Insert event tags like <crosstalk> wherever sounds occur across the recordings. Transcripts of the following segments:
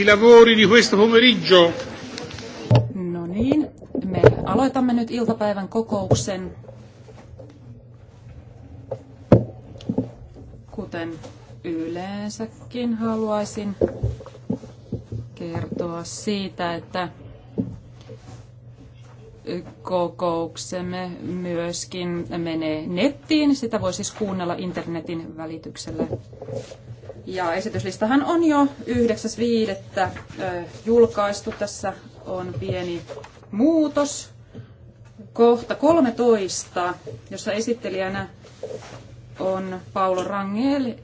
i lavori di questo pomeriggio. No niin, me aloitamme nyt iltapäivän kokouksen. Kuten yleensäkin haluaisin kertoa siitä, että kokouksemme myöskin menee nettiin. Sitä voi siis kuunnella internetin välityksellä. Ja esityslistahan on jo 9.5. julkaistu. Tässä on pieni muutos. Kohta 13, jossa esittelijänä on Paulo Rangel.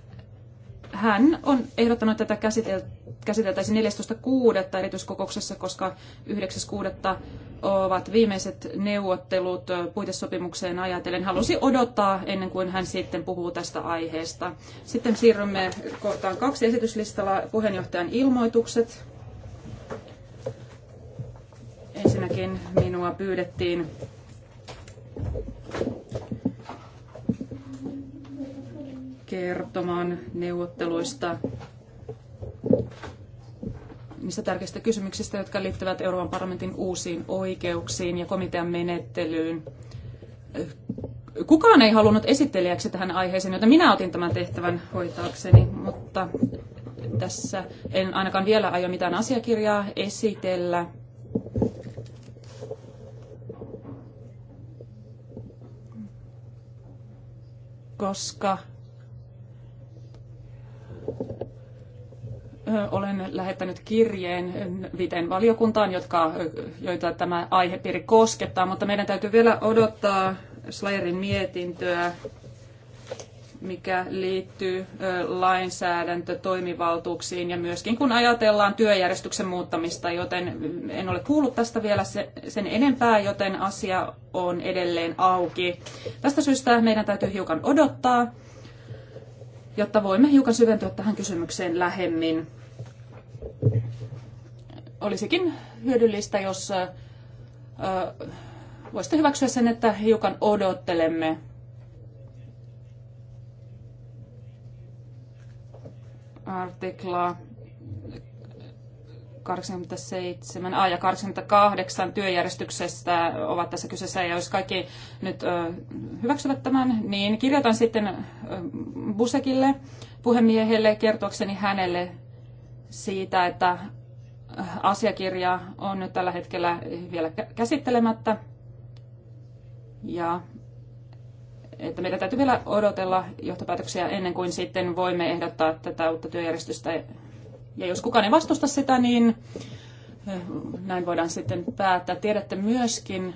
Hän on ehdottanut tätä käsiteltävää käsiteltäisiin 14.6. erityiskokouksessa, koska 9.6. ovat viimeiset neuvottelut puitesopimukseen ajatellen. Halusi odottaa ennen kuin hän sitten puhuu tästä aiheesta. Sitten siirrymme kohtaan kaksi esityslistalla puheenjohtajan ilmoitukset. Ensinnäkin minua pyydettiin kertomaan neuvotteluista niistä tärkeistä kysymyksistä, jotka liittyvät Euroopan parlamentin uusiin oikeuksiin ja komitean menettelyyn. Kukaan ei halunnut esittelijäksi tähän aiheeseen, joten minä otin tämän tehtävän hoitaakseni, mutta tässä en ainakaan vielä aio mitään asiakirjaa esitellä. koska olen lähettänyt kirjeen viiteen valiokuntaan, jotka, joita tämä aihepiiri koskettaa, mutta meidän täytyy vielä odottaa Slayerin mietintöä, mikä liittyy lainsäädäntötoimivaltuuksiin ja myöskin kun ajatellaan työjärjestyksen muuttamista, joten en ole kuullut tästä vielä sen enempää, joten asia on edelleen auki. Tästä syystä meidän täytyy hiukan odottaa jotta voimme hiukan syventyä tähän kysymykseen lähemmin. Olisikin hyödyllistä, jos voisitte hyväksyä sen, että hiukan odottelemme artiklaa 87 A ja 88 työjärjestyksestä ovat tässä kyseessä. Ja jos kaikki nyt hyväksyvät tämän, niin kirjoitan sitten Busekille, puhemiehelle, kertoakseni hänelle siitä, että asiakirja on nyt tällä hetkellä vielä käsittelemättä. Ja että meidän täytyy vielä odotella johtopäätöksiä ennen kuin sitten voimme ehdottaa tätä uutta työjärjestystä ja jos kukaan ei vastusta sitä, niin näin voidaan sitten päättää. Tiedätte myöskin,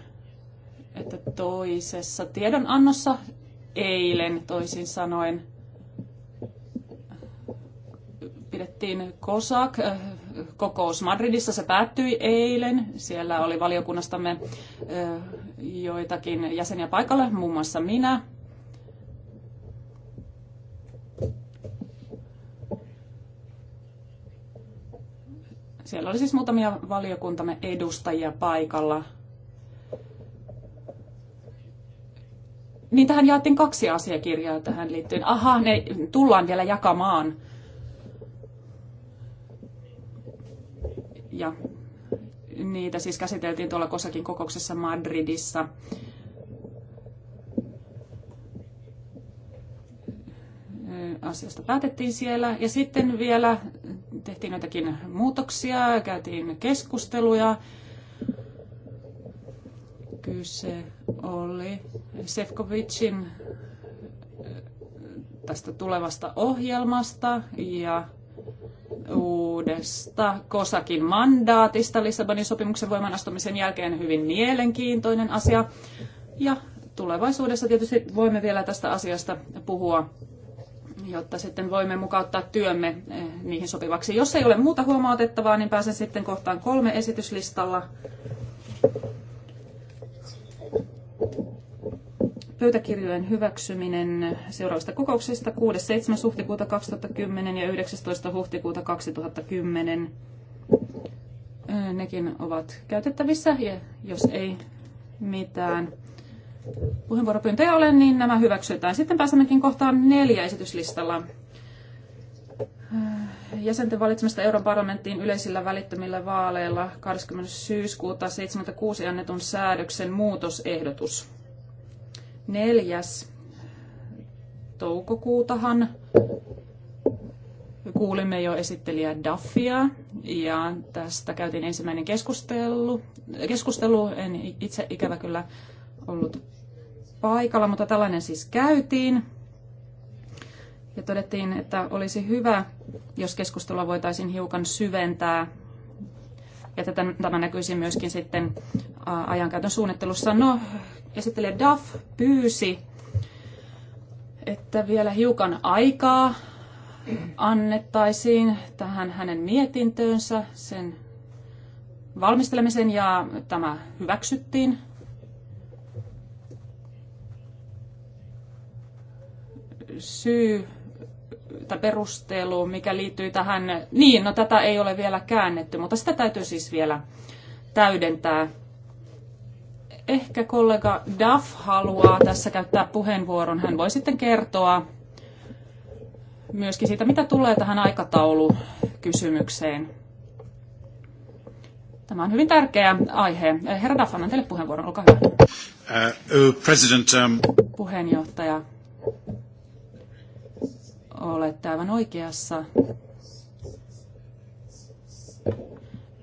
että toisessa tiedonannossa eilen toisin sanoen pidettiin COSAC, kokous Madridissa, se päättyi eilen. Siellä oli valiokunnastamme joitakin jäseniä paikalla, muun muassa minä. Siellä oli siis muutamia valiokuntamme edustajia paikalla. Niin tähän jaettiin kaksi asiakirjaa tähän liittyen. Aha, ne tullaan vielä jakamaan. Ja niitä siis käsiteltiin tuolla Kosakin kokouksessa Madridissa. asiasta päätettiin siellä. Ja sitten vielä tehtiin jotakin muutoksia, käytiin keskusteluja. Kyse oli Sefcovicin äh, tästä tulevasta ohjelmasta ja uudesta Kosakin mandaatista Lissabonin sopimuksen astumisen jälkeen hyvin mielenkiintoinen asia. Ja tulevaisuudessa tietysti voimme vielä tästä asiasta puhua jotta sitten voimme mukauttaa työmme eh, niihin sopivaksi. Jos ei ole muuta huomautettavaa, niin pääsen sitten kohtaan kolme esityslistalla. Pöytäkirjojen hyväksyminen seuraavista kokouksista 6.7. huhtikuuta 2010 ja 19. huhtikuuta 2010. Eh, nekin ovat käytettävissä ja jos ei mitään puheenvuoropyyntöjä ole, niin nämä hyväksytään. Sitten pääsemmekin kohtaan neljä esityslistalla. Äh, jäsenten valitsemista Euroopan parlamenttiin yleisillä välittömillä vaaleilla 20. syyskuuta 76 annetun säädöksen muutosehdotus. Neljäs toukokuutahan kuulimme jo esittelijä Duffia ja tästä käytiin ensimmäinen keskustelu. keskustelu. En itse ikävä kyllä ollut paikalla, mutta tällainen siis käytiin. Ja todettiin, että olisi hyvä, jos keskustelua voitaisiin hiukan syventää. Ja tätä, tämä näkyisi myöskin sitten ajankäytön suunnittelussa. No, esittelijä Duff pyysi, että vielä hiukan aikaa annettaisiin tähän hänen mietintöönsä, sen valmistelemisen ja tämä hyväksyttiin syy tai perustelu, mikä liittyy tähän, niin no tätä ei ole vielä käännetty, mutta sitä täytyy siis vielä täydentää. Ehkä kollega Duff haluaa tässä käyttää puheenvuoron. Hän voi sitten kertoa myöskin siitä, mitä tulee tähän aikataulukysymykseen. Tämä on hyvin tärkeä aihe. Herra Duff, annan teille puheenvuoron. Olkaa hyvä. Uh, uh president, um... Puheenjohtaja olette aivan oikeassa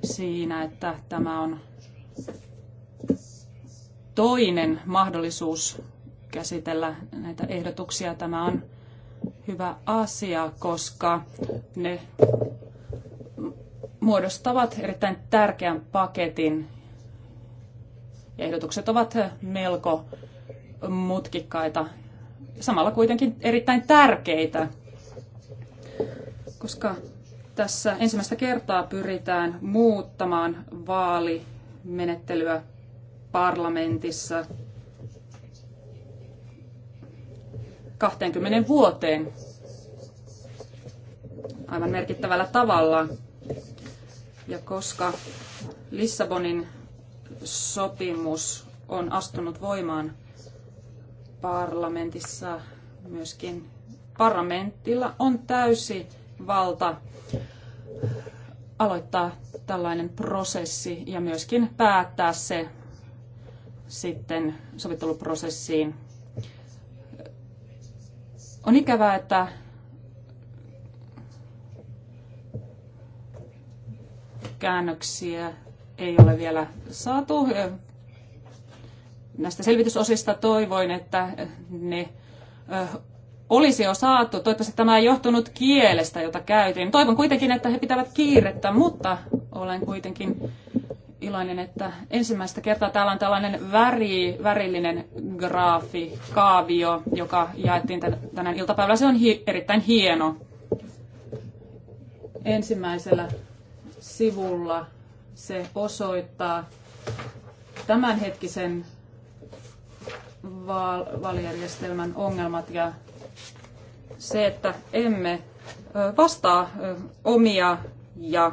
siinä, että tämä on toinen mahdollisuus käsitellä näitä ehdotuksia. Tämä on hyvä asia, koska ne muodostavat erittäin tärkeän paketin. Ja ehdotukset ovat melko mutkikkaita, samalla kuitenkin erittäin tärkeitä koska tässä ensimmäistä kertaa pyritään muuttamaan vaalimenettelyä parlamentissa 20 vuoteen aivan merkittävällä tavalla. Ja koska Lissabonin sopimus on astunut voimaan parlamentissa, myöskin parlamentilla on täysi valta aloittaa tällainen prosessi ja myöskin päättää se sitten sovitteluprosessiin. On ikävää, että käännöksiä ei ole vielä saatu. Näistä selvitysosista toivoin, että ne olisi jo saatu. Toivottavasti tämä ei johtunut kielestä, jota käytiin. Toivon kuitenkin, että he pitävät kiirettä, mutta olen kuitenkin iloinen, että ensimmäistä kertaa täällä on tällainen väri, värillinen graafi, kaavio, joka jaettiin tänään iltapäivällä. Se on hi- erittäin hieno. Ensimmäisellä sivulla se osoittaa tämänhetkisen vaalijärjestelmän ongelmat ja se, että emme vastaa omia ja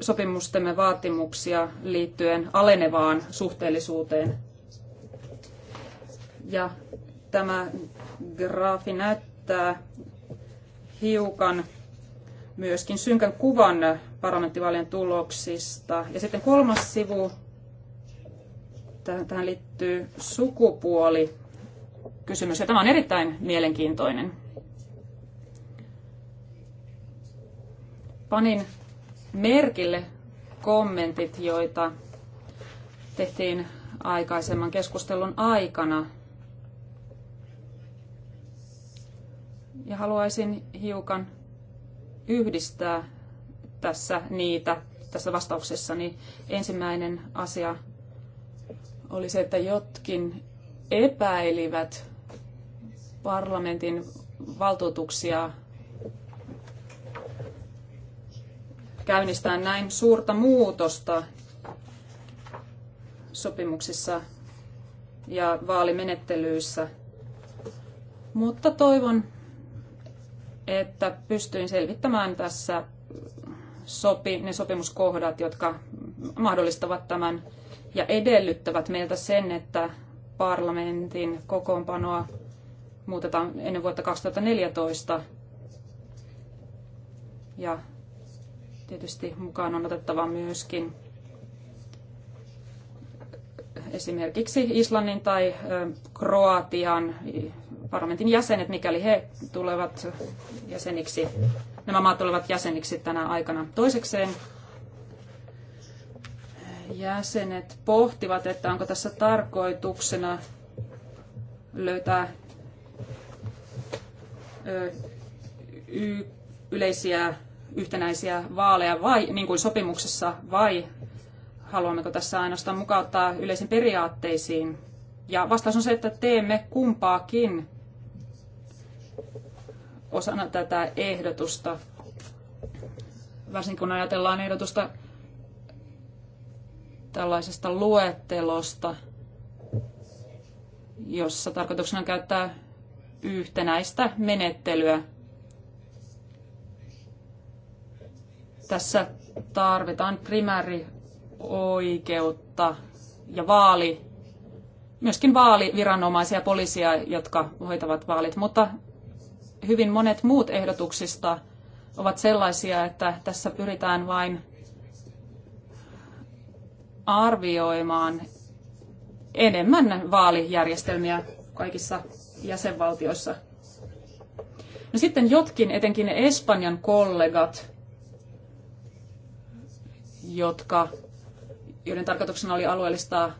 sopimustemme vaatimuksia liittyen alenevaan suhteellisuuteen. Ja tämä graafi näyttää hiukan myöskin synkän kuvan parlamenttivaalien tuloksista. Ja sitten kolmas sivu, tähän liittyy sukupuoli kysymys, ja tämä on erittäin mielenkiintoinen. Panin merkille kommentit, joita tehtiin aikaisemman keskustelun aikana. Ja haluaisin hiukan yhdistää tässä niitä tässä vastauksessa. Niin ensimmäinen asia oli se, että jotkin epäilivät parlamentin valtuutuksia käynnistää näin suurta muutosta sopimuksissa ja vaalimenettelyissä. Mutta toivon, että pystyin selvittämään tässä sopi, ne sopimuskohdat, jotka mahdollistavat tämän ja edellyttävät meiltä sen, että parlamentin kokoonpanoa muutetaan ennen vuotta 2014. Ja tietysti mukaan on otettava myöskin esimerkiksi Islannin tai Kroatian parlamentin jäsenet, mikäli he tulevat jäseniksi, nämä maat tulevat jäseniksi tänä aikana. Toisekseen jäsenet pohtivat, että onko tässä tarkoituksena löytää yleisiä yhtenäisiä vaaleja vai, niin kuin sopimuksessa, vai haluammeko tässä ainoastaan mukauttaa yleisiin periaatteisiin. Ja vastaus on se, että teemme kumpaakin osana tätä ehdotusta. Varsinkin kun ajatellaan ehdotusta tällaisesta luettelosta, jossa tarkoituksena on käyttää yhtenäistä menettelyä. Tässä tarvitaan primäärioikeutta ja vaali, myöskin vaaliviranomaisia poliisia, jotka hoitavat vaalit, mutta hyvin monet muut ehdotuksista ovat sellaisia, että tässä pyritään vain arvioimaan enemmän vaalijärjestelmiä kaikissa jäsenvaltioissa. No sitten jotkin, etenkin Espanjan kollegat, jotka, joiden tarkoituksena oli alueellistaa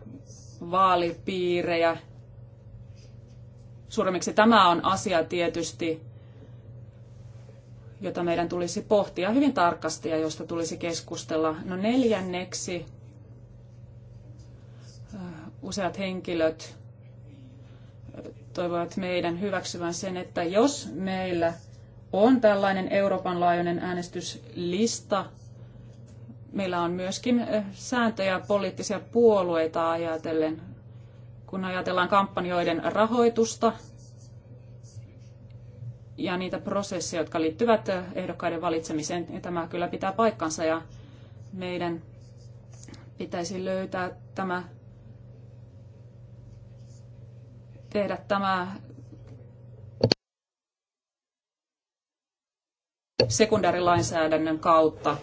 vaalipiirejä suuremmiksi. Tämä on asia tietysti, jota meidän tulisi pohtia hyvin tarkasti ja josta tulisi keskustella. No neljänneksi useat henkilöt toivovat meidän hyväksyvän sen, että jos meillä on tällainen Euroopan laajuinen äänestyslista, meillä on myöskin eh, sääntöjä poliittisia puolueita ajatellen, kun ajatellaan kampanjoiden rahoitusta ja niitä prosesseja, jotka liittyvät eh, ehdokkaiden valitsemiseen. Niin tämä kyllä pitää paikkansa ja meidän pitäisi löytää tämä tehdä tämä sekundaarilainsäädännön kautta.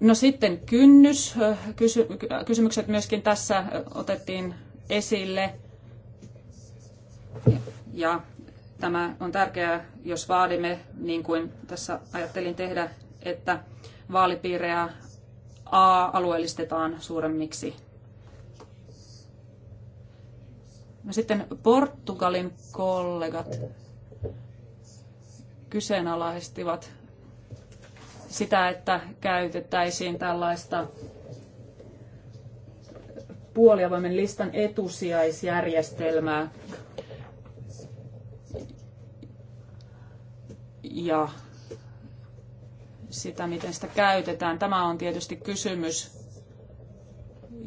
No sitten kynnys. Kysy- kysymykset myöskin tässä otettiin esille. Ja tämä on tärkeää, jos vaadimme, niin kuin tässä ajattelin tehdä, että vaalipiirejä A alueellistetaan suuremmiksi No sitten Portugalin kollegat kyseenalaistivat sitä, että käytettäisiin tällaista puoliavoimen listan etusijaisjärjestelmää. Ja sitä, miten sitä käytetään. Tämä on tietysti kysymys,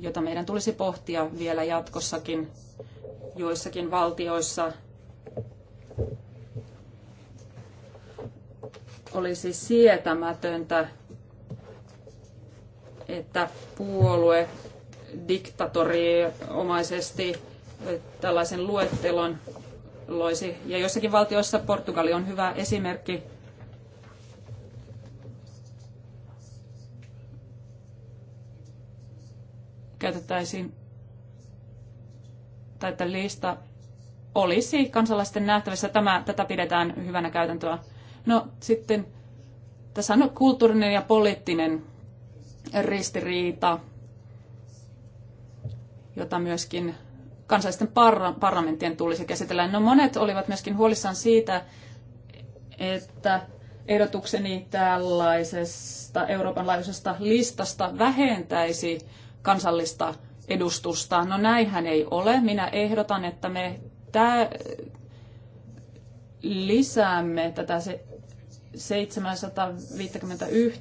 jota meidän tulisi pohtia vielä jatkossakin joissakin valtioissa olisi sietämätöntä, että puolue diktatoriomaisesti tällaisen luettelon loisi. Ja joissakin valtioissa Portugali on hyvä esimerkki. Käytettäisiin tai että lista olisi kansalaisten nähtävissä. Tämä, tätä pidetään hyvänä käytäntöä. No sitten tässä on kulttuurinen ja poliittinen ristiriita, jota myöskin kansallisten parla- parlamenttien tulisi käsitellä. No monet olivat myöskin huolissaan siitä, että ehdotukseni tällaisesta Euroopan laajuisesta listasta vähentäisi kansallista Edustusta, No näinhän ei ole. Minä ehdotan, että me tää lisäämme tätä se 751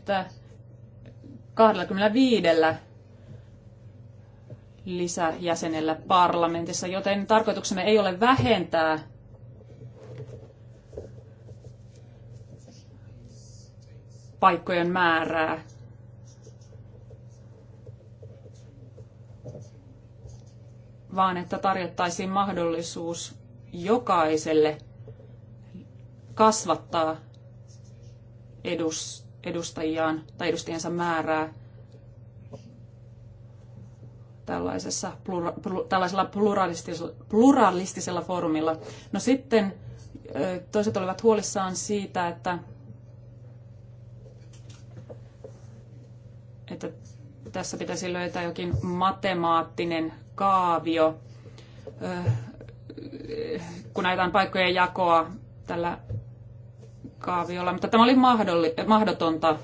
25 lisäjäsenellä parlamentissa, joten tarkoituksemme ei ole vähentää paikkojen määrää vaan että tarjottaisiin mahdollisuus jokaiselle kasvattaa edus, edustajiaan tai edustajansa määrää tällaisessa, plura, plura, tällaisella pluralistisella, pluralistisella foorumilla. No sitten toiset olivat huolissaan siitä, että, että tässä pitäisi löytää jokin matemaattinen kaavio, kun ajetaan paikkojen jakoa tällä kaaviolla, mutta tämä oli mahdolli- mahdotonta.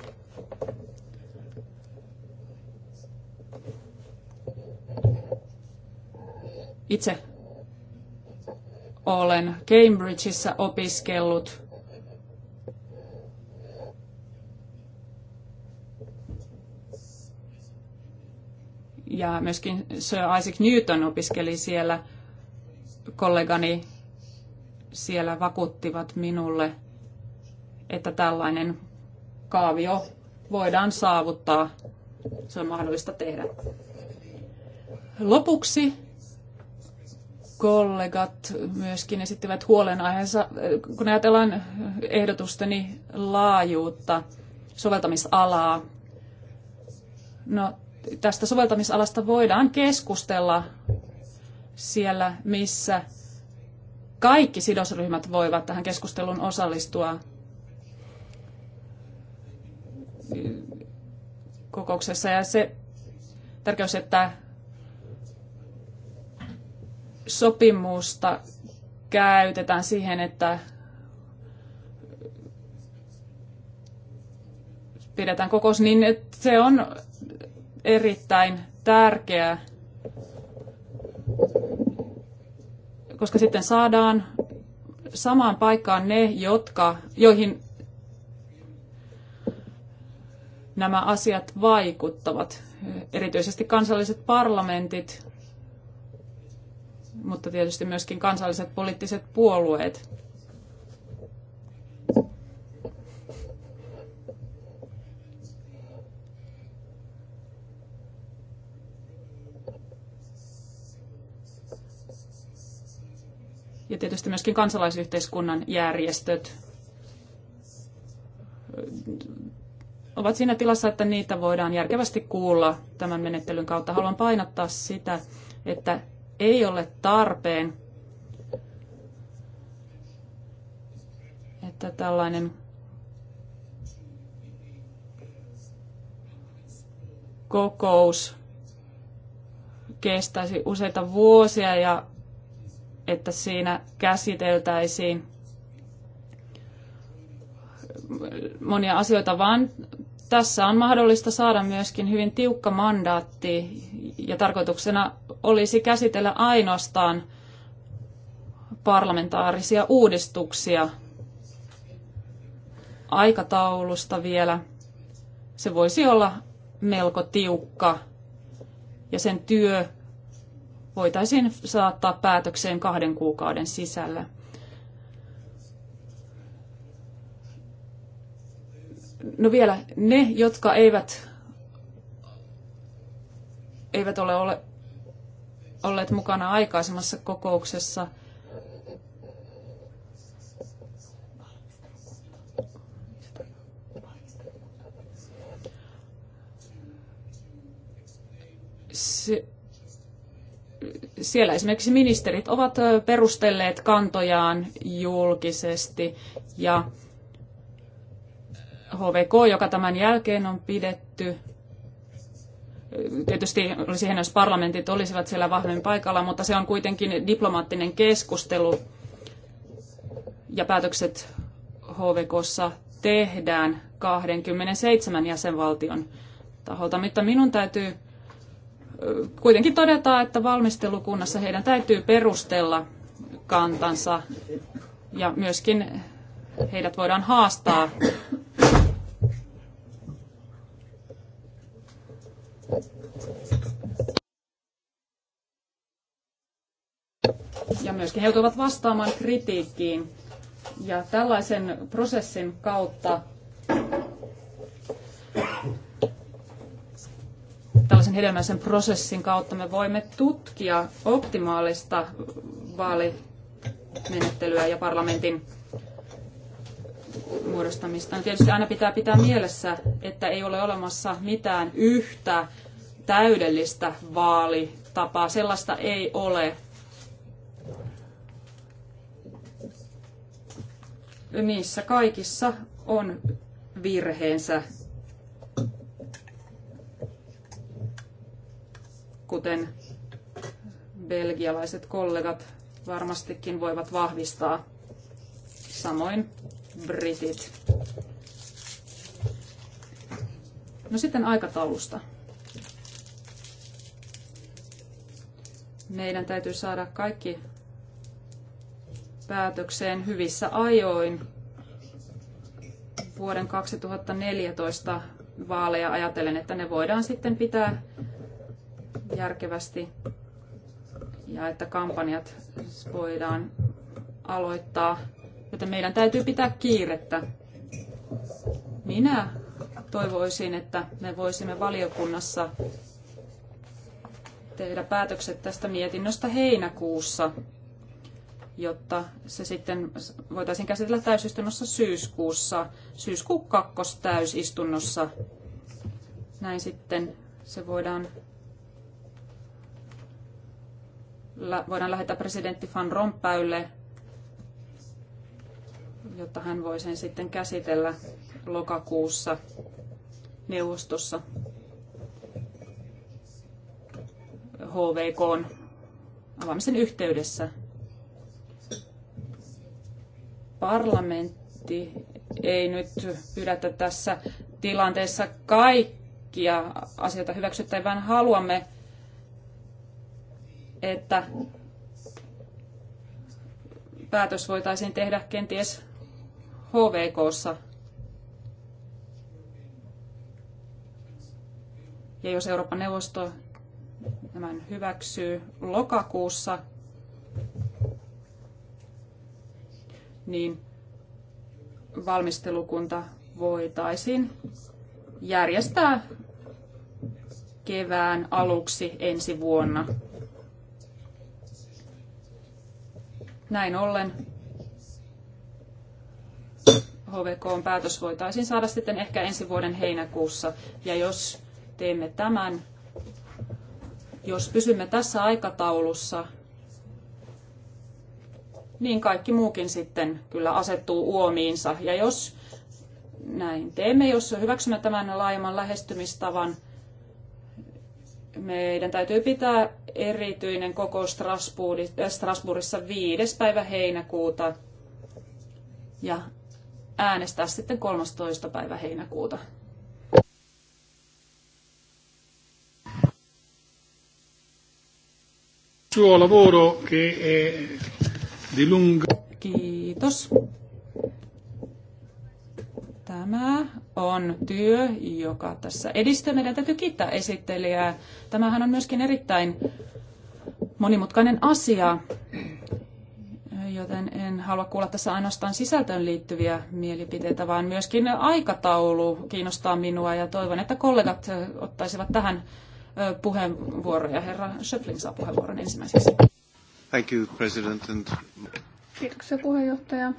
Itse olen Cambridgeissa opiskellut ja myöskin Sir Isaac Newton opiskeli siellä. Kollegani siellä vakuuttivat minulle, että tällainen kaavio voidaan saavuttaa. Se on mahdollista tehdä. Lopuksi kollegat myöskin esittivät huolenaiheensa, kun ajatellaan ehdotusteni laajuutta, soveltamisalaa. No, tästä soveltamisalasta voidaan keskustella siellä, missä kaikki sidosryhmät voivat tähän keskusteluun osallistua kokouksessa. Ja se tärkeys, että sopimusta käytetään siihen, että pidetään kokous, niin se on erittäin tärkeä, koska sitten saadaan samaan paikkaan ne, jotka, joihin nämä asiat vaikuttavat. Erityisesti kansalliset parlamentit, mutta tietysti myöskin kansalliset poliittiset puolueet. ja tietysti myöskin kansalaisyhteiskunnan järjestöt ovat siinä tilassa, että niitä voidaan järkevästi kuulla tämän menettelyn kautta. Haluan painottaa sitä, että ei ole tarpeen, että tällainen kokous kestäisi useita vuosia ja että siinä käsiteltäisiin monia asioita, vaan tässä on mahdollista saada myöskin hyvin tiukka mandaatti ja tarkoituksena olisi käsitellä ainoastaan parlamentaarisia uudistuksia aikataulusta vielä. Se voisi olla melko tiukka ja sen työ voitaisiin saattaa päätökseen kahden kuukauden sisällä. No vielä ne, jotka eivät, eivät ole, ole olleet mukana aikaisemmassa kokouksessa, se, siellä esimerkiksi ministerit ovat perustelleet kantojaan julkisesti ja HVK, joka tämän jälkeen on pidetty, tietysti olisi hienoa, jos parlamentit olisivat siellä vahvemmin paikalla, mutta se on kuitenkin diplomaattinen keskustelu ja päätökset HVKssa tehdään 27 jäsenvaltion taholta. Mutta minun täytyy kuitenkin todetaan, että valmistelukunnassa heidän täytyy perustella kantansa ja myöskin heidät voidaan haastaa. Ja myöskin he joutuvat vastaamaan kritiikkiin. Ja tällaisen prosessin kautta tällaisen hedelmäisen prosessin kautta me voimme tutkia optimaalista vaalimenettelyä ja parlamentin muodostamista. No tietysti aina pitää pitää mielessä, että ei ole olemassa mitään yhtä täydellistä vaalitapaa. Sellaista ei ole. Niissä kaikissa on virheensä kuten belgialaiset kollegat varmastikin voivat vahvistaa. Samoin britit. No sitten aikataulusta. Meidän täytyy saada kaikki päätökseen hyvissä ajoin vuoden 2014 vaaleja ajatellen, että ne voidaan sitten pitää järkevästi ja että kampanjat voidaan aloittaa, joten meidän täytyy pitää kiirettä. Minä toivoisin, että me voisimme valiokunnassa tehdä päätökset tästä mietinnöstä heinäkuussa, jotta se sitten voitaisiin käsitellä täysistunnossa syyskuussa, syyskuun kakkos täysistunnossa. Näin sitten se voidaan voidaan lähettää presidentti Van Rompäylle, jotta hän voi sen sitten käsitellä lokakuussa neuvostossa HVKn avaamisen yhteydessä. Parlamentti ei nyt pyydätä tässä tilanteessa kaikkia asioita hyväksyttävän vaan haluamme että päätös voitaisiin tehdä kenties HVKssa. Ja jos Euroopan neuvosto tämän hyväksyy lokakuussa, niin valmistelukunta voitaisiin järjestää kevään aluksi ensi vuonna. Näin ollen on päätös voitaisiin saada sitten ehkä ensi vuoden heinäkuussa. Ja jos teemme tämän, jos pysymme tässä aikataulussa, niin kaikki muukin sitten kyllä asettuu uomiinsa. Ja jos näin teemme, jos hyväksymme tämän laajemman lähestymistavan, meidän täytyy pitää erityinen koko äh, Strasbourgissa 5. päivä heinäkuuta ja äänestää sitten 13. päivä heinäkuuta. Suo lavoro che è di lunga. Kiitos. Tämä on työ, joka tässä edistää Meidän täytyy kiittää esittelijää. Tämähän on myöskin erittäin monimutkainen asia, joten en halua kuulla tässä ainoastaan sisältöön liittyviä mielipiteitä, vaan myöskin aikataulu kiinnostaa minua ja toivon, että kollegat ottaisivat tähän puheenvuoroja. Herra Schöpflin saa puheenvuoron ensimmäiseksi. Thank you, President. And... Kiitoksia puheenjohtaja.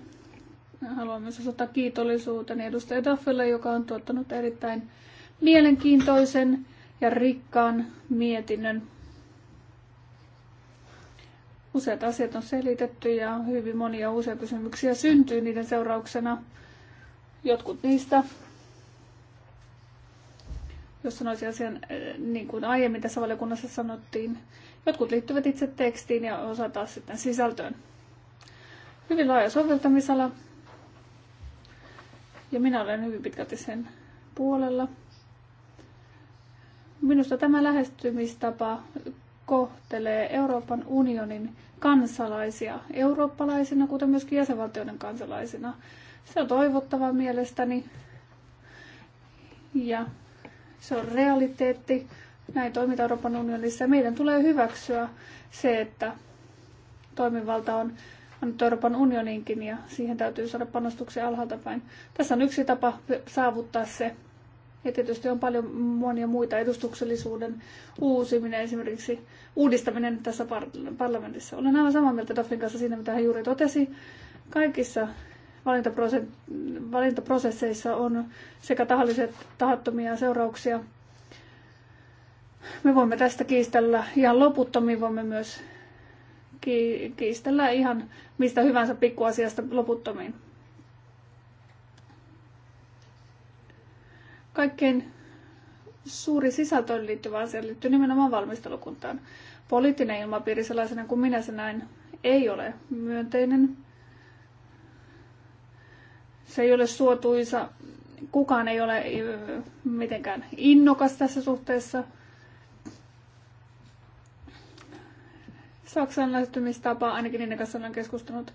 Haluan myös osoittaa kiitollisuuteni edustaja Daffelle, joka on tuottanut erittäin mielenkiintoisen ja rikkaan mietinnön. Useat asiat on selitetty ja hyvin monia uusia kysymyksiä syntyy niiden seurauksena. Jotkut niistä, jos sanoisin asian eh, niin kuin aiemmin tässä valiokunnassa sanottiin, jotkut liittyvät itse tekstiin ja osa taas sitten sisältöön. Hyvin laaja soveltamisala, ja minä olen hyvin pitkälti sen puolella. Minusta tämä lähestymistapa kohtelee Euroopan unionin kansalaisia eurooppalaisina, kuten myöskin jäsenvaltioiden kansalaisina. Se on toivottavaa mielestäni ja se on realiteetti. Näin toiminta Euroopan unionissa. Meidän tulee hyväksyä se, että toimivalta on nyt Euroopan unioninkin ja siihen täytyy saada panostuksia alhaalta päin. Tässä on yksi tapa saavuttaa se. Ja tietysti on paljon monia muita edustuksellisuuden uusiminen, esimerkiksi uudistaminen tässä parlamentissa. Olen aivan samaa mieltä Daffin kanssa siinä, mitä hän juuri totesi. Kaikissa valintaprosesseissa on sekä tahalliset tahattomia seurauksia. Me voimme tästä kiistellä ihan loputtomiin, voimme myös ki- kiistellä ihan mistä hyvänsä pikkuasiasta loputtomiin. Kaikkein suuri sisältöön liittyvä asia liittyy nimenomaan valmistelukuntaan. Poliittinen ilmapiiri sellaisena kuin minä sen näin ei ole myönteinen. Se ei ole suotuisa. Kukaan ei ole mitenkään innokas tässä suhteessa. Saksan lähestymistapa, ainakin niiden kanssa olen keskustanut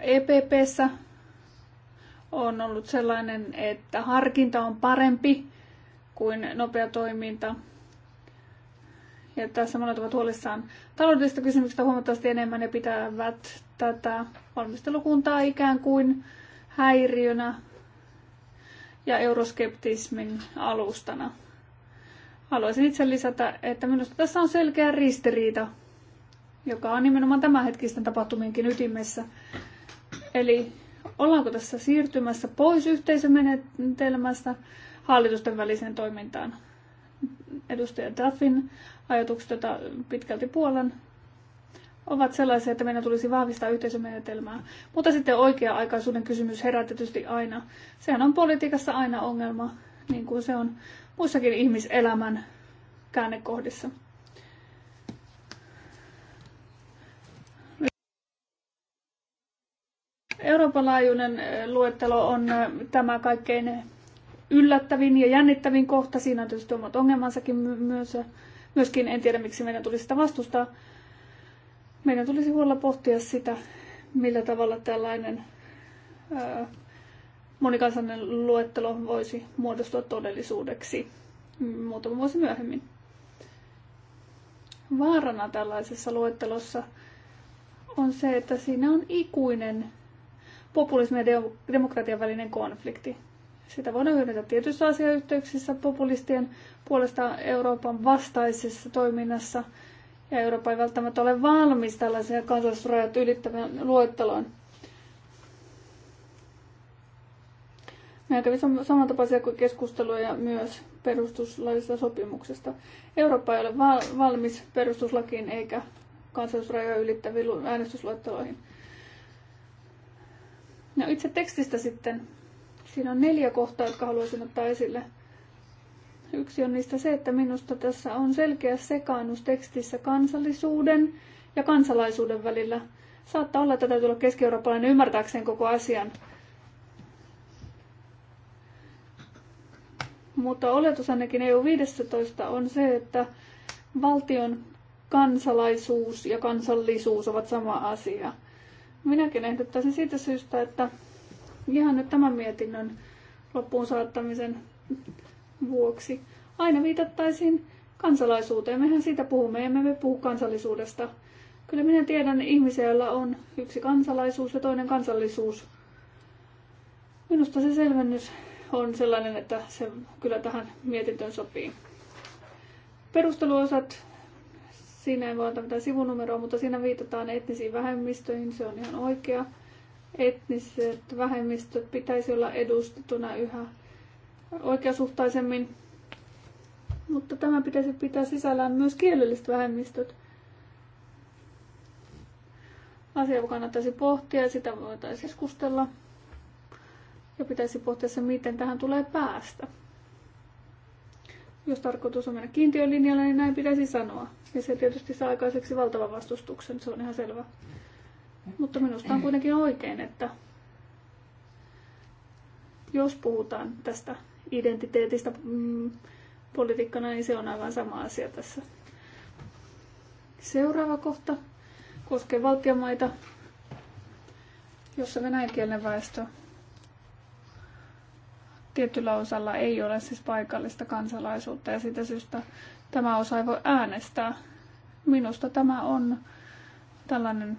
EPPssä, on ollut sellainen, että harkinta on parempi kuin nopea toiminta. Ja tässä monet ovat huolissaan taloudellisista kysymyksistä huomattavasti enemmän ja pitävät tätä valmistelukuntaa ikään kuin häiriönä ja euroskeptismin alustana. Haluaisin itse lisätä, että minusta tässä on selkeä ristiriita joka on nimenomaan tämänhetkisten tapahtumienkin ytimessä. Eli ollaanko tässä siirtymässä pois yhteisömenetelmästä hallitusten väliseen toimintaan? Edustaja Duffin ajatukset, joita pitkälti puolen, ovat sellaisia, että meidän tulisi vahvistaa yhteisömenetelmää. Mutta sitten oikea-aikaisuuden kysymys herää tietysti aina. Sehän on politiikassa aina ongelma, niin kuin se on muissakin ihmiselämän käännekohdissa. Euroopan laajuinen eh, luettelo on eh, tämä kaikkein yllättävin ja jännittävin kohta. Siinä on tietysti omat ongelmansakin myös. Eh, myöskin en tiedä, miksi meidän tulisi sitä vastustaa. Meidän tulisi huolella pohtia sitä, millä tavalla tällainen monikansallinen luettelo voisi muodostua todellisuudeksi muutama vuosi myöhemmin. Vaarana tällaisessa luettelossa on se, että siinä on ikuinen populismin ja demokratian välinen konflikti. Sitä voidaan hyödyntää tietyissä asiayhteyksissä populistien puolesta Euroopan vastaisessa toiminnassa. Ja Eurooppa ei välttämättä ole valmis tällaisia kansallisrajat ylittävän luetteloon. Meillä kävi samantapaisia kuin keskusteluja myös perustuslaista sopimuksesta. Eurooppa ei ole valmis perustuslakiin eikä kansallisrajoja ylittäviin äänestysluetteloihin – No itse tekstistä sitten. Siinä on neljä kohtaa, jotka haluaisin ottaa esille. Yksi on niistä se, että minusta tässä on selkeä sekaannus tekstissä kansallisuuden ja kansalaisuuden välillä. Saattaa olla, että täytyy olla keski-eurooppalainen ymmärtääkseen koko asian. Mutta oletus ainakin EU-15 on se, että valtion kansalaisuus ja kansallisuus ovat sama asia. Minäkin ehdottaisin siitä syystä, että ihan nyt tämän mietinnön loppuun saattamisen vuoksi aina viitattaisiin kansalaisuuteen. Mehän siitä puhumme, emme me puhu kansallisuudesta. Kyllä minä tiedän ihmisiä, joilla on yksi kansalaisuus ja toinen kansallisuus. Minusta se selvennys on sellainen, että se kyllä tähän mietintöön sopii. Perusteluosat Siinä ei voi antaa mitään sivunumeroa, mutta siinä viitataan etnisiin vähemmistöihin, se on ihan oikea. Etniset vähemmistöt pitäisi olla edustettuna yhä oikeasuhtaisemmin, mutta tämä pitäisi pitää sisällään myös kielelliset vähemmistöt. Asia kannattaisi pohtia ja sitä voitaisiin keskustella. Ja pitäisi pohtia se, miten tähän tulee päästä. Jos tarkoitus on mennä kiintiölinjalle, niin näin pitäisi sanoa. Ja se tietysti saa aikaiseksi valtavan vastustuksen, se on ihan selvä. Mutta minusta on kuitenkin oikein, että jos puhutaan tästä identiteetistä mm, politiikkana, niin se on aivan sama asia tässä. Seuraava kohta koskee valtiomaita, jossa venäjänkielinen väestö tietyllä osalla ei ole siis paikallista kansalaisuutta ja sitä syystä tämä osa ei voi äänestää. Minusta tämä on tällainen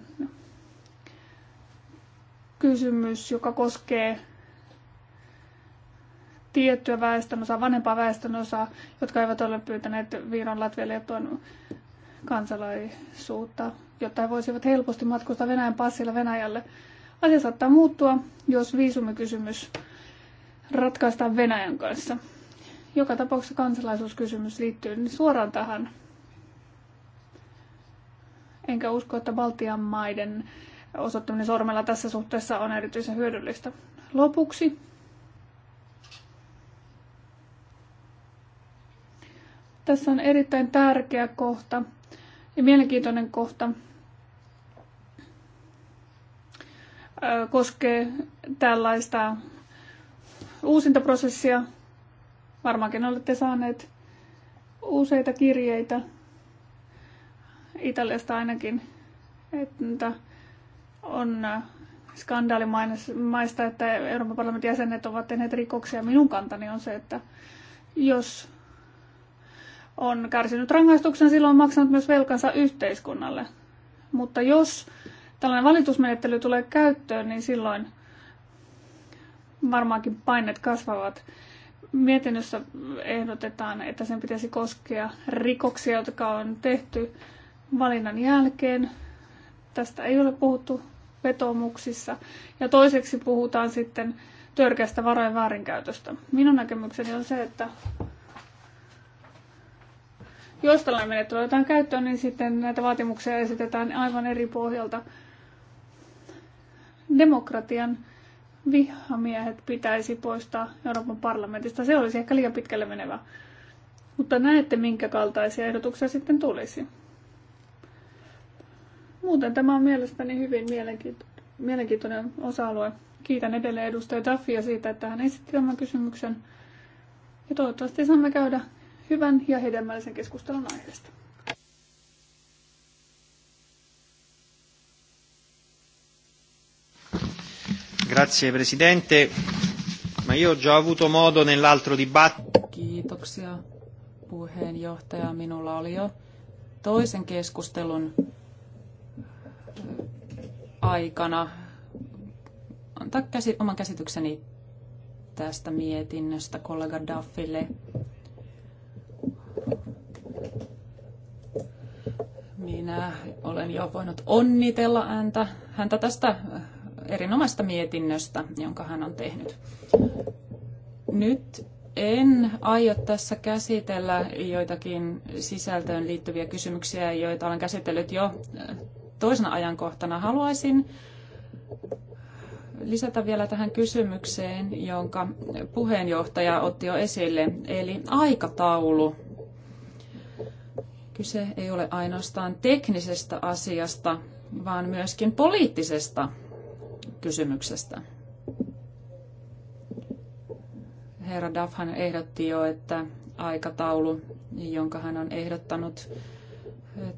kysymys, joka koskee tiettyä osaa, vanhempaa osaa, jotka eivät ole pyytäneet Viron Latvialle tuon kansalaisuutta, jotta he voisivat helposti matkustaa Venäjän passilla Venäjälle. Asia saattaa muuttua, jos viisumikysymys kysymys ratkaistaan Venäjän kanssa. Joka tapauksessa kansalaisuuskysymys liittyy suoraan tähän. Enkä usko, että Baltian maiden osoittaminen sormella tässä suhteessa on erityisen hyödyllistä. Lopuksi tässä on erittäin tärkeä kohta ja mielenkiintoinen kohta. Koskee tällaista uusintaprosessia. Varmaankin olette saaneet useita kirjeitä Italiasta ainakin, että on äh, skandaalimaista, että Euroopan parlamentin jäsenet ovat tehneet rikoksia. Minun kantani on se, että jos on kärsinyt rangaistuksen, silloin on maksanut myös velkansa yhteiskunnalle. Mutta jos tällainen valitusmenettely tulee käyttöön, niin silloin varmaankin painet kasvavat. Mietinnössä ehdotetaan, että sen pitäisi koskea rikoksia, jotka on tehty valinnan jälkeen. Tästä ei ole puhuttu vetomuksissa. Ja toiseksi puhutaan sitten törkeästä varojen väärinkäytöstä. Minun näkemykseni on se, että jos tällainen menettely otetaan käyttöön, niin sitten näitä vaatimuksia esitetään aivan eri pohjalta. Demokratian vihamiehet pitäisi poistaa Euroopan parlamentista. Se olisi ehkä liian pitkälle menevä. Mutta näette, minkä kaltaisia ehdotuksia sitten tulisi. Muuten tämä on mielestäni hyvin mielenkiintoinen osa-alue. Kiitän edelleen edustaja Duffia siitä, että hän esitti tämän kysymyksen. Ja toivottavasti saamme käydä hyvän ja hedelmällisen keskustelun aiheesta. Grazie Presidente. Ma io ho già avuto modo nell'altro dibattito. Kiitoksia puheenjohtaja. Minulla oli jo toisen keskustelun äh, aikana antaa käsi, oman käsitykseni tästä mietinnöstä kollega Duffille. Minä olen jo voinut onnitella häntä, häntä tästä äh, erinomaista mietinnöstä, jonka hän on tehnyt. Nyt en aio tässä käsitellä joitakin sisältöön liittyviä kysymyksiä, joita olen käsitellyt jo äh, toisena ajankohtana. Haluaisin lisätä vielä tähän kysymykseen, jonka puheenjohtaja otti jo esille, eli aikataulu. Kyse ei ole ainoastaan teknisestä asiasta, vaan myöskin poliittisesta kysymyksestä. Herra Daffhan ehdotti jo, että aikataulu, jonka hän on ehdottanut,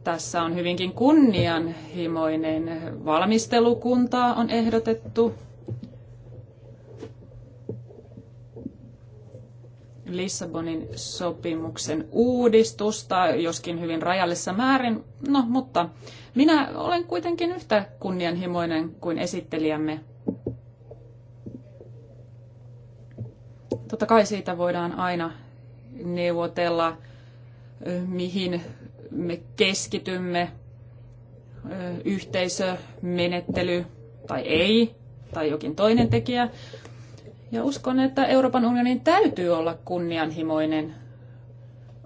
tässä on hyvinkin kunnianhimoinen. Valmistelukuntaa on ehdotettu Lissabonin sopimuksen uudistusta, joskin hyvin rajallisessa määrin. No, mutta minä olen kuitenkin yhtä kunnianhimoinen kuin esittelijämme. Totta kai siitä voidaan aina neuvotella, mihin me keskitymme, yhteisömenettely tai ei, tai jokin toinen tekijä. Ja uskon, että Euroopan unionin täytyy olla kunnianhimoinen.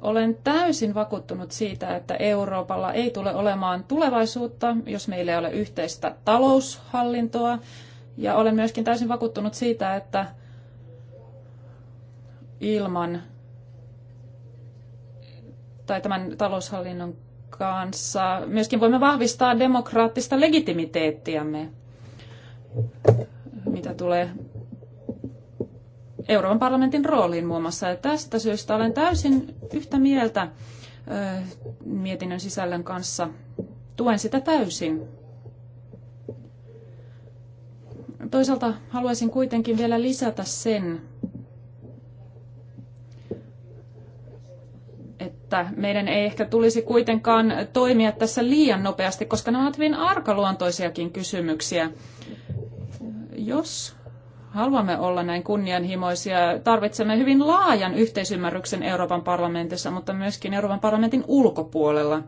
Olen täysin vakuuttunut siitä, että Euroopalla ei tule olemaan tulevaisuutta, jos meillä ei ole yhteistä taloushallintoa. Ja olen myöskin täysin vakuuttunut siitä, että ilman tai tämän taloushallinnon kanssa myöskin voimme vahvistaa demokraattista legitimiteettiämme, mitä tulee Euroopan parlamentin rooliin muun muassa. Ja tästä syystä olen täysin yhtä mieltä mietinnön sisällön kanssa. Tuen sitä täysin. Toisaalta haluaisin kuitenkin vielä lisätä sen, että meidän ei ehkä tulisi kuitenkaan toimia tässä liian nopeasti, koska nämä ovat hyvin arkaluontoisiakin kysymyksiä. Jos haluamme olla näin kunnianhimoisia, tarvitsemme hyvin laajan yhteisymmärryksen Euroopan parlamentissa, mutta myöskin Euroopan parlamentin ulkopuolella.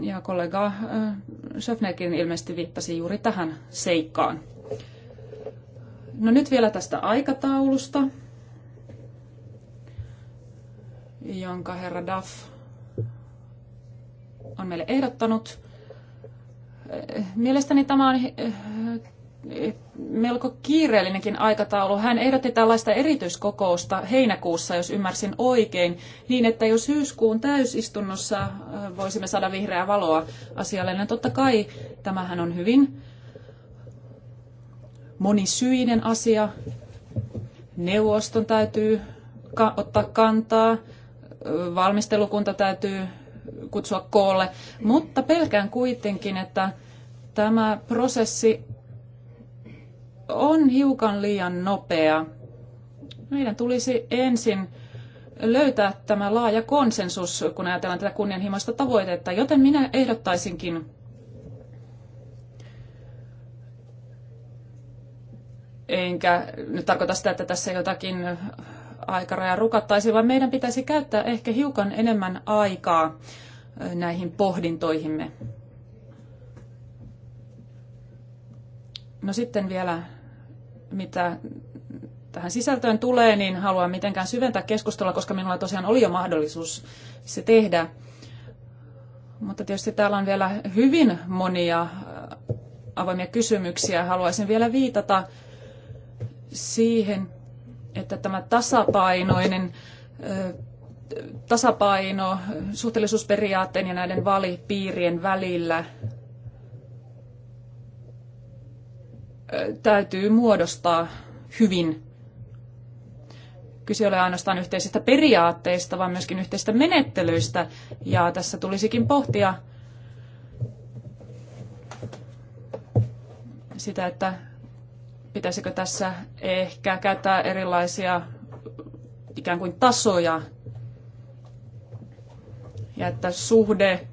Ja kollega äh, Schöfnerkin ilmeisesti viittasi juuri tähän seikkaan. No nyt vielä tästä aikataulusta, jonka herra Duff on meille ehdottanut. Mielestäni tämä on eh, melko kiireellinenkin aikataulu. Hän ehdotti tällaista erityiskokousta heinäkuussa, jos ymmärsin oikein, niin että jos syyskuun täysistunnossa eh, voisimme saada vihreää valoa asialle, niin totta kai tämähän on hyvin monisyinen asia. Neuvoston täytyy ottaa kantaa, valmistelukunta täytyy kutsua koolle, mutta pelkään kuitenkin, että Tämä prosessi on hiukan liian nopea. Meidän tulisi ensin löytää tämä laaja konsensus, kun ajatellaan tätä kunnianhimoista tavoitetta, joten minä ehdottaisinkin enkä nyt tarkoita sitä, että tässä jotakin aikaraja rukattaisi, vaan meidän pitäisi käyttää ehkä hiukan enemmän aikaa näihin pohdintoihimme. No sitten vielä, mitä tähän sisältöön tulee, niin haluan mitenkään syventää keskustelua, koska minulla tosiaan oli jo mahdollisuus se tehdä. Mutta tietysti täällä on vielä hyvin monia äh, avoimia kysymyksiä. Haluaisin vielä viitata siihen, että tämä tasapainoinen äh, tasapaino suhteellisuusperiaatteen ja näiden vaalipiirien välillä täytyy muodostaa hyvin. Kyse ei ole ainoastaan yhteisistä periaatteista, vaan myöskin yhteisistä menettelyistä. Ja tässä tulisikin pohtia sitä, että pitäisikö tässä ehkä käyttää erilaisia ikään kuin tasoja ja että suhde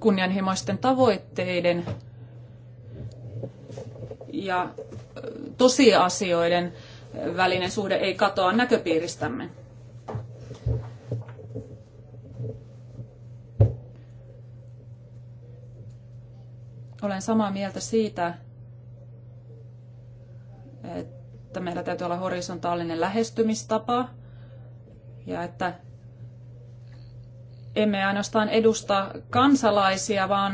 kunnianhimoisten tavoitteiden ja tosiasioiden välinen suhde ei katoa näköpiiristämme. Olen samaa mieltä siitä, että meillä täytyy olla horisontaalinen lähestymistapa ja että emme ainoastaan edusta kansalaisia, vaan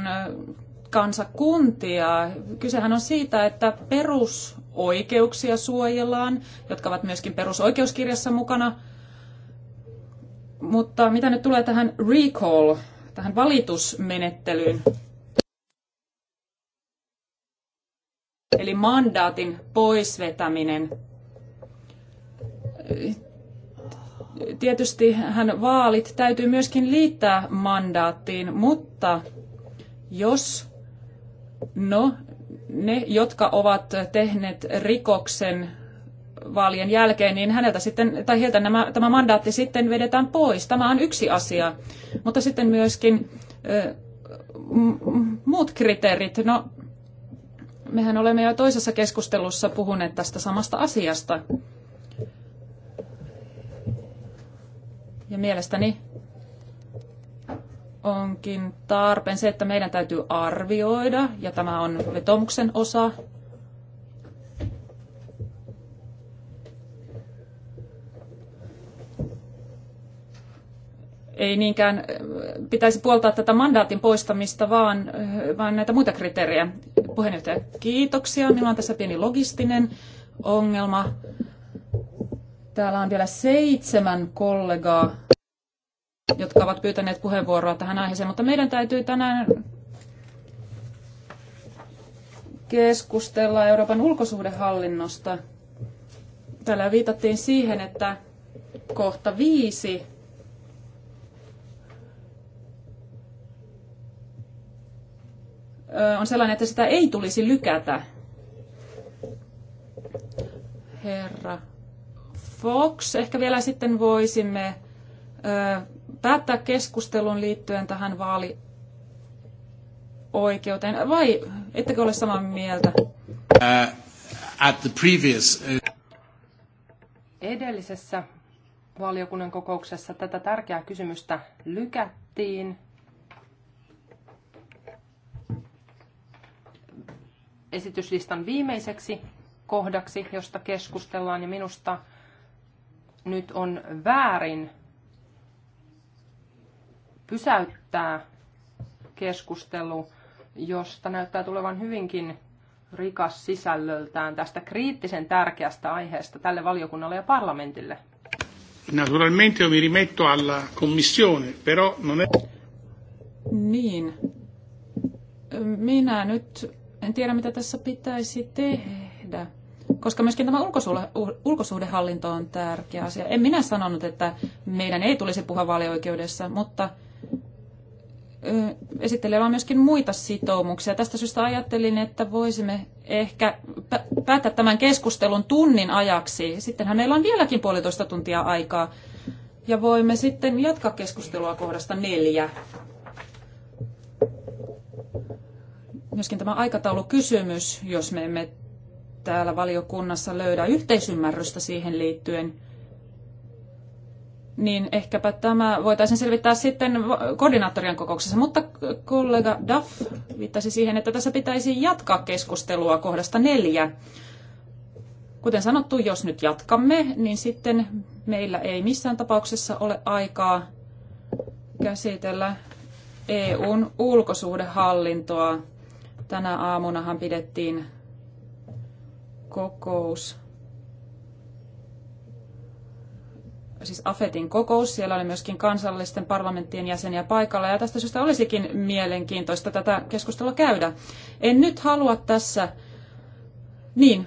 kansakuntia. Kysehän on siitä, että perusoikeuksia suojellaan, jotka ovat myöskin perusoikeuskirjassa mukana. Mutta mitä nyt tulee tähän recall, tähän valitusmenettelyyn, eli mandaatin poisvetäminen. Tietysti hän vaalit täytyy myöskin liittää mandaattiin, mutta jos No, ne, jotka ovat tehneet rikoksen vaalien jälkeen, niin häneltä sitten, tai heiltä nämä, tämä mandaatti sitten vedetään pois. Tämä on yksi asia. Mutta sitten myöskin äh, muut kriteerit. No, mehän olemme jo toisessa keskustelussa puhuneet tästä samasta asiasta. Ja mielestäni onkin tarpeen se, että meidän täytyy arvioida, ja tämä on vetomuksen osa, ei niinkään äh, pitäisi puoltaa tätä mandaatin poistamista, vaan, äh, vaan näitä muita kriteerejä. Puheenjohtaja, kiitoksia. Minulla on tässä pieni logistinen ongelma. Täällä on vielä seitsemän kollegaa jotka ovat pyytäneet puheenvuoroa tähän aiheeseen, mutta meidän täytyy tänään keskustella Euroopan ulkosuhdehallinnosta. Täällä viitattiin siihen, että kohta viisi on sellainen, että sitä ei tulisi lykätä. Herra Fox, ehkä vielä sitten voisimme päättää keskustelun liittyen tähän vaalioikeuteen, vai ettekö ole samaa mieltä? Uh, at the previous, uh... Edellisessä valiokunnan kokouksessa tätä tärkeää kysymystä lykättiin. Esityslistan viimeiseksi kohdaksi, josta keskustellaan, ja minusta nyt on väärin pysäyttää keskustelu, josta näyttää tulevan hyvinkin rikas sisällöltään tästä kriittisen tärkeästä aiheesta tälle valiokunnalle ja parlamentille. Naturalmente mi rimetto alla commissione, però non è... Niin. Minä nyt en tiedä, mitä tässä pitäisi tehdä. Koska myöskin tämä ulkosuhde, ulkosuhdehallinto on tärkeä asia. En minä sanonut, että meidän ei tulisi puhua valioikeudessa, mutta esittelijällä on myöskin muita sitoumuksia. Tästä syystä ajattelin, että voisimme ehkä päättää tämän keskustelun tunnin ajaksi. Sittenhän meillä on vieläkin puolitoista tuntia aikaa. Ja voimme sitten jatkaa keskustelua kohdasta neljä. Myöskin tämä aikataulukysymys, jos me emme täällä valiokunnassa löydä yhteisymmärrystä siihen liittyen – niin ehkäpä tämä voitaisiin selvittää sitten koordinaattorien kokouksessa. Mutta kollega Duff viittasi siihen, että tässä pitäisi jatkaa keskustelua kohdasta neljä. Kuten sanottu, jos nyt jatkamme, niin sitten meillä ei missään tapauksessa ole aikaa käsitellä EUn ulkosuhdehallintoa. Tänä aamunahan pidettiin kokous siis AFETin kokous. Siellä oli myöskin kansallisten parlamenttien jäseniä paikalla ja tästä syystä olisikin mielenkiintoista tätä keskustelua käydä. En nyt halua tässä, niin,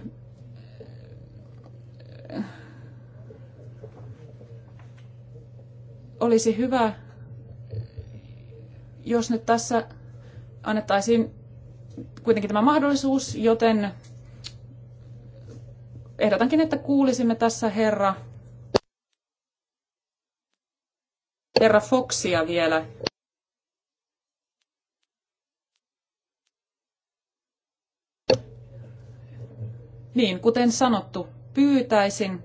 olisi hyvä, jos nyt tässä annettaisiin kuitenkin tämä mahdollisuus, joten ehdotankin, että kuulisimme tässä herra herra Foxia vielä. Niin, kuten sanottu, pyytäisin,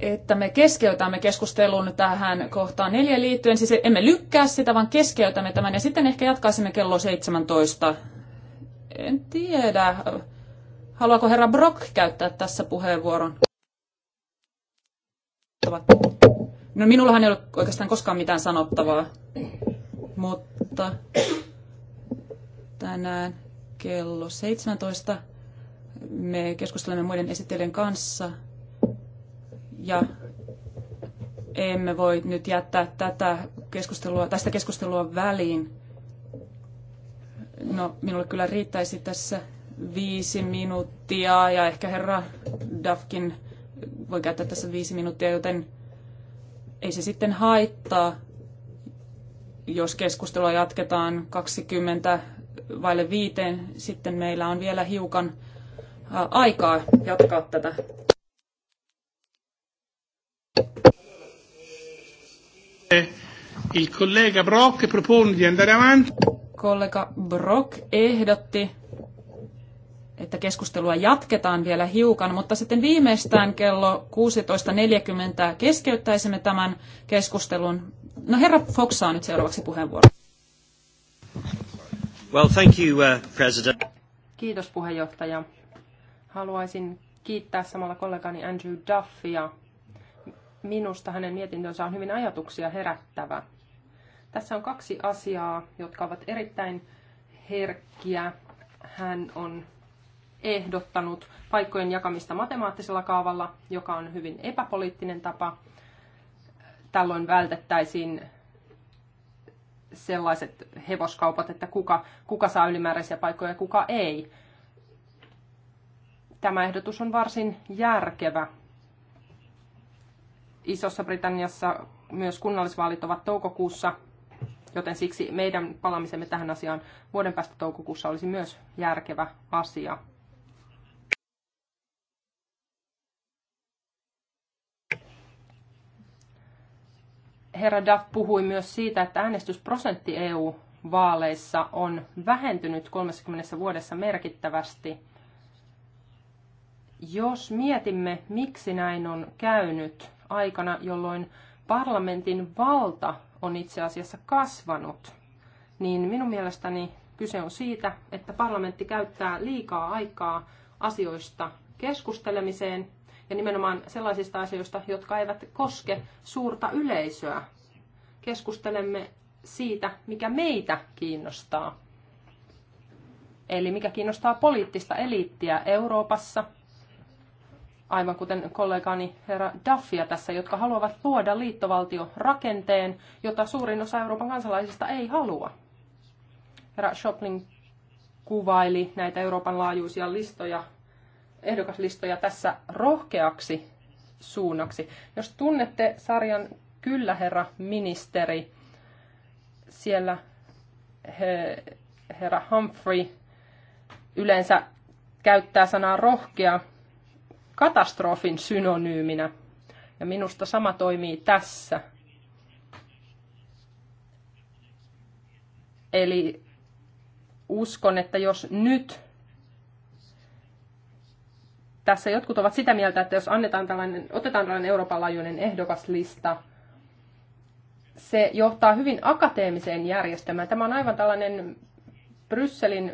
että me keskeytämme keskustelun tähän kohtaan neljä liittyen. Siis emme lykkää sitä, vaan keskeytämme tämän ja sitten ehkä jatkaisimme kello 17. En tiedä. Haluaako herra Brock käyttää tässä puheenvuoron? ovat... No minullahan ei ole oikeastaan koskaan mitään sanottavaa, mutta tänään kello 17 me keskustelemme muiden esittelijän kanssa ja emme voi nyt jättää tätä keskustelua, tästä keskustelua väliin. No, minulle kyllä riittäisi tässä viisi minuuttia ja ehkä herra Dafkin voin käyttää tässä viisi minuuttia, joten ei se sitten haittaa, jos keskustelua jatketaan 20 vaille viiteen, sitten meillä on vielä hiukan aikaa jatkaa tätä. Il collega Brock propone di andare avanti. Kollega Brock ehdotti, että keskustelua jatketaan vielä hiukan, mutta sitten viimeistään kello 16.40 keskeyttäisimme tämän keskustelun. No herra Fox saa nyt seuraavaksi puheenvuoro. Well, thank you, uh, President. Kiitos puheenjohtaja. Haluaisin kiittää samalla kollegani Andrew Duffia. Minusta hänen mietintönsä on hyvin ajatuksia herättävä. Tässä on kaksi asiaa, jotka ovat erittäin herkkiä. Hän on ehdottanut paikkojen jakamista matemaattisella kaavalla, joka on hyvin epäpoliittinen tapa. Tällöin vältettäisiin sellaiset hevoskaupat, että kuka, kuka saa ylimääräisiä paikkoja ja kuka ei. Tämä ehdotus on varsin järkevä. Isossa Britanniassa myös kunnallisvaalit ovat toukokuussa, joten siksi meidän palamisemme tähän asiaan vuoden päästä toukokuussa olisi myös järkevä asia. herra Duff puhui myös siitä, että äänestysprosentti EU-vaaleissa on vähentynyt 30 vuodessa merkittävästi. Jos mietimme, miksi näin on käynyt aikana, jolloin parlamentin valta on itse asiassa kasvanut, niin minun mielestäni kyse on siitä, että parlamentti käyttää liikaa aikaa asioista keskustelemiseen ja nimenomaan sellaisista asioista, jotka eivät koske suurta yleisöä. Keskustelemme siitä, mikä meitä kiinnostaa. Eli mikä kiinnostaa poliittista eliittiä Euroopassa, aivan kuten kollegani herra Daffia tässä, jotka haluavat luoda liittovaltiorakenteen, jota suurin osa Euroopan kansalaisista ei halua. Herra Schopling kuvaili näitä Euroopan laajuisia listoja ehdokaslistoja tässä rohkeaksi suunnaksi. Jos tunnette sarjan Kyllä herra ministeri, siellä he, herra Humphrey yleensä käyttää sanaa rohkea katastrofin synonyyminä. Ja minusta sama toimii tässä. Eli uskon, että jos nyt tässä jotkut ovat sitä mieltä, että jos annetaan tällainen, otetaan tällainen Euroopan laajuinen ehdokaslista, se johtaa hyvin akateemiseen järjestelmään. Tämä on aivan tällainen Brysselin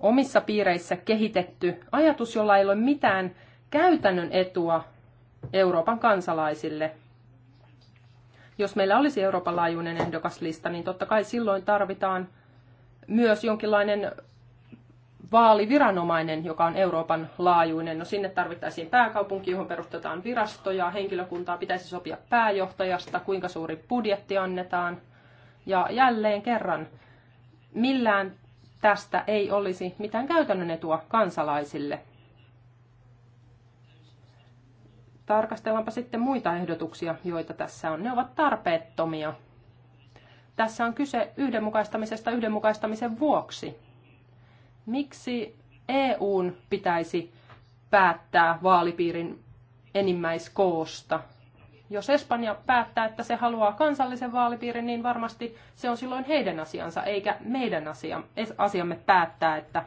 omissa piireissä kehitetty ajatus, jolla ei ole mitään käytännön etua Euroopan kansalaisille. Jos meillä olisi Euroopan laajuinen ehdokaslista, niin totta kai silloin tarvitaan myös jonkinlainen vaaliviranomainen, joka on Euroopan laajuinen. No sinne tarvittaisiin pääkaupunki, johon perustetaan virastoja, henkilökuntaa pitäisi sopia pääjohtajasta, kuinka suuri budjetti annetaan. Ja jälleen kerran, millään tästä ei olisi mitään käytännön etua kansalaisille. Tarkastellaanpa sitten muita ehdotuksia, joita tässä on. Ne ovat tarpeettomia. Tässä on kyse yhdenmukaistamisesta yhdenmukaistamisen vuoksi Miksi EUn pitäisi päättää vaalipiirin enimmäiskoosta? Jos Espanja päättää, että se haluaa kansallisen vaalipiirin, niin varmasti se on silloin heidän asiansa, eikä meidän asia, asiamme päättää, että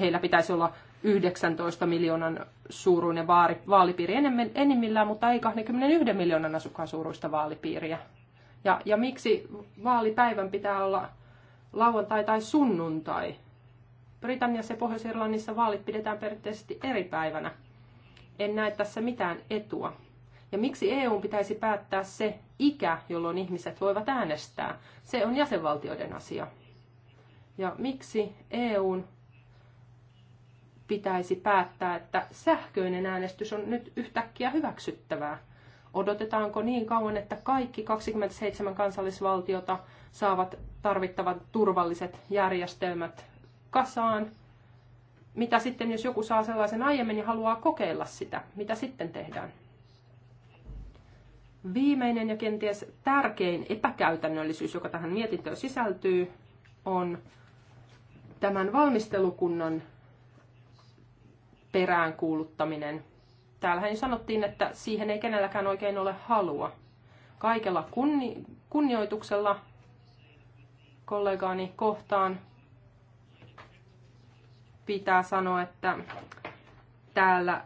heillä pitäisi olla 19 miljoonan suuruinen vaalipiiri enimmillään, mutta ei 21 miljoonan asukkaan suuruista vaalipiiriä. Ja, ja miksi vaalipäivän pitää olla lauantai tai sunnuntai? Britanniassa ja Pohjois-Irlannissa vaalit pidetään perinteisesti eri päivänä. En näe tässä mitään etua. Ja miksi EU pitäisi päättää se ikä, jolloin ihmiset voivat äänestää? Se on jäsenvaltioiden asia. Ja miksi EUn pitäisi päättää, että sähköinen äänestys on nyt yhtäkkiä hyväksyttävää? Odotetaanko niin kauan, että kaikki 27 kansallisvaltiota saavat tarvittavat turvalliset järjestelmät kasaan. Mitä sitten, jos joku saa sellaisen aiemmin ja haluaa kokeilla sitä? Mitä sitten tehdään? Viimeinen ja kenties tärkein epäkäytännöllisyys, joka tähän mietintöön sisältyy, on tämän valmistelukunnan peräänkuuluttaminen. Täällähän sanottiin, että siihen ei kenelläkään oikein ole halua. Kaikella kunni, kunnioituksella kollegaani kohtaan pitää sanoa, että täällä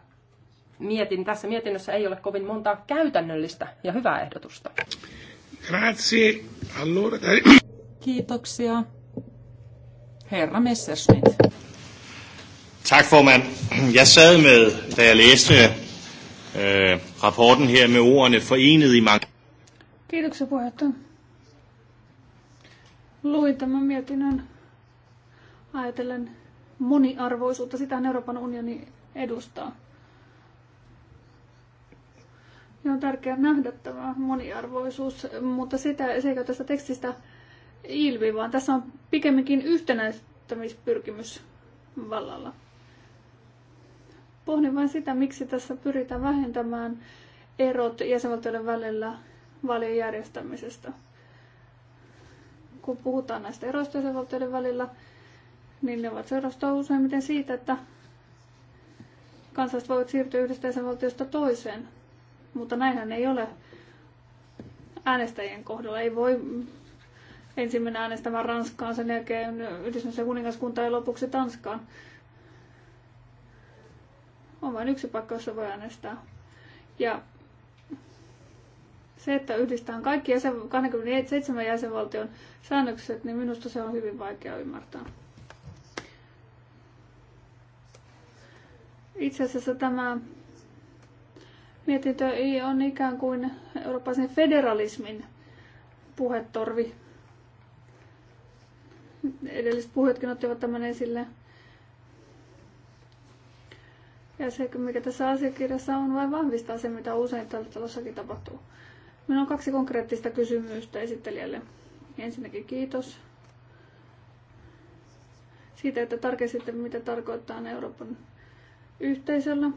mietin, tässä mietinnössä ei ole kovin montaa käytännöllistä ja hyvää ehdotusta. Grazie. Allora... Kiitoksia. Herra Messerschmidt. Tack formand. Jag sad med, da jeg læste äh, rapporten här med orden forenet i man. Kiitoksia puheenjohtaja. Luin tämän mietinnön ajatellen moniarvoisuutta. sitä Euroopan unioni edustaa. Ja on tärkeää nähdä tämä moniarvoisuus, mutta sitä, se ei tästä tekstistä ilmi, vaan tässä on pikemminkin yhtenäistämispyrkimys vallalla. Pohdin vain sitä, miksi tässä pyritään vähentämään erot jäsenvaltioiden välillä vaalien järjestämisestä. Kun puhutaan näistä eroista jäsenvaltioiden välillä, niin ne ovat seurausta useimmiten siitä, että kansalaiset voivat siirtyä yhdestä jäsenvaltiosta toiseen. Mutta näinhän ei ole äänestäjien kohdalla. Ei voi ensimmäinen äänestämään Ranskaan, sen jälkeen yhdistämisen kuningaskunta ja lopuksi Tanskaan. On vain yksi paikka, jossa voi äänestää. Ja se, että yhdistetään kaikki jäsen, 27 jäsenvaltion säännökset, niin minusta se on hyvin vaikea ymmärtää. Itse asiassa tämä mietintö on ikään kuin eurooppalaisen federalismin puhetorvi. Edelliset puhujatkin ottivat tämän esille. Ja se, mikä tässä asiakirjassa on, vain vahvistaa se, mitä usein tällä talossakin tapahtuu. Minulla on kaksi konkreettista kysymystä esittelijälle. Ensinnäkin kiitos siitä, että tarkensitte, mitä tarkoittaa Euroopan yhteisöllä.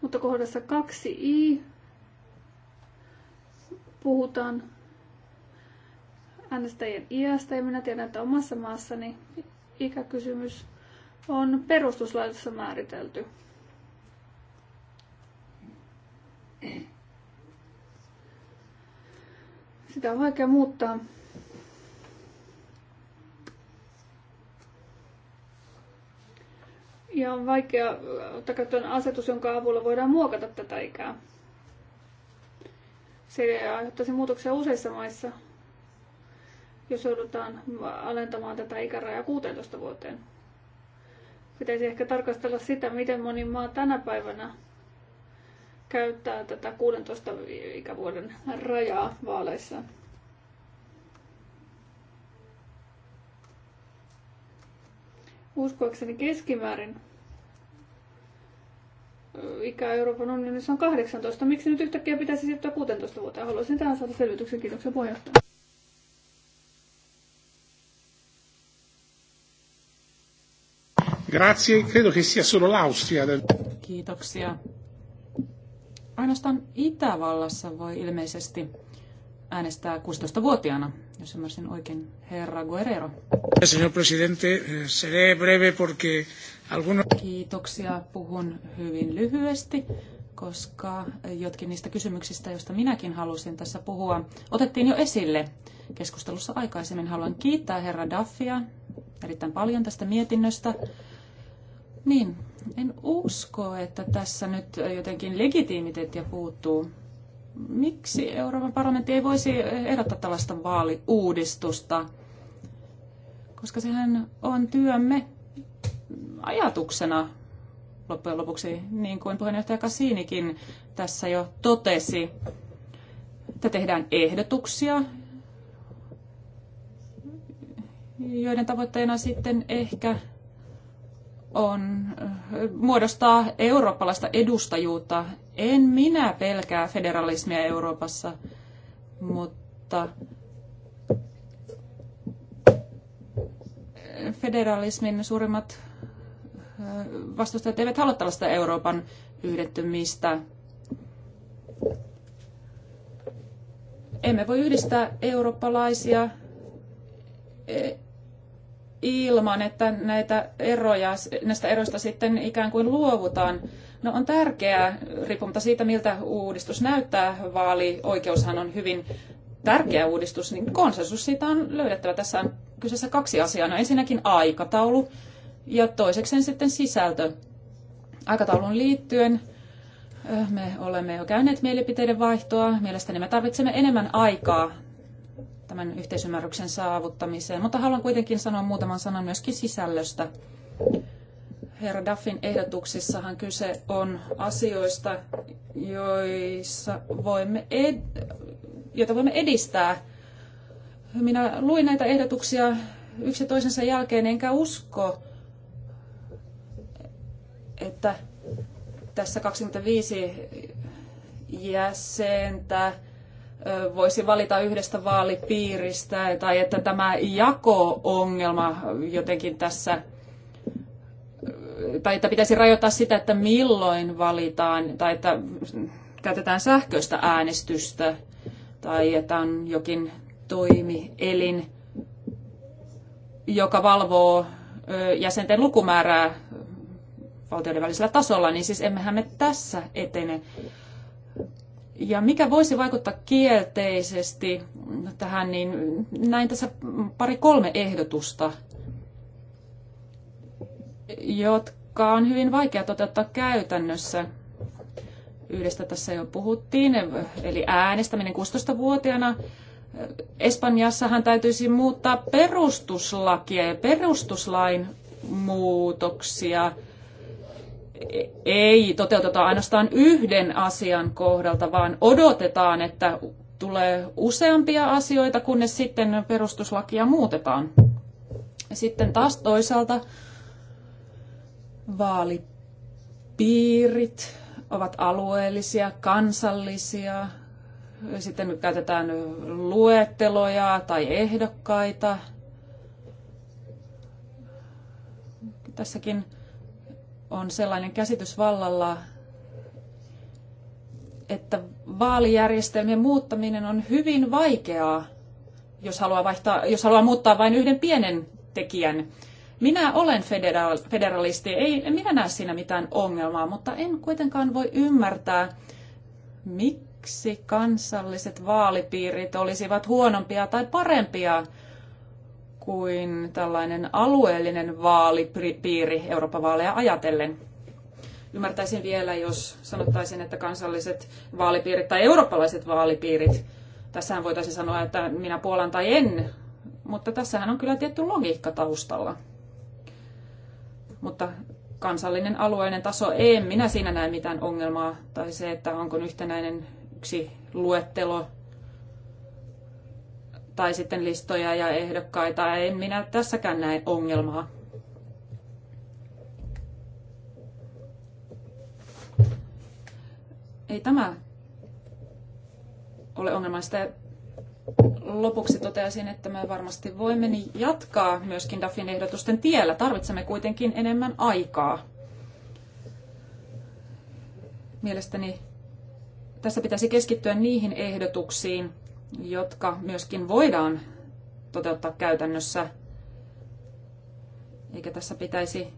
Mutta kohdassa 2i puhutaan äänestäjien iästä ja minä tiedän, että omassa maassani ikäkysymys on perustuslaitossa määritelty. Sitä on vaikea muuttaa Ja on vaikea ottaa käyttöön asetus, jonka avulla voidaan muokata tätä ikää. Se aiheuttaisi muutoksia useissa maissa, jos joudutaan alentamaan tätä ikärajaa 16 vuoteen. Pitäisi ehkä tarkastella sitä, miten moni maa tänä päivänä käyttää tätä 16 ikävuoden rajaa vaaleissa. Uskoakseni keskimäärin ikä Euroopan unionissa on 18. Miksi nyt yhtäkkiä pitäisi siirtyä 16 vuotta? Haluaisin tähän saada selvityksen. Kiitoksia puheenjohtaja. Grazie, credo che sia solo l'Austria. Kiitoksia. Ainoastaan Itävallassa voi ilmeisesti äänestää 16-vuotiaana jos ymmärsin oikein. Herra Guerrero. Señor presidente, eh, seré breve porque algunos... Kiitoksia. Puhun hyvin lyhyesti, koska jotkin niistä kysymyksistä, joista minäkin halusin tässä puhua, otettiin jo esille keskustelussa aikaisemmin. Haluan kiittää herra Daffia erittäin paljon tästä mietinnöstä. Niin, en usko, että tässä nyt jotenkin legitiimiteettiä puuttuu miksi Euroopan parlamentti ei voisi ehdottaa tällaista vaaliuudistusta? Koska sehän on työmme ajatuksena loppujen lopuksi, niin kuin puheenjohtaja kasiinikin tässä jo totesi, että tehdään ehdotuksia, joiden tavoitteena sitten ehkä on äh, muodostaa eurooppalaista edustajuutta en minä pelkää federalismia Euroopassa, mutta federalismin suurimmat äh, vastustajat eivät halua tällaista Euroopan yhdettymistä. Emme voi yhdistää eurooppalaisia e, ilman, että näitä eroja, näistä eroista sitten ikään kuin luovutaan. No on tärkeää, riippumatta siitä miltä uudistus näyttää, vaalioikeushan on hyvin tärkeä uudistus, niin konsensus siitä on löydettävä. Tässä on kyseessä kaksi asiaa. No ensinnäkin aikataulu ja toiseksi sitten sisältö. Aikataulun liittyen eh, me olemme jo käyneet mielipiteiden vaihtoa. Mielestäni me tarvitsemme enemmän aikaa tämän yhteisymmärryksen saavuttamiseen, mutta haluan kuitenkin sanoa muutaman sanan myöskin sisällöstä herra Duffin ehdotuksissahan kyse on asioista, joissa voimme ed- joita voimme edistää. Minä luin näitä ehdotuksia yksi toisensa jälkeen, enkä usko, että tässä 25 jäsentä voisi valita yhdestä vaalipiiristä tai että tämä jako-ongelma jotenkin tässä tai että pitäisi rajoittaa sitä, että milloin valitaan, tai että käytetään sähköistä äänestystä, tai että on jokin toimielin, joka valvoo jäsenten lukumäärää valtioiden välisellä tasolla, niin siis emmehän me tässä etene. Ja mikä voisi vaikuttaa kielteisesti tähän, niin näin tässä pari kolme ehdotusta – jotka on hyvin vaikea toteuttaa käytännössä. Yhdestä tässä jo puhuttiin, eli äänestäminen 16-vuotiaana. Espanjassahan täytyisi muuttaa perustuslakia ja perustuslain muutoksia ei toteuteta ainoastaan yhden asian kohdalta, vaan odotetaan, että tulee useampia asioita, kunnes sitten perustuslakia muutetaan. Sitten taas toisaalta Vaalipiirit ovat alueellisia, kansallisia, sitten käytetään luetteloja tai ehdokkaita. Tässäkin on sellainen käsitys vallalla, että vaalijärjestelmien muuttaminen on hyvin vaikeaa, jos haluaa, vaihtaa, jos haluaa muuttaa vain yhden pienen tekijän. Minä olen federalisti, ei, en minä näe siinä mitään ongelmaa, mutta en kuitenkaan voi ymmärtää, miksi kansalliset vaalipiirit olisivat huonompia tai parempia kuin tällainen alueellinen vaalipiiri Euroopan vaaleja ajatellen. Ymmärtäisin vielä, jos sanottaisin, että kansalliset vaalipiirit tai eurooppalaiset vaalipiirit, tässähän voitaisiin sanoa, että minä puolan tai en, mutta tässähän on kyllä tietty logiikka taustalla mutta kansallinen alueellinen taso, en minä siinä näe mitään ongelmaa, tai se, että onko yhtenäinen yksi luettelo tai sitten listoja ja ehdokkaita, en minä tässäkään näe ongelmaa. Ei tämä ole ongelmaista lopuksi toteaisin, että me varmasti voimme niin jatkaa myöskin DAFin ehdotusten tiellä. Tarvitsemme kuitenkin enemmän aikaa. Mielestäni tässä pitäisi keskittyä niihin ehdotuksiin, jotka myöskin voidaan toteuttaa käytännössä, eikä tässä pitäisi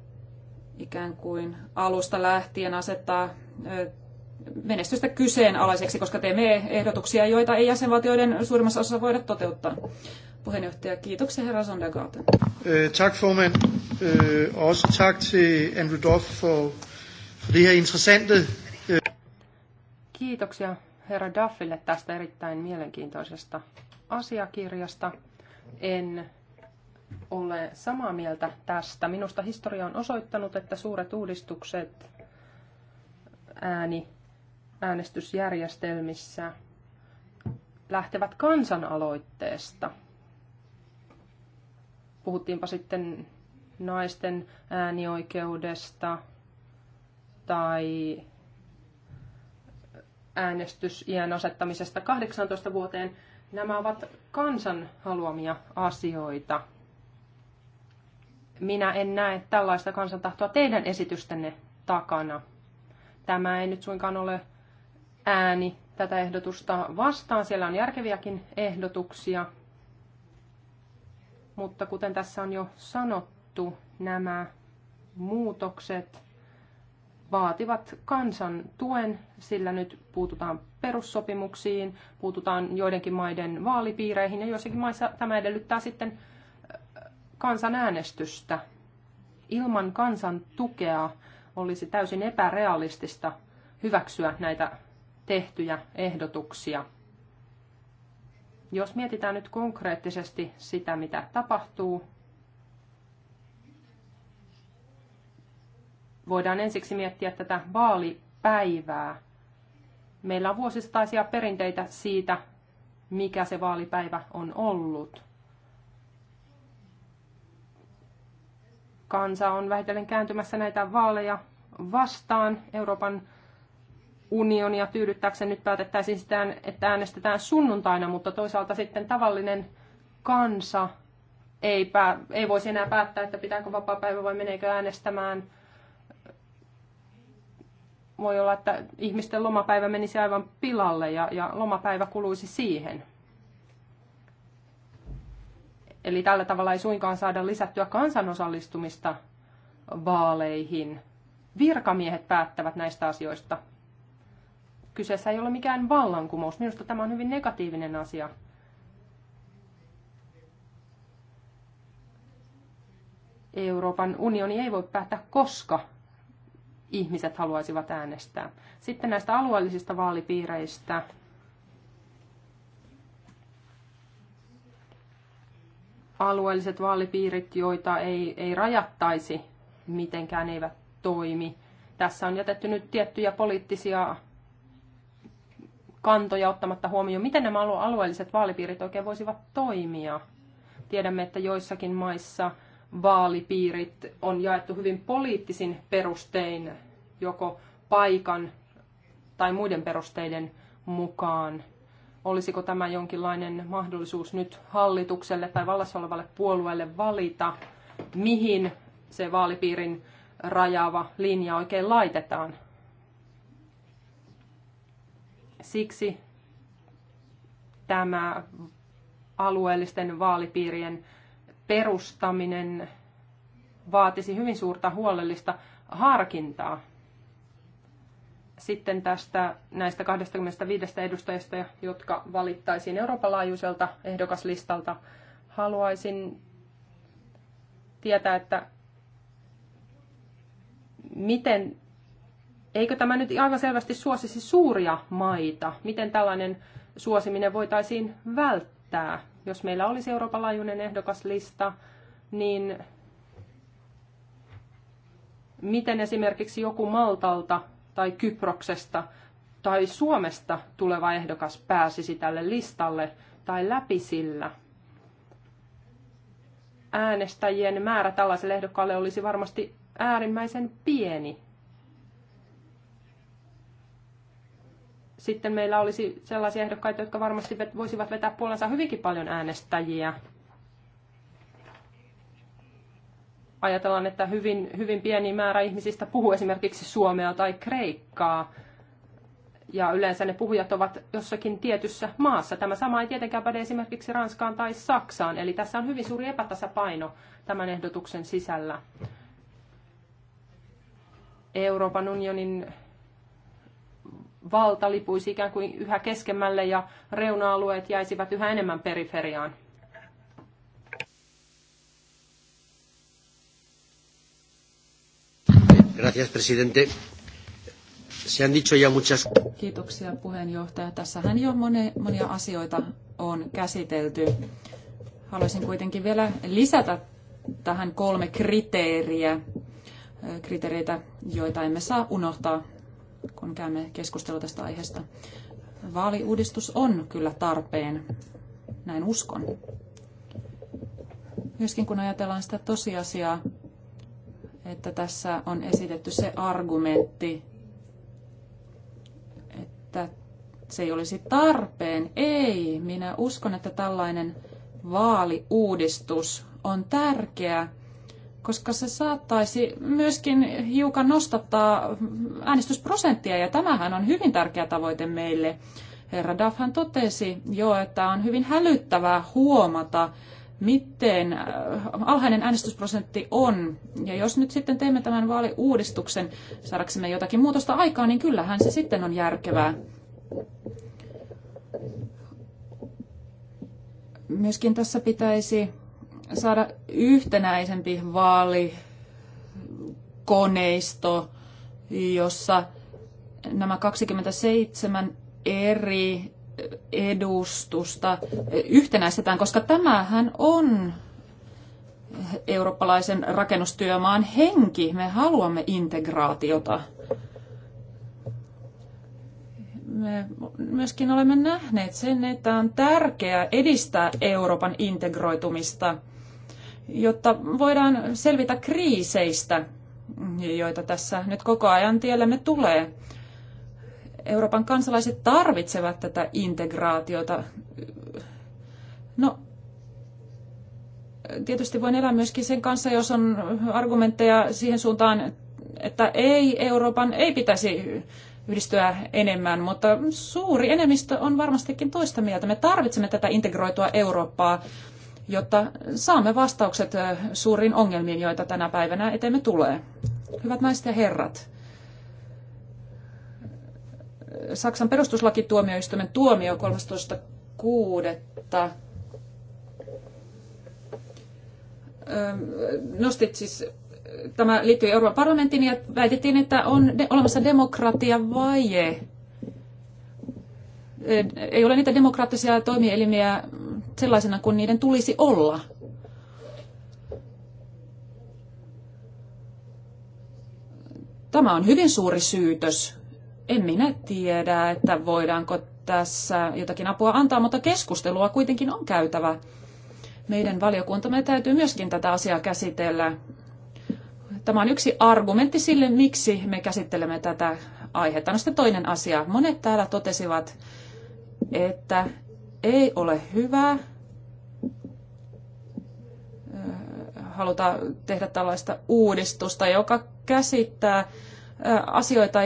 ikään kuin alusta lähtien asettaa menestystä kyseenalaiseksi, koska teemme ehdotuksia, joita ei jäsenvaltioiden suurimmassa osassa voida toteuttaa. Puheenjohtaja, kiitoksia herra Sondergaard. Eh, tak formand. Eh, også tak til Andrew Duff for, for det her interessante... Øh. Kiitoksia herra Duffille tästä erittäin mielenkiintoisesta asiakirjasta. En ole samaa mieltä tästä. Minusta historia on osoittanut, että suuret uudistukset ääni äänestysjärjestelmissä lähtevät kansanaloitteesta. Puhuttiinpa sitten naisten äänioikeudesta tai äänestysiän asettamisesta 18 vuoteen. Nämä ovat kansan haluamia asioita. Minä en näe tällaista kansantahtoa teidän esitystenne takana. Tämä ei nyt suinkaan ole ääni tätä ehdotusta vastaan. Siellä on järkeviäkin ehdotuksia, mutta kuten tässä on jo sanottu, nämä muutokset vaativat kansan tuen, sillä nyt puututaan perussopimuksiin, puututaan joidenkin maiden vaalipiireihin ja joissakin maissa tämä edellyttää sitten äh, kansanäänestystä. Ilman kansan tukea olisi täysin epärealistista hyväksyä näitä tehtyjä ehdotuksia. Jos mietitään nyt konkreettisesti sitä, mitä tapahtuu, voidaan ensiksi miettiä tätä vaalipäivää. Meillä on vuosistaisia perinteitä siitä, mikä se vaalipäivä on ollut. Kansa on vähitellen kääntymässä näitä vaaleja vastaan. Euroopan unionia tyydyttääkseen nyt päätettäisiin sitä, että äänestetään sunnuntaina, mutta toisaalta sitten tavallinen kansa ei, pää, ei voisi enää päättää, että pitääkö vapaa-päivä vai meneekö äänestämään. Voi olla, että ihmisten lomapäivä menisi aivan pilalle ja, ja lomapäivä kuluisi siihen. Eli tällä tavalla ei suinkaan saada lisättyä kansanosallistumista vaaleihin. Virkamiehet päättävät näistä asioista Kyseessä ei ole mikään vallankumous. Minusta tämä on hyvin negatiivinen asia. Euroopan unioni ei voi päättää, koska ihmiset haluaisivat äänestää. Sitten näistä alueellisista vaalipiireistä. Alueelliset vaalipiirit, joita ei, ei rajattaisi mitenkään, eivät toimi. Tässä on jätetty nyt tiettyjä poliittisia kantoja ottamatta huomioon, miten nämä alueelliset vaalipiirit oikein voisivat toimia. Tiedämme, että joissakin maissa vaalipiirit on jaettu hyvin poliittisin perustein, joko paikan tai muiden perusteiden mukaan. Olisiko tämä jonkinlainen mahdollisuus nyt hallitukselle tai vallassa olevalle puolueelle valita, mihin se vaalipiirin rajaava linja oikein laitetaan? Siksi tämä alueellisten vaalipiirien perustaminen vaatisi hyvin suurta huolellista harkintaa. Sitten tästä näistä 25 edustajista, jotka valittaisiin Euroopan laajuiselta ehdokaslistalta, haluaisin tietää, että miten Eikö tämä nyt aivan selvästi suosisi suuria maita? Miten tällainen suosiminen voitaisiin välttää? Jos meillä olisi Euroopan laajuinen ehdokaslista, niin miten esimerkiksi joku Maltalta tai Kyproksesta tai Suomesta tuleva ehdokas pääsisi tälle listalle tai läpi sillä? Äänestäjien määrä tällaiselle ehdokkaalle olisi varmasti äärimmäisen pieni. sitten meillä olisi sellaisia ehdokkaita, jotka varmasti voisivat vetää puolensa hyvinkin paljon äänestäjiä. Ajatellaan, että hyvin, hyvin pieni määrä ihmisistä puhuu esimerkiksi Suomea tai Kreikkaa. Ja yleensä ne puhujat ovat jossakin tietyssä maassa. Tämä sama ei tietenkään päde esimerkiksi Ranskaan tai Saksaan. Eli tässä on hyvin suuri epätasapaino tämän ehdotuksen sisällä. Euroopan unionin valta lipuisi ikään kuin yhä keskemmälle ja reuna-alueet jäisivät yhä enemmän periferiaan. Gracias, presidente. Se han dicho ya muchas... Kiitoksia puheenjohtaja. Tässähän jo monia asioita on käsitelty. Haluaisin kuitenkin vielä lisätä tähän kolme kriteeriä, kriteereitä, joita emme saa unohtaa kun käymme keskustelua tästä aiheesta. Vaaliuudistus on kyllä tarpeen, näin uskon. Myöskin kun ajatellaan sitä tosiasiaa, että tässä on esitetty se argumentti, että se ei olisi tarpeen. Ei, minä uskon, että tällainen vaaliuudistus on tärkeä koska se saattaisi myöskin hiukan nostattaa äänestysprosenttia, ja tämähän on hyvin tärkeä tavoite meille. Herra Duffhan totesi jo, että on hyvin hälyttävää huomata, miten äh, alhainen äänestysprosentti on. Ja jos nyt sitten teemme tämän vaaliuudistuksen saadaksemme jotakin muutosta aikaa, niin kyllähän se sitten on järkevää. Myöskin tässä pitäisi saada yhtenäisempi vaalikoneisto, jossa nämä 27 eri edustusta yhtenäistetään, koska tämähän on eurooppalaisen rakennustyömaan henki. Me haluamme integraatiota. Me myöskin olemme nähneet sen, että on tärkeää edistää Euroopan integroitumista – jotta voidaan selvitä kriiseistä, joita tässä nyt koko ajan tiellämme tulee. Euroopan kansalaiset tarvitsevat tätä integraatiota. No, tietysti voin elää myöskin sen kanssa, jos on argumentteja siihen suuntaan, että ei Euroopan ei pitäisi yhdistyä enemmän, mutta suuri enemmistö on varmastikin toista mieltä. Me tarvitsemme tätä integroitua Eurooppaa jotta saamme vastaukset suuriin ongelmiin, joita tänä päivänä eteemme tulee. Hyvät naiset ja herrat, Saksan perustuslakituomioistuimen tuomio 13.6. nostit siis, tämä liittyy Euroopan parlamenttiin ja väitettiin, että on de- olemassa demokratiavaje. Ei ole niitä demokraattisia toimielimiä, sellaisena kuin niiden tulisi olla. Tämä on hyvin suuri syytös. En minä tiedä, että voidaanko tässä jotakin apua antaa, mutta keskustelua kuitenkin on käytävä. Meidän valiokuntamme täytyy myöskin tätä asiaa käsitellä. Tämä on yksi argumentti sille, miksi me käsittelemme tätä aihetta. No sitten toinen asia. Monet täällä totesivat, että ei ole hyvä. Äh, Halutaan tehdä tällaista uudistusta, joka käsittää äh, asioita,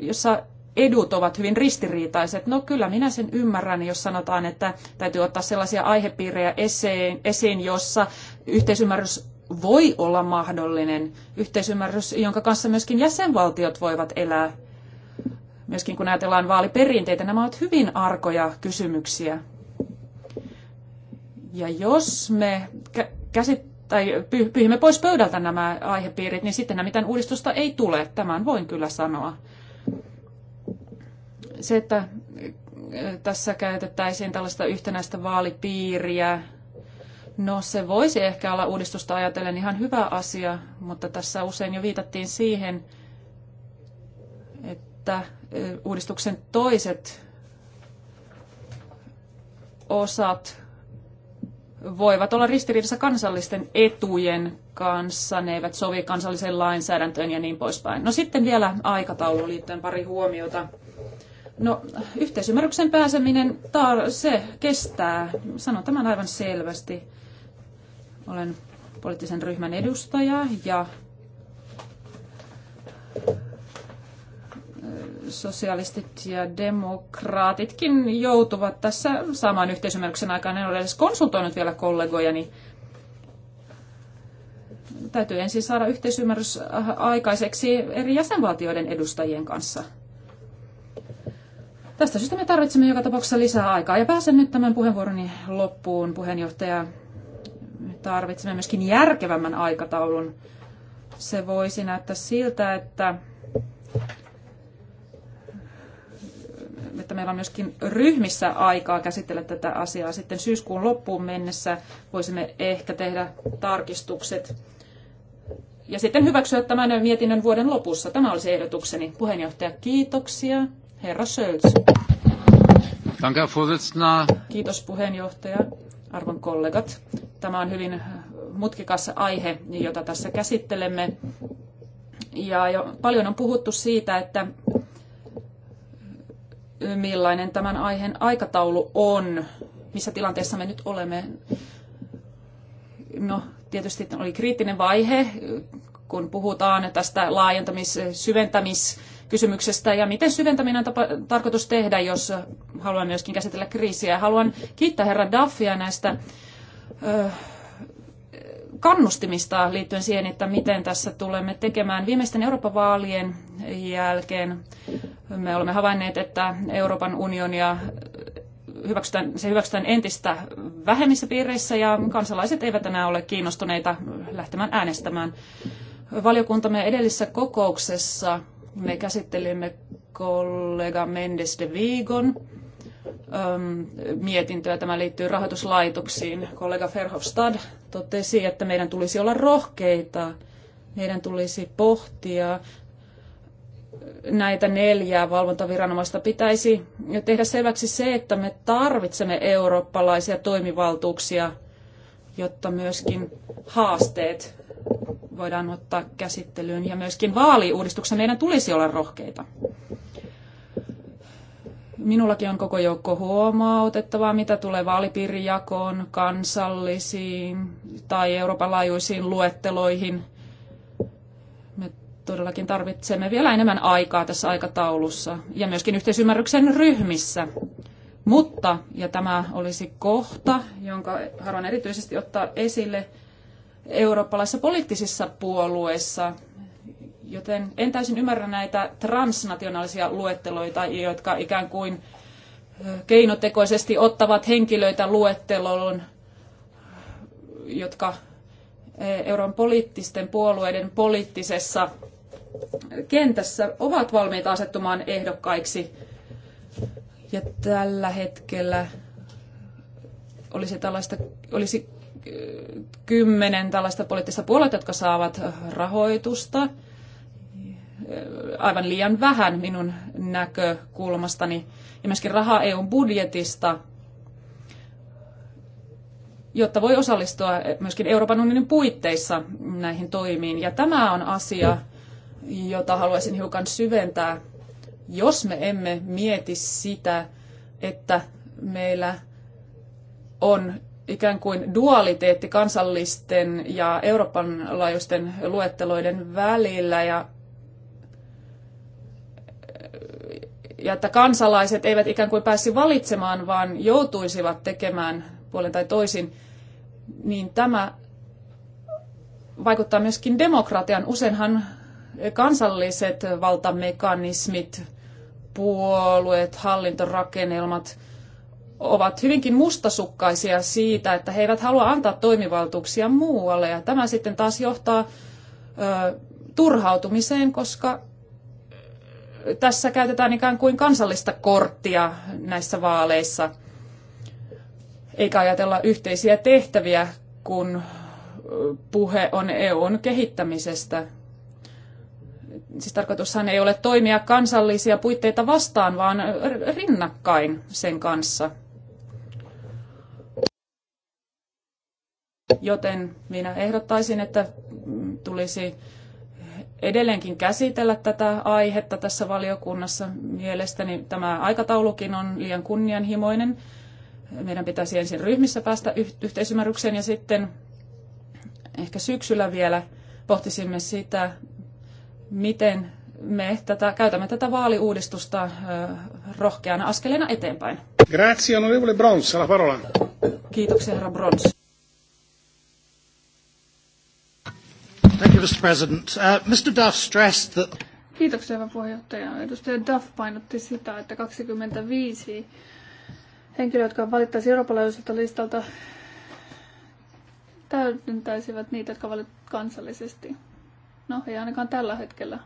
jossa edut ovat hyvin ristiriitaiset. No kyllä minä sen ymmärrän, jos sanotaan, että täytyy ottaa sellaisia aihepiirejä esiin, esiin jossa yhteisymmärrys voi olla mahdollinen. Yhteisymmärrys, jonka kanssa myöskin jäsenvaltiot voivat elää myöskin kun ajatellaan vaaliperinteitä, nämä ovat hyvin arkoja kysymyksiä. Ja jos me käsit- tai pyhimme pois pöydältä nämä aihepiirit, niin sitten mitään uudistusta ei tule. Tämän voin kyllä sanoa. Se, että äh, tässä käytettäisiin tällaista yhtenäistä vaalipiiriä, no se voisi ehkä olla uudistusta ajatellen ihan hyvä asia, mutta tässä usein jo viitattiin siihen, että uudistuksen toiset osat voivat olla ristiriidassa kansallisten etujen kanssa, ne eivät sovi kansalliseen lainsäädäntöön ja niin poispäin. No sitten vielä aikatauluun liittyen pari huomiota. No yhteisymmärryksen pääseminen, tar- se kestää, sanon tämän aivan selvästi. Olen poliittisen ryhmän edustaja ja sosialistit ja demokraatitkin joutuvat tässä saman yhteisymmärryksen aikaan. En ole edes konsultoinut vielä kollegojani. Täytyy ensin saada yhteisymmärrys aikaiseksi eri jäsenvaltioiden edustajien kanssa. Tästä syystä me tarvitsemme joka tapauksessa lisää aikaa. Ja pääsen nyt tämän puheenvuoroni loppuun, puheenjohtaja. Me tarvitsemme myöskin järkevämmän aikataulun. Se voisi näyttää siltä, että että meillä on myöskin ryhmissä aikaa käsitellä tätä asiaa. Sitten syyskuun loppuun mennessä voisimme ehkä tehdä tarkistukset ja sitten hyväksyä tämän mietinnön vuoden lopussa. Tämä olisi ehdotukseni. Puheenjohtaja, kiitoksia. Herra Schölz. Kiitos puheenjohtaja, arvon kollegat. Tämä on hyvin mutkikas aihe, jota tässä käsittelemme. Ja jo paljon on puhuttu siitä, että millainen tämän aiheen aikataulu on, missä tilanteessa me nyt olemme. No, tietysti oli kriittinen vaihe, kun puhutaan tästä laajentamis-, syventämiskysymyksestä ja miten syventäminen on tapa, tarkoitus tehdä, jos haluan myöskin käsitellä kriisiä. Haluan kiittää herra Daffia näistä ö, kannustimista liittyen siihen, että miten tässä tulemme tekemään viimeisten Euroopan vaalien jälkeen. Me olemme havainneet, että Euroopan unionia hyväksytään, se hyväksytään entistä vähemmissä piireissä ja kansalaiset eivät enää ole kiinnostuneita lähtemään äänestämään. Valiokuntamme edellisessä kokouksessa me käsittelimme kollega Mendes de Vigon ähm, mietintöä. Tämä liittyy rahoituslaitoksiin. Kollega Ferhofstad totesi, että meidän tulisi olla rohkeita. Meidän tulisi pohtia, näitä neljää valvontaviranomaista pitäisi tehdä selväksi se, että me tarvitsemme eurooppalaisia toimivaltuuksia, jotta myöskin haasteet voidaan ottaa käsittelyyn ja myöskin vaaliuudistuksessa meidän tulisi olla rohkeita. Minullakin on koko joukko huomautettavaa, mitä tulee vaalipiirijakoon, kansallisiin tai Euroopan laajuisiin luetteloihin – todellakin tarvitsemme vielä enemmän aikaa tässä aikataulussa ja myöskin yhteisymmärryksen ryhmissä. Mutta, ja tämä olisi kohta, jonka haluan erityisesti ottaa esille eurooppalaisissa poliittisissa puolueissa, joten en täysin ymmärrä näitä transnationaalisia luetteloita, jotka ikään kuin keinotekoisesti ottavat henkilöitä luetteloon, jotka Euroopan poliittisten puolueiden poliittisessa kentässä ovat valmiita asettumaan ehdokkaiksi. Ja tällä hetkellä olisi, tällaista, olisi kymmenen tällaista poliittista puoluetta, jotka saavat rahoitusta. Aivan liian vähän minun näkökulmastani. Ja myöskin rahaa EUn budjetista, jotta voi osallistua myöskin Euroopan unionin puitteissa näihin toimiin. Ja tämä on asia, mm jota haluaisin hiukan syventää. Jos me emme mieti sitä, että meillä on ikään kuin dualiteetti kansallisten ja Euroopan laajuisten luetteloiden välillä ja, ja että kansalaiset eivät ikään kuin pääsi valitsemaan, vaan joutuisivat tekemään puolen tai toisin, niin tämä vaikuttaa myöskin demokratian. Useinhan kansalliset valtamekanismit, puolueet, hallintorakennelmat ovat hyvinkin mustasukkaisia siitä, että he eivät halua antaa toimivaltuuksia muualle. Ja tämä sitten taas johtaa ö, turhautumiseen, koska tässä käytetään ikään kuin kansallista korttia näissä vaaleissa, eikä ajatella yhteisiä tehtäviä, kun puhe on EUn kehittämisestä siis tarkoitushan ei ole toimia kansallisia puitteita vastaan, vaan rinnakkain sen kanssa. Joten minä ehdottaisin, että tulisi edelleenkin käsitellä tätä aihetta tässä valiokunnassa. Mielestäni tämä aikataulukin on liian kunnianhimoinen. Meidän pitäisi ensin ryhmissä päästä yhteisymmärrykseen ja sitten ehkä syksyllä vielä pohtisimme sitä, miten me tätä, käytämme tätä vaaliuudistusta rohkeana askeleena eteenpäin. Grazie, onorevole Brons, la parola. Kiitoksia, herra Brons. Thank you, Mr. President. Uh, Mr. Duff stressed that... Kiitoksia, hyvä puheenjohtaja. Edustaja Duff painotti sitä, että 25 henkilöä, jotka valittaisiin eurooppalaiselta listalta, täydentäisivät niitä, jotka valitaan kansallisesti. No, ei ainakaan tällä hetkellä.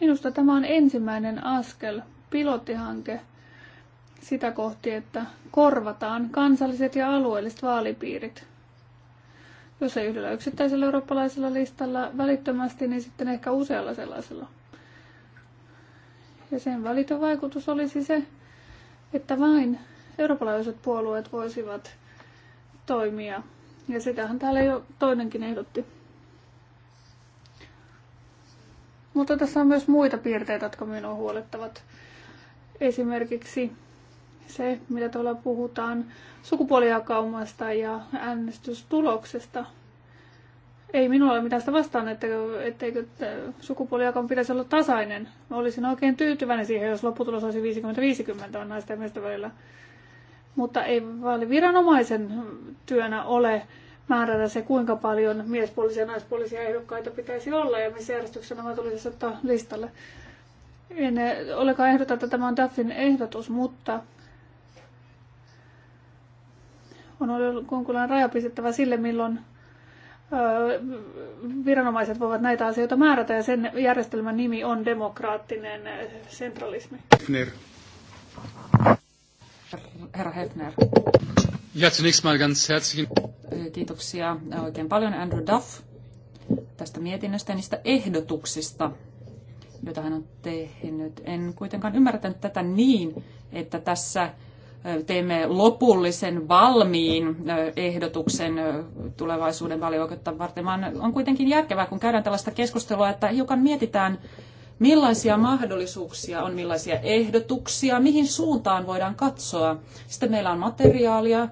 Minusta tämä on ensimmäinen askel, pilottihanke, sitä kohti, että korvataan kansalliset ja alueelliset vaalipiirit. Jos ei yhdellä yksittäisellä eurooppalaisella listalla välittömästi, niin sitten ehkä usealla sellaisella. Ja sen välitön vaikutus olisi se, että vain eurooppalaiset puolueet voisivat toimia ja sitähän täällä jo toinenkin ehdotti. Mutta tässä on myös muita piirteitä, jotka minua huolettavat. Esimerkiksi se, mitä tuolla puhutaan sukupuolijakaumasta ja äänestystuloksesta. Ei minulla ole mitään sitä vastaan, etteikö, etteikö sukupuolijakaum pitäisi olla tasainen. Mä olisin oikein tyytyväinen siihen, jos lopputulos olisi 50-50 on naisten ja miesten välillä mutta ei viranomaisen työnä ole määrätä se, kuinka paljon miespuolisia ja naispuolisia ehdokkaita pitäisi olla ja missä järjestyksessä nämä tulisi ottaa listalle. En eh, olekaan ehdota, että tämä on Daffin ehdotus, mutta on ollut jonkunlainen raja sille, milloin viranomaiset voivat näitä asioita määrätä ja sen järjestelmän nimi on demokraattinen centralismi. Eh, herra Hefner. Ja, zunächst mal ganz herzlichen... Kiitoksia oikein paljon Andrew Duff tästä mietinnöstä ja niistä ehdotuksista, joita hän on tehnyt. En kuitenkaan ymmärtänyt tätä niin, että tässä teemme lopullisen valmiin ehdotuksen tulevaisuuden valioikeutta varten, vaan on kuitenkin järkevää, kun käydään tällaista keskustelua, että hiukan mietitään millaisia mahdollisuuksia on, millaisia ehdotuksia, mihin suuntaan voidaan katsoa. Sitten meillä on materiaalia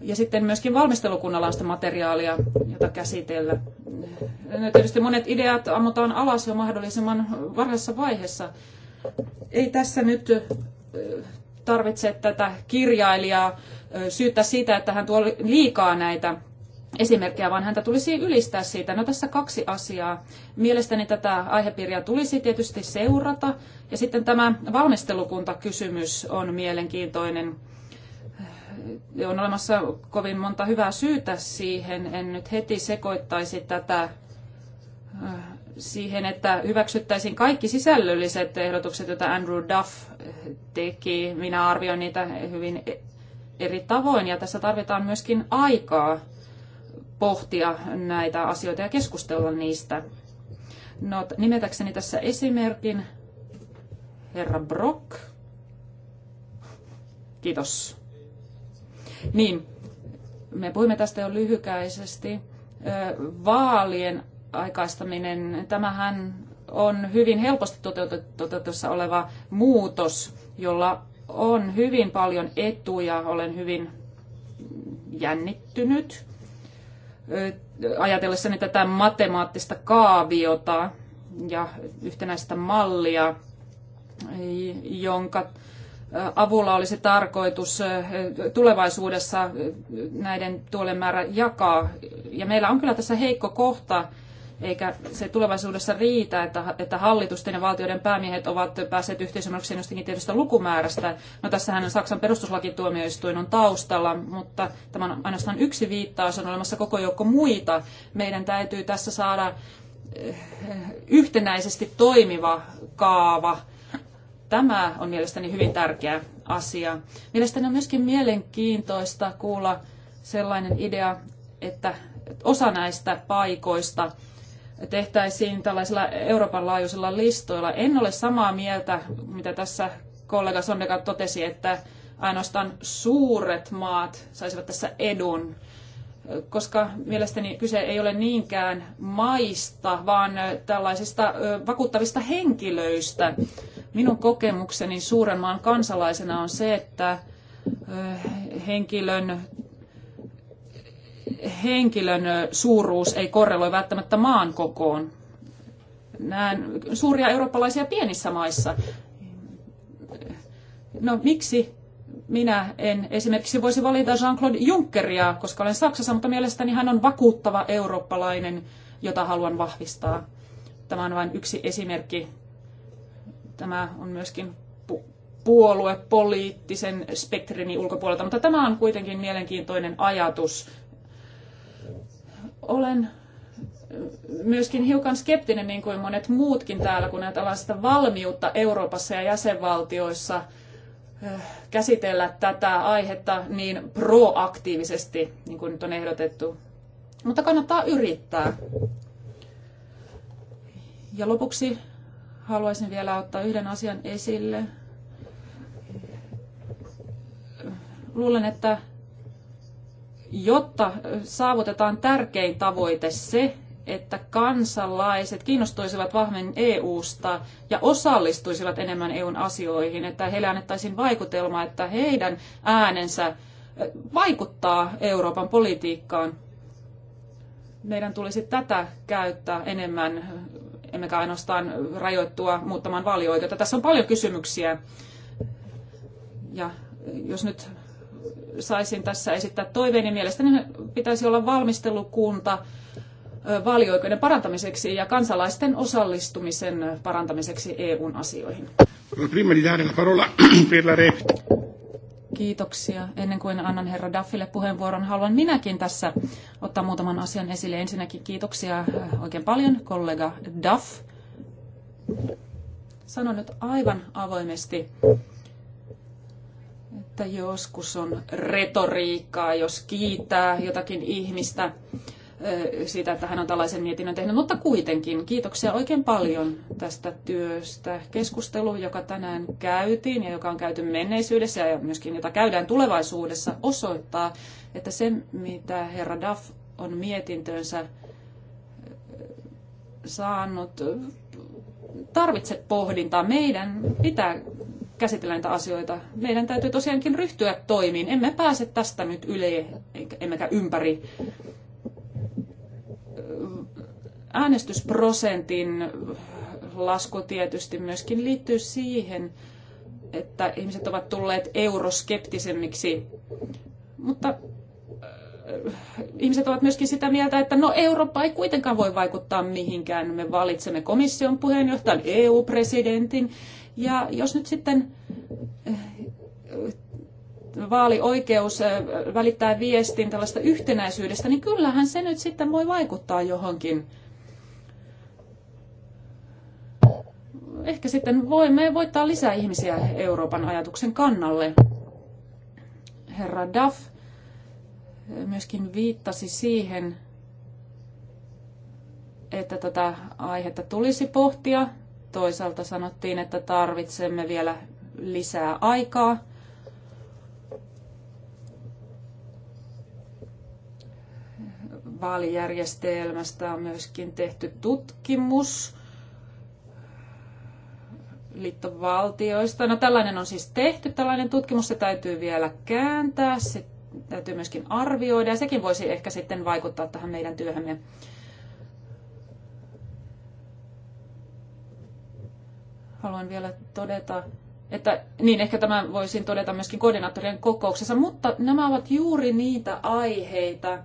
ja sitten myöskin valmistelukunnalla on sitä materiaalia, jota käsitellä. No, tietysti monet ideat ammutaan alas jo mahdollisimman varhaisessa vaiheessa. Ei tässä nyt tarvitse tätä kirjailijaa syyttää siitä, että hän tuo liikaa näitä esimerkkejä, vaan häntä tulisi ylistää siitä. No tässä kaksi asiaa. Mielestäni tätä aihepiiriä tulisi tietysti seurata. Ja sitten tämä valmistelukuntakysymys on mielenkiintoinen. On olemassa kovin monta hyvää syytä siihen. En nyt heti sekoittaisi tätä äh, siihen, että hyväksyttäisiin kaikki sisällölliset ehdotukset, joita Andrew Duff äh, teki. Minä arvioin niitä hyvin e- eri tavoin ja tässä tarvitaan myöskin aikaa pohtia näitä asioita ja keskustella niistä. No, nimetäkseni tässä esimerkin herra Brock. Kiitos. Niin, me puhumme tästä jo lyhykäisesti. Vaalien aikaistaminen, tämähän on hyvin helposti toteutettavissa oleva muutos, jolla on hyvin paljon etuja. Olen hyvin jännittynyt ajatellessani tätä matemaattista kaaviota ja yhtenäistä mallia, jonka avulla olisi tarkoitus tulevaisuudessa näiden tuolien määrä jakaa. Ja meillä on kyllä tässä heikko kohta, eikä se tulevaisuudessa riitä, että, että hallitusten ja valtioiden päämiehet ovat päässeet yhteisymmärrykseen jostakin tietystä lukumäärästä. No tässähän Saksan perustuslakituomioistuin on taustalla, mutta tämä on ainoastaan yksi viittaus, on olemassa koko joukko muita. Meidän täytyy tässä saada eh, yhtenäisesti toimiva kaava. Tämä on mielestäni hyvin tärkeä asia. Mielestäni on myöskin mielenkiintoista kuulla sellainen idea, että osa näistä paikoista tehtäisiin tällaisilla Euroopan laajuisilla listoilla. En ole samaa mieltä, mitä tässä kollega Sondeka totesi, että ainoastaan suuret maat saisivat tässä edun, koska mielestäni kyse ei ole niinkään maista, vaan tällaisista vakuuttavista henkilöistä. Minun kokemukseni suuren maan kansalaisena on se, että henkilön henkilön suuruus ei korreloi välttämättä maan kokoon. Näen suuria eurooppalaisia pienissä maissa. No miksi minä en esimerkiksi voisi valita Jean-Claude Junckeria, koska olen Saksassa, mutta mielestäni hän on vakuuttava eurooppalainen, jota haluan vahvistaa. Tämä on vain yksi esimerkki. Tämä on myöskin puolue poliittisen spektrini ulkopuolelta, mutta tämä on kuitenkin mielenkiintoinen ajatus. Olen myöskin hiukan skeptinen, niin kuin monet muutkin täällä, kun näitä sitä valmiutta Euroopassa ja jäsenvaltioissa eh, käsitellä tätä aihetta niin proaktiivisesti, niin kuin nyt on ehdotettu. Mutta kannattaa yrittää. Ja lopuksi haluaisin vielä ottaa yhden asian esille. Luulen, että jotta saavutetaan tärkein tavoite se, että kansalaiset kiinnostuisivat vahvemmin EU-sta ja osallistuisivat enemmän EUn asioihin, että heille annettaisiin vaikutelma, että heidän äänensä vaikuttaa Euroopan politiikkaan. Meidän tulisi tätä käyttää enemmän, emmekä ainoastaan rajoittua muuttamaan valioikeutta. Tässä on paljon kysymyksiä. Ja jos nyt saisin tässä esittää toiveeni. Mielestäni pitäisi olla valmistelukunta vaalioikeuden parantamiseksi ja kansalaisten osallistumisen parantamiseksi EUn asioihin. <clears throat> Kiitoksia. Ennen kuin annan herra Daffille puheenvuoron, haluan minäkin tässä ottaa muutaman asian esille. Ensinnäkin kiitoksia oikein paljon kollega Duff. Sanon nyt aivan avoimesti, että joskus on retoriikkaa, jos kiittää jotakin ihmistä siitä, että hän on tällaisen mietinnön tehnyt. Mutta kuitenkin kiitoksia oikein paljon tästä työstä. Keskustelu, joka tänään käytiin ja joka on käyty menneisyydessä ja myöskin jota käydään tulevaisuudessa, osoittaa, että se, mitä herra Duff on mietintönsä saanut, tarvitse pohdintaa. Meidän pitää käsitellään näitä asioita. Meidän täytyy tosiaankin ryhtyä toimiin. Emme pääse tästä nyt yli, emmekä ympäri. Äänestysprosentin lasku tietysti myöskin liittyy siihen, että ihmiset ovat tulleet euroskeptisemmiksi. Mutta äh, ihmiset ovat myöskin sitä mieltä, että no Eurooppa ei kuitenkaan voi vaikuttaa mihinkään. Me valitsemme komission puheenjohtajan, EU-presidentin ja jos nyt sitten eh, vaalioikeus eh, välittää viestin tällaista yhtenäisyydestä, niin kyllähän se nyt sitten voi vaikuttaa johonkin. Ehkä sitten voimme voittaa lisää ihmisiä Euroopan ajatuksen kannalle. Herra Duff eh, myöskin viittasi siihen, että tätä aihetta tulisi pohtia toisaalta sanottiin, että tarvitsemme vielä lisää aikaa. Vaalijärjestelmästä on myöskin tehty tutkimus liittovaltioista. No tällainen on siis tehty, tällainen tutkimus, se täytyy vielä kääntää, se täytyy myöskin arvioida ja sekin voisi ehkä sitten vaikuttaa tähän meidän työhömme. Haluan vielä todeta, että niin ehkä tämä voisin todeta myöskin koordinaattorien kokouksessa, mutta nämä ovat juuri niitä aiheita,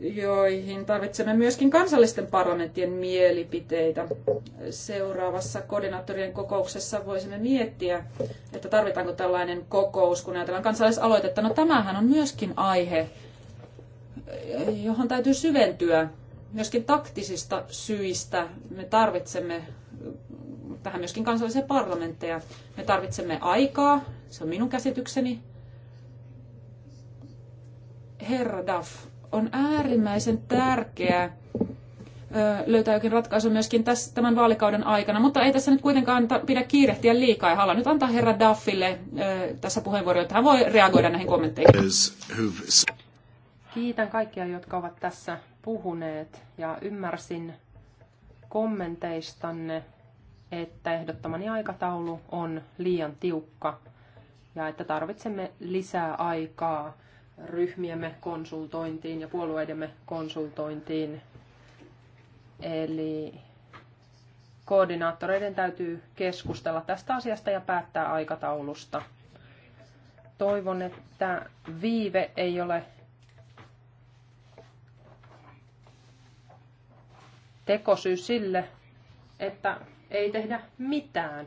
joihin tarvitsemme myöskin kansallisten parlamenttien mielipiteitä. Seuraavassa koordinaattorien kokouksessa voisimme miettiä, että tarvitaanko tällainen kokous, kun ajatellaan kansalaisaloitetta. No tämähän on myöskin aihe, johon täytyy syventyä myöskin taktisista syistä. Me tarvitsemme tähän myöskin kansallisia parlamentteja. Me tarvitsemme aikaa, se on minun käsitykseni. Herra Duff, on äärimmäisen tärkeää löytää jokin ratkaisu myöskin tässä, tämän vaalikauden aikana, mutta ei tässä nyt kuitenkaan pidä kiirehtiä liikaa ja haluan nyt antaa herra Duffille tässä puheenvuoron, että hän voi reagoida näihin kommentteihin. Kiitän kaikkia, jotka ovat tässä puhuneet ja ymmärsin kommenteistanne, että ehdottamani aikataulu on liian tiukka ja että tarvitsemme lisää aikaa ryhmiemme konsultointiin ja puolueidemme konsultointiin. Eli koordinaattoreiden täytyy keskustella tästä asiasta ja päättää aikataulusta. Toivon, että viive ei ole tekosyy sille, että ei tehdä mitään.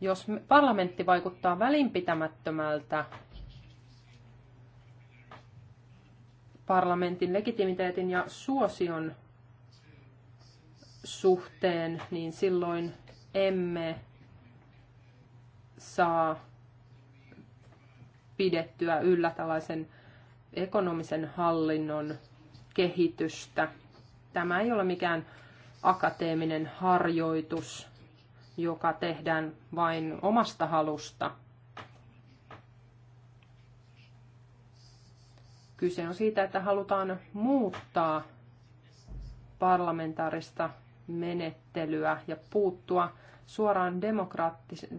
Jos parlamentti vaikuttaa välinpitämättömältä, parlamentin legitimiteetin ja suosion suhteen, niin silloin emme saa pidettyä yllä tällaisen ekonomisen hallinnon kehitystä. Tämä ei ole mikään akateeminen harjoitus, joka tehdään vain omasta halusta. Kyse on siitä, että halutaan muuttaa parlamentaarista menettelyä ja puuttua suoraan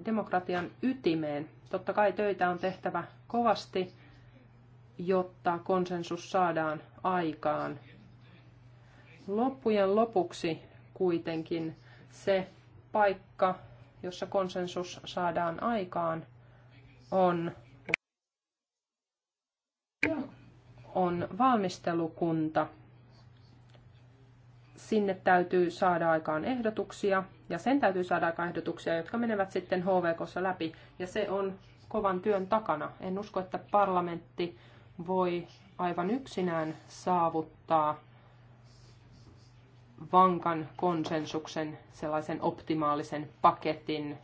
demokratian ytimeen. Totta kai töitä on tehtävä kovasti, jotta konsensus saadaan aikaan. Loppujen lopuksi kuitenkin se paikka, jossa konsensus saadaan aikaan, on, on valmistelukunta. Sinne täytyy saada aikaan ehdotuksia ja sen täytyy saada aikaan ehdotuksia, jotka menevät sitten HVKssa läpi. Ja se on kovan työn takana. En usko, että parlamentti voi aivan yksinään saavuttaa vankan konsensuksen, sellaisen optimaalisen paketin.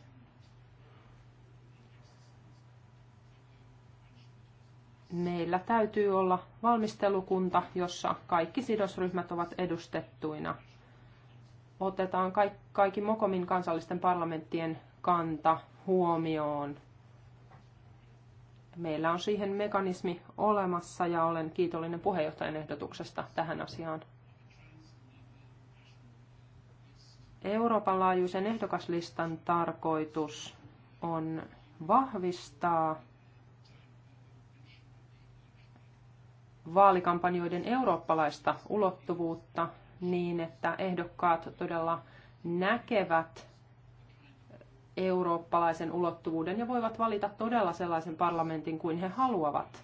Meillä täytyy olla valmistelukunta, jossa kaikki sidosryhmät ovat edustettuina. Otetaan kaikki Mokomin kansallisten parlamenttien kanta huomioon meillä on siihen mekanismi olemassa ja olen kiitollinen puheenjohtajan ehdotuksesta tähän asiaan. Euroopan laajuisen ehdokaslistan tarkoitus on vahvistaa vaalikampanjoiden eurooppalaista ulottuvuutta niin, että ehdokkaat todella näkevät eurooppalaisen ulottuvuuden ja voivat valita todella sellaisen parlamentin kuin he haluavat.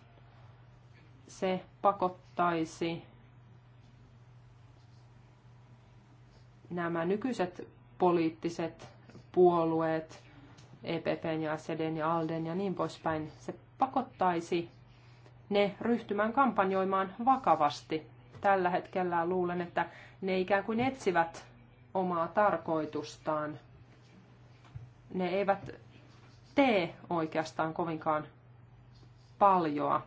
Se pakottaisi nämä nykyiset poliittiset puolueet, EPPn ja SEDen ja ALDEn ja niin poispäin, se pakottaisi ne ryhtymään kampanjoimaan vakavasti. Tällä hetkellä luulen, että ne ikään kuin etsivät omaa tarkoitustaan. Ne eivät tee oikeastaan kovinkaan paljoa.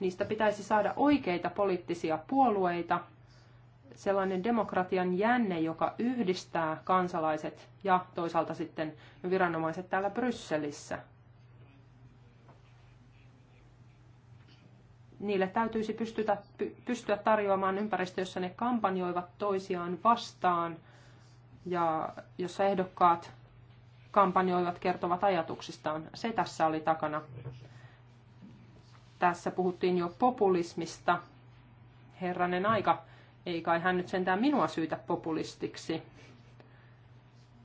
Niistä pitäisi saada oikeita poliittisia puolueita, sellainen demokratian jänne, joka yhdistää kansalaiset ja toisaalta sitten viranomaiset täällä Brysselissä. Niille täytyisi pystytä, pystyä tarjoamaan ympäristö, jossa ne kampanjoivat toisiaan vastaan ja jossa ehdokkaat kampanjoivat kertovat ajatuksistaan. Se tässä oli takana. Tässä puhuttiin jo populismista. Herranen aika. Ei kai hän nyt sentään minua syytä populistiksi.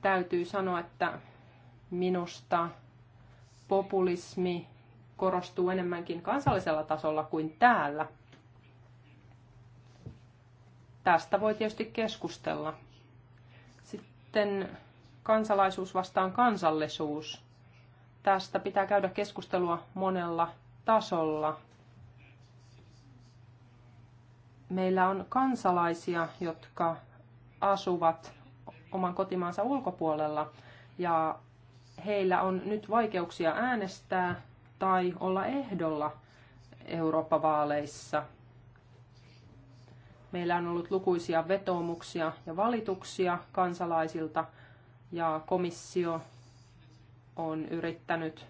Täytyy sanoa, että minusta populismi korostuu enemmänkin kansallisella tasolla kuin täällä. Tästä voi tietysti keskustella. Sitten kansalaisuus vastaan kansallisuus. Tästä pitää käydä keskustelua monella tasolla meillä on kansalaisia, jotka asuvat oman kotimaansa ulkopuolella ja heillä on nyt vaikeuksia äänestää tai olla ehdolla Eurooppa-vaaleissa. Meillä on ollut lukuisia vetoomuksia ja valituksia kansalaisilta ja komissio on yrittänyt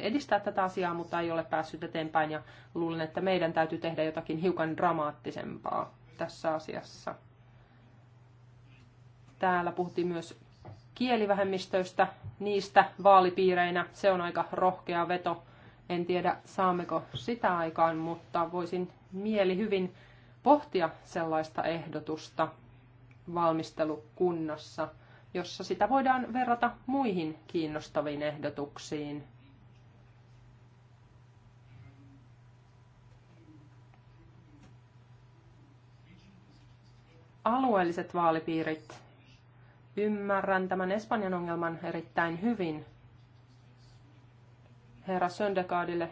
edistää tätä asiaa, mutta ei ole päässyt eteenpäin ja luulen, että meidän täytyy tehdä jotakin hiukan dramaattisempaa tässä asiassa. Täällä puhuttiin myös kielivähemmistöistä, niistä vaalipiireinä. Se on aika rohkea veto. En tiedä, saammeko sitä aikaan, mutta voisin mieli hyvin pohtia sellaista ehdotusta valmistelukunnassa, jossa sitä voidaan verrata muihin kiinnostaviin ehdotuksiin – alueelliset vaalipiirit. Ymmärrän tämän Espanjan ongelman erittäin hyvin. Herra Söndergaardille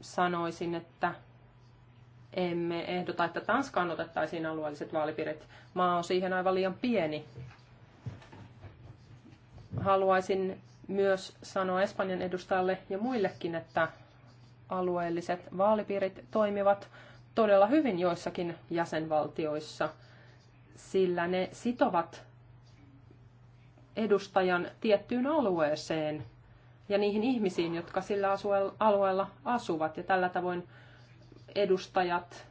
sanoisin, että emme ehdota, että Tanskaan otettaisiin alueelliset vaalipiirit. Maa on siihen aivan liian pieni. Haluaisin myös sanoa Espanjan edustajalle ja muillekin, että alueelliset vaalipiirit toimivat todella hyvin joissakin jäsenvaltioissa – sillä ne sitovat edustajan tiettyyn alueeseen ja niihin ihmisiin, jotka sillä alueella asuvat. Ja tällä tavoin edustajat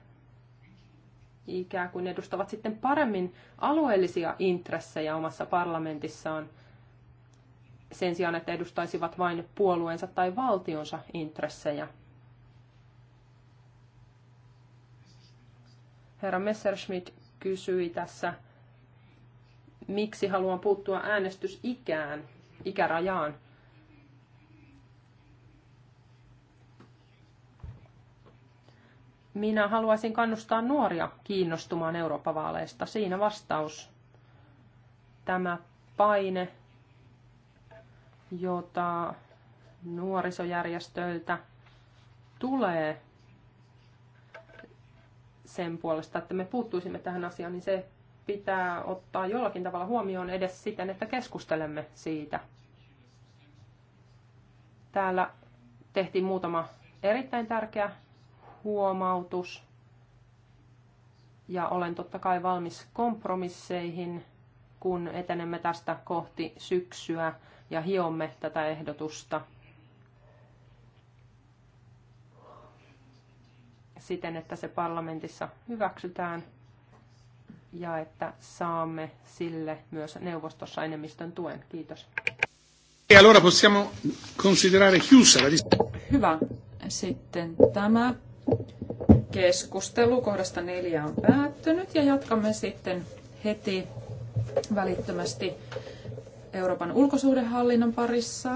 ikään kuin edustavat sitten paremmin alueellisia intressejä omassa parlamentissaan sen sijaan, että edustaisivat vain puolueensa tai valtionsa intressejä. Herra Messerschmidt kysyi tässä, miksi haluan puuttua äänestysikään, ikärajaan. Minä haluaisin kannustaa nuoria kiinnostumaan Eurooppa-vaaleista. Siinä vastaus. Tämä paine, jota nuorisojärjestöiltä tulee sen puolesta, että me puuttuisimme tähän asiaan, niin se pitää ottaa jollakin tavalla huomioon edes siten, että keskustelemme siitä. Täällä tehtiin muutama erittäin tärkeä huomautus ja olen totta kai valmis kompromisseihin, kun etenemme tästä kohti syksyä ja hiomme tätä ehdotusta. siten, että se parlamentissa hyväksytään ja että saamme sille myös neuvostossa enemmistön tuen. Kiitos. E allora possiamo considerare chiusa la Hyvä. Sitten tämä keskustelu kohdasta neljä on päättynyt ja jatkamme sitten heti välittömästi Euroopan ulkosuhdehallinnon parissa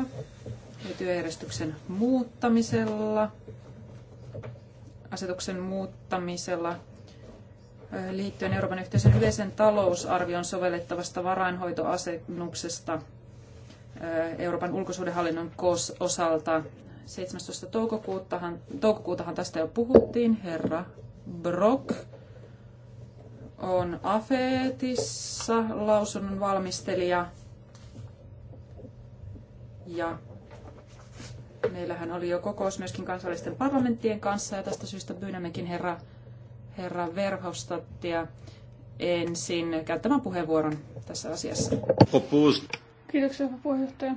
ja työjärjestyksen muuttamisella asetuksen muuttamisella liittyen Euroopan yhteisön yleisen talousarvion sovellettavasta varainhoitoasennuksesta Euroopan ulkosuudenhallinnon KOS osalta. 17. Toukokuutahan, toukokuutahan tästä jo puhuttiin. Herra Brock on AFETissa lausunnon valmistelija. Ja Meillähän oli jo kokous myöskin kansallisten parlamenttien kanssa ja tästä syystä pyydämmekin herra, herra Verhofstadtia ensin käyttämään puheenvuoron tässä asiassa. Kiitoksia, puheenjohtaja.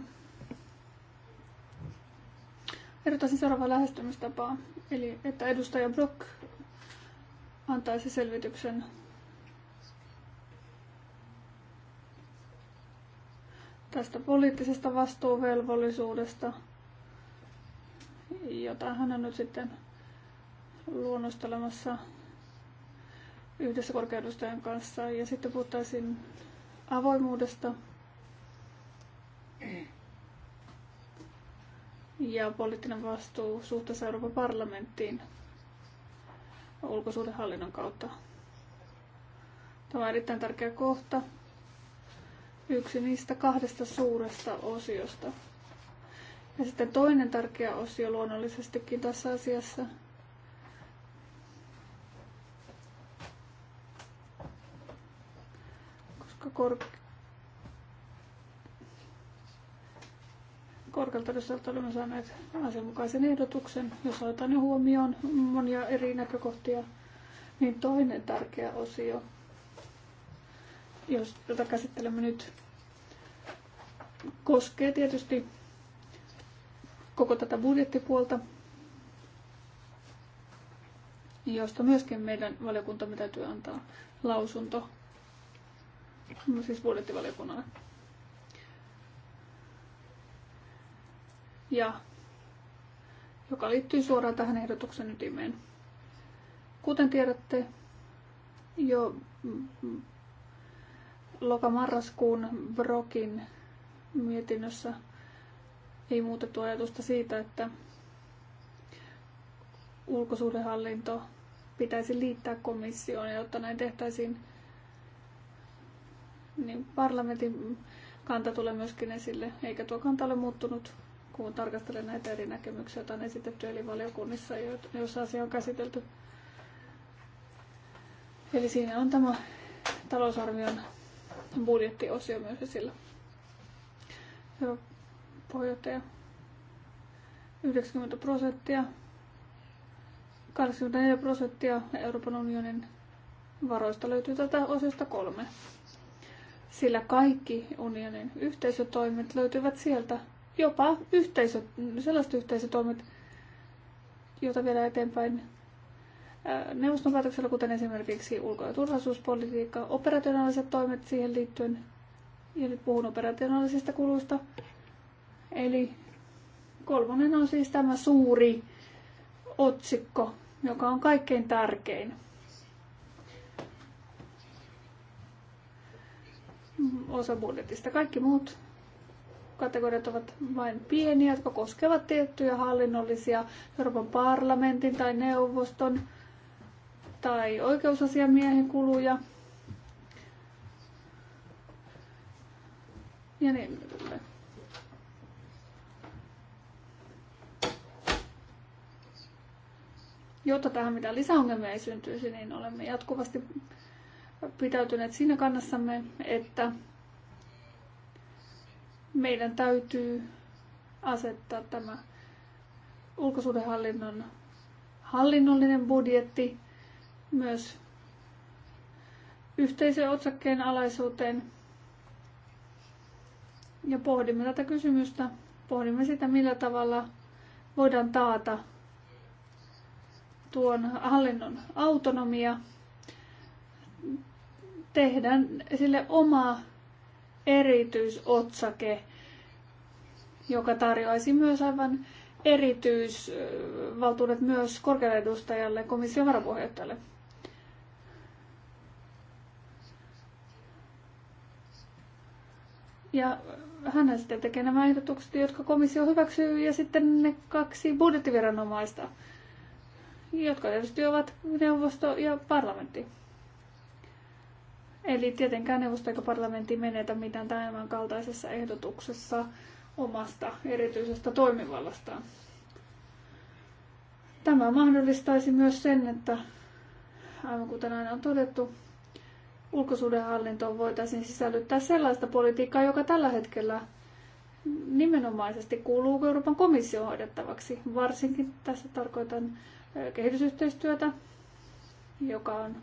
Ehdottaisin seuraavaa lähestymistapaa, eli että edustaja Brock antaisi selvityksen tästä poliittisesta vastuuvelvollisuudesta – jota hän on nyt sitten luonnostelemassa yhdessä korkeudustajan kanssa. Ja sitten puhuttaisiin avoimuudesta ja poliittinen vastuu suhteessa Euroopan parlamenttiin ulkosuhdehallinnon kautta. Tämä on erittäin tärkeä kohta. Yksi niistä kahdesta suuresta osiosta, ja sitten toinen tärkeä osio luonnollisestikin tässä asiassa koska kor- korkealta olemme saaneet asianmukaisen ehdotuksen, jos otetaan ne huomioon monia eri näkökohtia, niin toinen tärkeä osio, jos, jota käsittelemme nyt, koskee tietysti koko tätä budjettipuolta, josta myöskin meidän valiokuntamme täytyy antaa lausunto, no siis budjettivaliokunnalle. Ja joka liittyy suoraan tähän ehdotuksen ytimeen. Kuten tiedätte, jo lokamarraskuun Brokin mietinnössä ei muutettu ajatusta siitä, että ulkosuhdehallinto pitäisi liittää komissioon, jotta näin tehtäisiin, niin parlamentin kanta tulee myöskin esille, eikä tuo kanta ole muuttunut, kun tarkastelen näitä eri näkemyksiä, joita on esitetty eli valiokunnissa, joissa asia on käsitelty. Eli siinä on tämä talousarvion budjettiosio myös esillä. Hyvä puheenjohtaja. 90 prosenttia, 84 prosenttia Euroopan unionin varoista löytyy tätä osiosta kolme. Sillä kaikki unionin yhteisötoimet löytyvät sieltä, jopa yhteisö, sellaiset yhteisötoimet, joita vielä eteenpäin neuvoston päätöksellä, kuten esimerkiksi ulko- ja turvallisuuspolitiikka, operationaaliset toimet siihen liittyen, ja nyt puhun operationaalisista kuluista, Eli kolmonen on siis tämä suuri otsikko, joka on kaikkein tärkein. osa budjetista. Kaikki muut kategoriat ovat vain pieniä, jotka koskevat tiettyjä hallinnollisia Euroopan parlamentin tai neuvoston tai oikeusasiamiehen kuluja. Ja niin, Jotta tähän mitään lisäongelmia ei syntyisi, niin olemme jatkuvasti pitäytyneet siinä kannassamme, että meidän täytyy asettaa tämä ulkosuhdehallinnon hallinnollinen budjetti myös yhteisen otsakkeen alaisuuteen. Ja pohdimme tätä kysymystä. Pohdimme sitä, millä tavalla voidaan taata tuon hallinnon autonomia, tehdään sille oma erityisotsake, joka tarjoaisi myös aivan erityisvaltuudet myös korkealle edustajalle, komission varapuheenjohtajalle. Ja hän sitten tekee nämä ehdotukset, jotka komissio hyväksyy, ja sitten ne kaksi budjettiviranomaista – jotka tietysti ovat neuvosto ja parlamentti. Eli tietenkään neuvosto eikä parlamentti menetä mitään tämän kaltaisessa ehdotuksessa omasta erityisestä toimivallastaan. Tämä mahdollistaisi myös sen, että aivan kuten aina on todettu, ulkosuhdehallintoon voitaisiin sisällyttää sellaista politiikkaa, joka tällä hetkellä nimenomaisesti kuuluu Euroopan komission hoidettavaksi. Varsinkin tässä tarkoitan kehitysyhteistyötä, joka on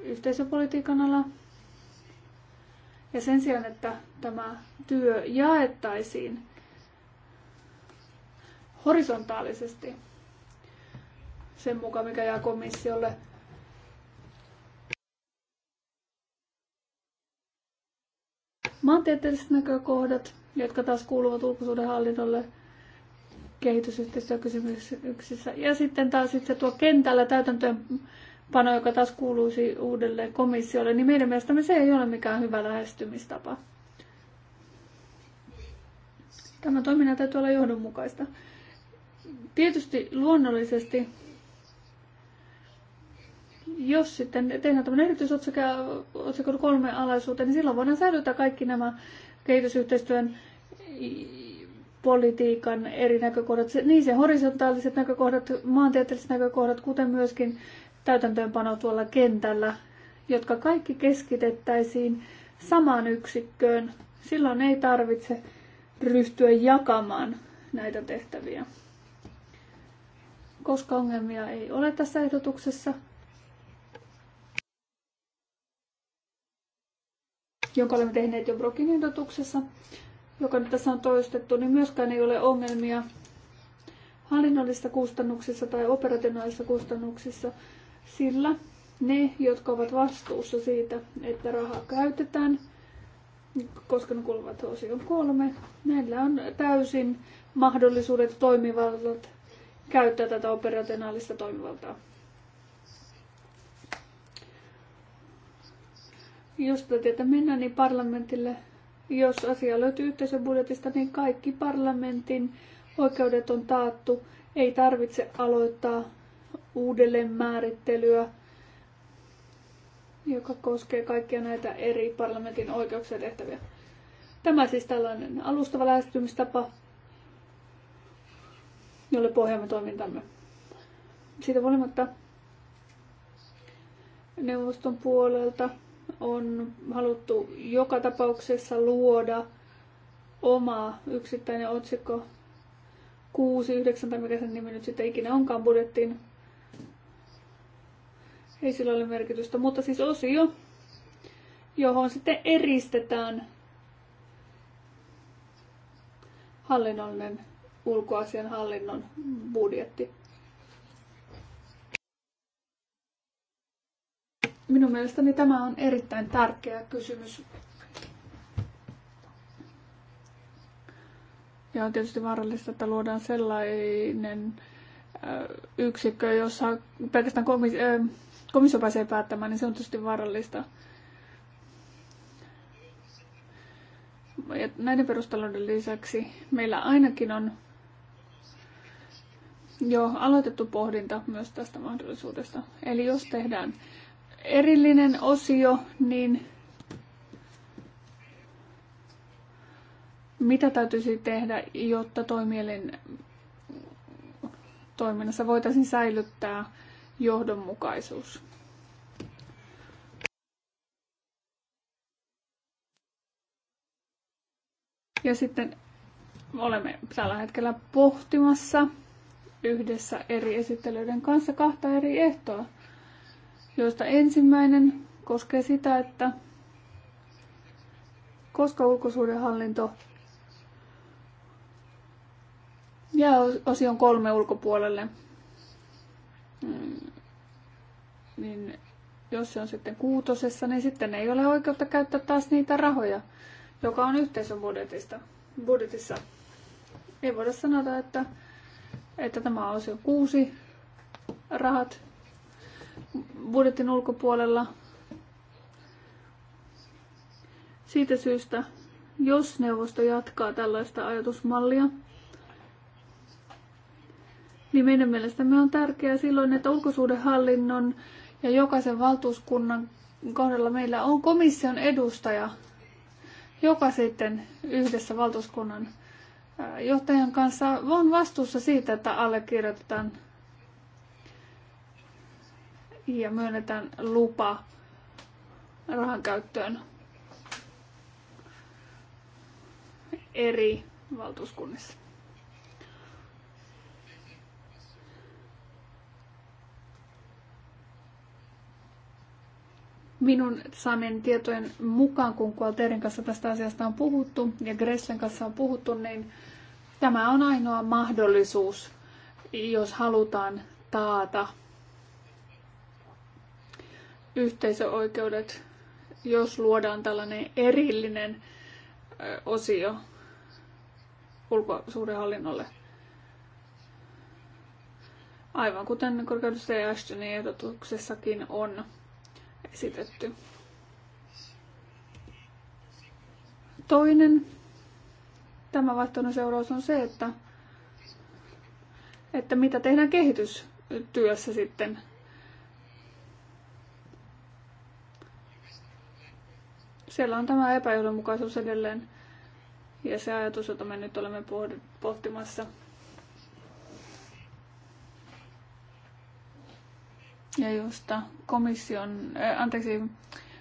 yhteisöpolitiikan ala. Ja sen sijaan, että tämä työ jaettaisiin horisontaalisesti sen mukaan, mikä jää komissiolle, maantieteelliset näkökohdat, jotka taas kuuluvat ulkosuudenhallinnolle, kehitysyhteistyökysymyksissä. Ja sitten taas sitten tuo kentällä pano, joka taas kuuluisi uudelle komissiolle, niin meidän mielestämme se ei ole mikään hyvä lähestymistapa. Tämä toiminnan täytyy olla johdonmukaista. Tietysti luonnollisesti, jos sitten tehdään tämmöinen erityisotsakon kolme alaisuuteen, niin silloin voidaan säilyttää kaikki nämä kehitysyhteistyön politiikan eri näkökohdat, niin se horisontaaliset näkökohdat, maantieteelliset näkökohdat, kuten myöskin täytäntöönpano tuolla kentällä, jotka kaikki keskitettäisiin samaan yksikköön. Silloin ei tarvitse ryhtyä jakamaan näitä tehtäviä. Koska ongelmia ei ole tässä ehdotuksessa, jonka olemme tehneet jo Brokin ehdotuksessa, joka nyt tässä on toistettu, niin myöskään ei ole ongelmia hallinnollisissa kustannuksissa tai operationaalisissa kustannuksissa, sillä ne, jotka ovat vastuussa siitä, että rahaa käytetään, koska ne kuuluvat osion kolme, näillä on täysin mahdollisuudet toimivallat käyttää tätä operationaalista toimivaltaa. Jos tätä tietä mennään, niin parlamentille jos asia löytyy budjetista, niin kaikki parlamentin oikeudet on taattu. Ei tarvitse aloittaa uudelleen määrittelyä, joka koskee kaikkia näitä eri parlamentin oikeuksia tehtäviä. Tämä siis tällainen alustava lähestymistapa, jolle pohjaamme toimintamme. Siitä huolimatta neuvoston puolelta on haluttu joka tapauksessa luoda oma yksittäinen otsikko 6, 9 tai mikä sen nimi nyt sitten ikinä onkaan budjettiin. Ei sillä ole merkitystä, mutta siis osio, johon sitten eristetään hallinnollinen ulkoasian hallinnon budjetti. Minun mielestäni tämä on erittäin tärkeä kysymys. Ja on tietysti vaarallista, että luodaan sellainen äh, yksikkö, jossa pelkästään äh, komissio pääsee päättämään, niin se on tietysti vaarallista. Ja näiden perusteluiden lisäksi meillä ainakin on jo aloitettu pohdinta myös tästä mahdollisuudesta. Eli jos tehdään erillinen osio, niin mitä täytyisi tehdä, jotta toimielin toiminnassa voitaisiin säilyttää johdonmukaisuus? Ja sitten olemme tällä hetkellä pohtimassa yhdessä eri esittelyiden kanssa kahta eri ehtoa – joista ensimmäinen koskee sitä, että koska ulkosuudenhallinto jää osion kolme ulkopuolelle, mm, niin jos se on sitten kuutosessa, niin sitten ei ole oikeutta käyttää taas niitä rahoja, joka on yhteisön budjetista, budjetissa. Ei voida sanota, että, että tämä on osio kuusi rahat budjetin ulkopuolella. Siitä syystä, jos neuvosto jatkaa tällaista ajatusmallia, niin meidän mielestämme on tärkeää silloin, että ulkosuudenhallinnon ja jokaisen valtuuskunnan kohdalla meillä on komission edustaja, joka sitten yhdessä valtuuskunnan johtajan kanssa on vastuussa siitä, että allekirjoitetaan ja myönnetään lupa rahan käyttöön eri valtuuskunnissa. minun saamien tietojen mukaan, kun Kualterin kanssa tästä asiasta on puhuttu ja Gresslen kanssa on puhuttu, niin tämä on ainoa mahdollisuus, jos halutaan taata yhteisöoikeudet, jos luodaan tällainen erillinen osio ulkosuhdehallinnolle. Aivan kuten korkeudustaja Ashtonin ehdotuksessakin on esitetty. Toinen tämä vaihtoehdon seuraus on se, että, että mitä tehdään kehitystyössä sitten Siellä on tämä epäjohdonmukaisuus edelleen ja se ajatus, jota me nyt olemme pohtimassa. Ja josta komission, äh, anteeksi,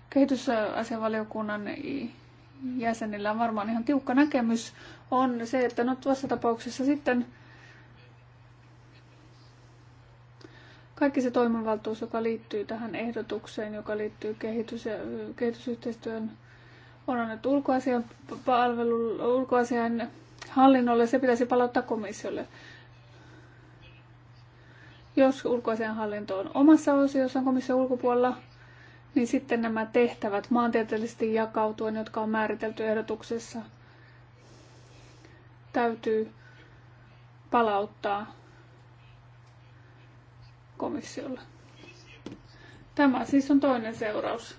kehitysasianvaliokunnan jäsenillä on varmaan ihan tiukka näkemys, on se, että no tuossa tapauksessa sitten kaikki se toimivaltuus, joka liittyy tähän ehdotukseen, joka liittyy kehitys- ja, kehitysyhteistyön on annettu ulkoasian, palvelulle, ulkoasian hallinnolle, se pitäisi palauttaa komissiolle. Jos ulkoisen hallinto on omassa osiossaan komission ulkopuolella, niin sitten nämä tehtävät maantieteellisesti jakautuen, jotka on määritelty ehdotuksessa, täytyy palauttaa komissiolle. Tämä siis on toinen seuraus.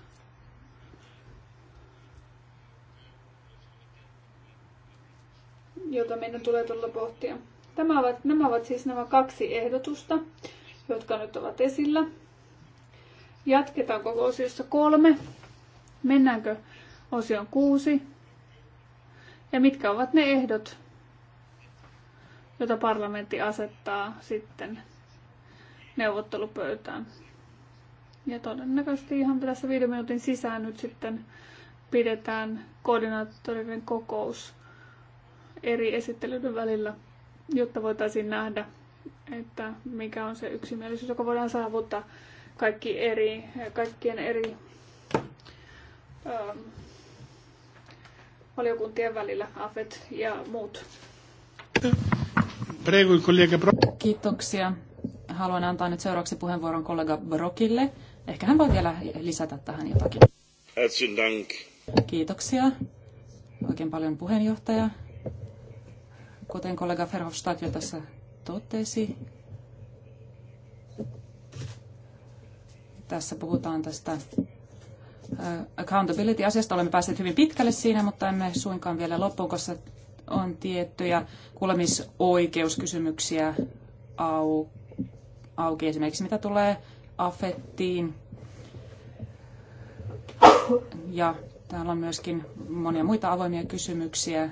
jota meidän tulee tulla pohtia. Tämä ovat, nämä ovat siis nämä kaksi ehdotusta, jotka nyt ovat esillä. Jatketaan koko osiossa kolme. Mennäänkö osion kuusi? Ja mitkä ovat ne ehdot, joita parlamentti asettaa sitten neuvottelupöytään? Ja todennäköisesti ihan tässä viiden minuutin sisään nyt sitten pidetään koordinaattorien kokous eri esittelyiden välillä, jotta voitaisiin nähdä, että mikä on se yksimielisyys, joka voidaan saavuttaa kaikki eri, kaikkien eri ähm, valiokuntien välillä, AFET ja muut. Kiitoksia. Haluan antaa nyt seuraavaksi puheenvuoron kollega Brokille. Ehkä hän voi vielä lisätä tähän jotakin. Kiitoksia. Oikein paljon puheenjohtaja. Kuten kollega Verhofstadt jo tässä totesi, tässä puhutaan tästä äh, accountability-asiasta. Olemme päässeet hyvin pitkälle siinä, mutta emme suinkaan vielä loppuun, koska on tiettyjä kuulemisoikeuskysymyksiä au, auki. Esimerkiksi mitä tulee affettiin. Ja täällä on myöskin monia muita avoimia kysymyksiä.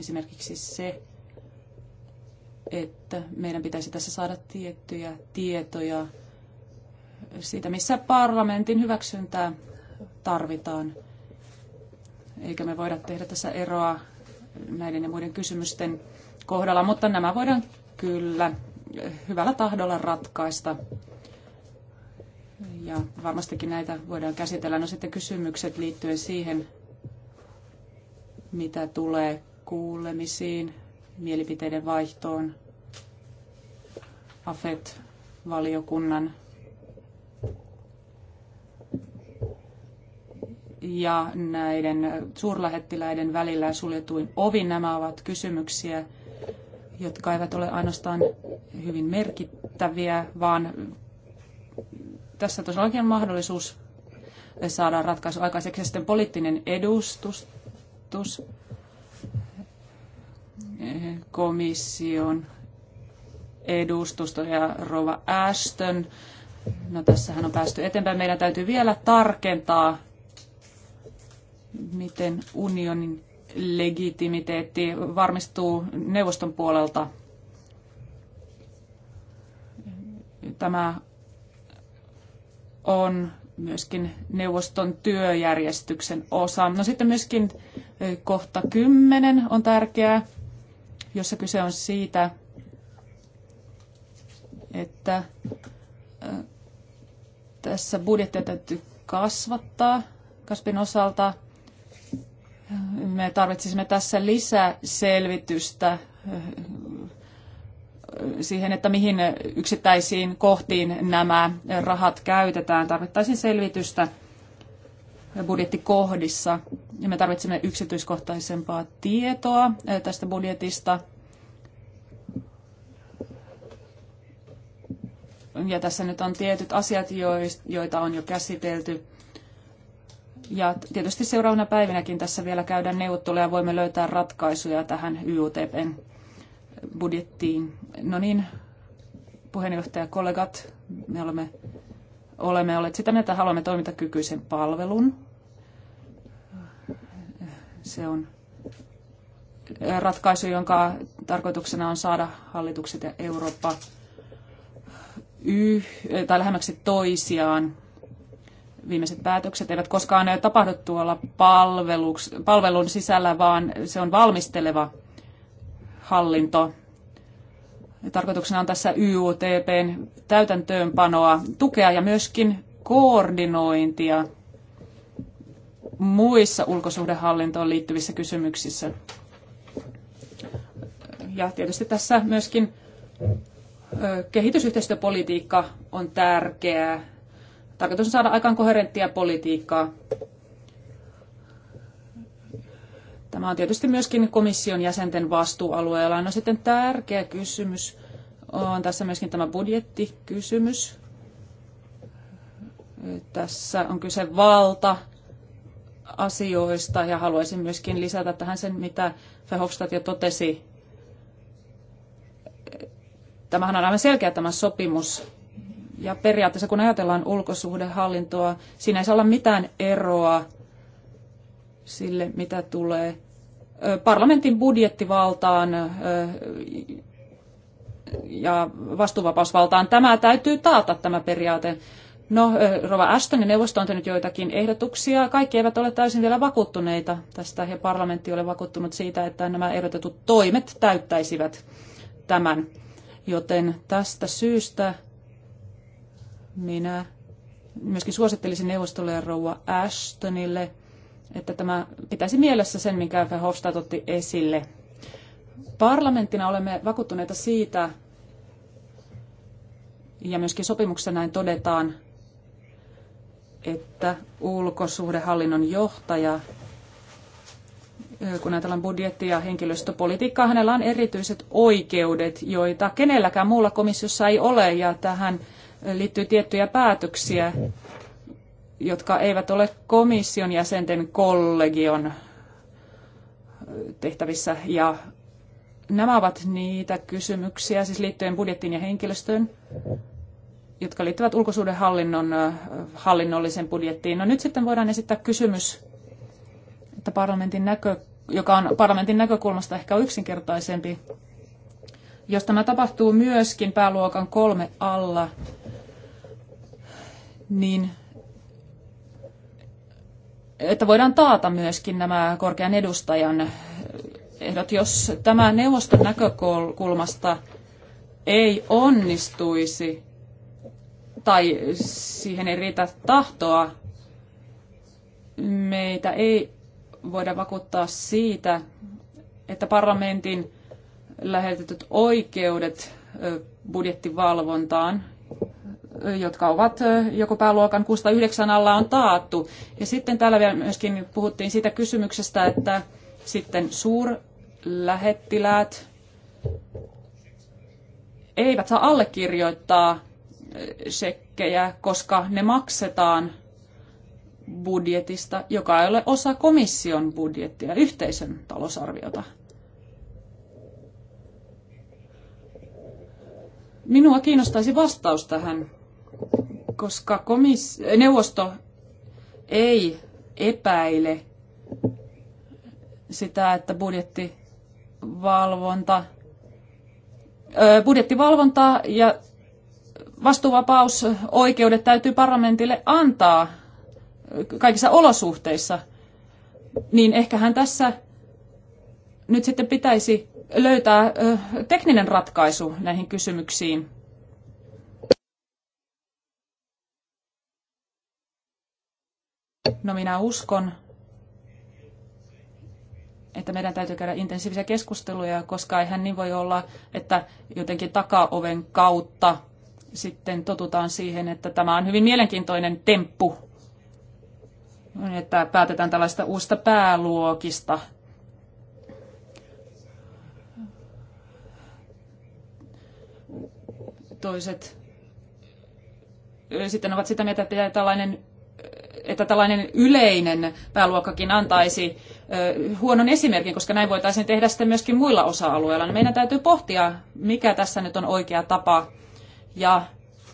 Esimerkiksi se, että meidän pitäisi tässä saada tiettyjä tietoja siitä, missä parlamentin hyväksyntää tarvitaan. Eikä me voida tehdä tässä eroa näiden ja muiden kysymysten kohdalla, mutta nämä voidaan kyllä hyvällä tahdolla ratkaista. Ja varmastikin näitä voidaan käsitellä. No sitten kysymykset liittyen siihen, mitä tulee kuulemisiin, mielipiteiden vaihtoon AFET-valiokunnan ja näiden suurlähettiläiden välillä suljetuin ovi. Nämä ovat kysymyksiä, jotka eivät ole ainoastaan hyvin merkittäviä, vaan tässä tosiaankin on mahdollisuus saada ratkaisu aikaiseksi sitten poliittinen edustus komission edustusta ja Rova Ashton. No tässähän on päästy eteenpäin. Meidän täytyy vielä tarkentaa, miten unionin legitimiteetti varmistuu neuvoston puolelta. Tämä on myöskin neuvoston työjärjestyksen osa. No sitten myöskin kohta 10 on tärkeää jossa kyse on siitä, että tässä budjettia täytyy kasvattaa kasvin osalta. Me tarvitsisimme tässä lisää selvitystä siihen, että mihin yksittäisiin kohtiin nämä rahat käytetään. Tarvittaisiin selvitystä budjettikohdissa. Me tarvitsemme yksityiskohtaisempaa tietoa eh, tästä budjetista. Ja tässä nyt on tietyt asiat, joita on jo käsitelty. Ja tietysti seuraavana päivinäkin tässä vielä käydään neuvotteluja ja voimme löytää ratkaisuja tähän YUTPn budjettiin. No niin, puheenjohtaja, kollegat, me olemme olemme olleet sitä mieltä, että haluamme toimintakykyisen palvelun. Se on ratkaisu, jonka tarkoituksena on saada hallitukset ja Eurooppa yh, tai lähemmäksi toisiaan. Viimeiset päätökset eivät koskaan tapahdu tuolla palvelun sisällä, vaan se on valmisteleva hallinto. Tarkoituksena on tässä YUTPn täytäntöönpanoa tukea ja myöskin koordinointia muissa ulkosuhdehallintoon liittyvissä kysymyksissä. Ja tietysti tässä myöskin kehitysyhteistyöpolitiikka on tärkeää. Tarkoitus on saada aikaan koherenttia politiikkaa Tämä on tietysti myöskin komission jäsenten vastuualueella. No sitten tärkeä kysymys on tässä myöskin tämä budjettikysymys. Tässä on kyse valta asioista ja haluaisin myöskin lisätä tähän sen, mitä Verhofstadt jo totesi. Tämähän on aivan selkeä tämä sopimus. Ja periaatteessa kun ajatellaan ulkosuhdehallintoa, siinä ei saa olla mitään eroa sille, mitä tulee parlamentin budjettivaltaan ja vastuuvapausvaltaan. Tämä täytyy taata tämä periaate. No, Rova Ashton ja neuvosto on tehnyt joitakin ehdotuksia. Kaikki eivät ole täysin vielä vakuuttuneita tästä ja parlamentti ole vakuuttunut siitä, että nämä ehdotetut toimet täyttäisivät tämän. Joten tästä syystä minä myöskin suosittelisin neuvostolle ja Rova Ashtonille että tämä pitäisi mielessä sen, minkä Verhofstadt otti esille. Parlamenttina olemme vakuuttuneita siitä, ja myöskin sopimuksessa näin todetaan, että ulkosuhdehallinnon johtaja, kun ajatellaan budjetti- ja henkilöstöpolitiikkaa, hänellä on erityiset oikeudet, joita kenelläkään muulla komissiossa ei ole, ja tähän liittyy tiettyjä päätöksiä, jotka eivät ole komission jäsenten kollegion tehtävissä. Ja nämä ovat niitä kysymyksiä, siis liittyen budjettiin ja henkilöstöön, jotka liittyvät ulkosuudenhallinnon hallinnolliseen budjettiin. No nyt sitten voidaan esittää kysymys, että parlamentin näkö, joka on parlamentin näkökulmasta ehkä yksinkertaisempi, jos tämä tapahtuu myöskin pääluokan kolme alla, niin että voidaan taata myöskin nämä korkean edustajan ehdot. Jos tämä neuvoston näkökulmasta ei onnistuisi tai siihen ei riitä tahtoa, meitä ei voida vakuuttaa siitä, että parlamentin lähetetyt oikeudet budjettivalvontaan jotka ovat joko pääluokan 609 alla on taattu. Ja sitten täällä vielä myöskin puhuttiin siitä kysymyksestä, että sitten suurlähettiläät eivät saa allekirjoittaa sekkejä, koska ne maksetaan budjetista, joka ei ole osa komission budjettia, yhteisön talousarviota. Minua kiinnostaisi vastaus tähän koska komis- neuvosto ei epäile sitä, että budjettivalvonta, budjettivalvonta ja vastuuvapausoikeudet täytyy parlamentille antaa kaikissa olosuhteissa, niin ehkähän tässä nyt sitten pitäisi löytää tekninen ratkaisu näihin kysymyksiin. No minä uskon, että meidän täytyy käydä intensiivisiä keskusteluja, koska eihän niin voi olla, että jotenkin takaoven kautta sitten totutaan siihen, että tämä on hyvin mielenkiintoinen temppu, että päätetään tällaista uusta pääluokista. Toiset sitten ovat sitä mieltä, että tällainen että tällainen yleinen pääluokkakin antaisi huonon esimerkin, koska näin voitaisiin tehdä sitten myöskin muilla osa-alueilla. Niin meidän täytyy pohtia, mikä tässä nyt on oikea tapa. Ja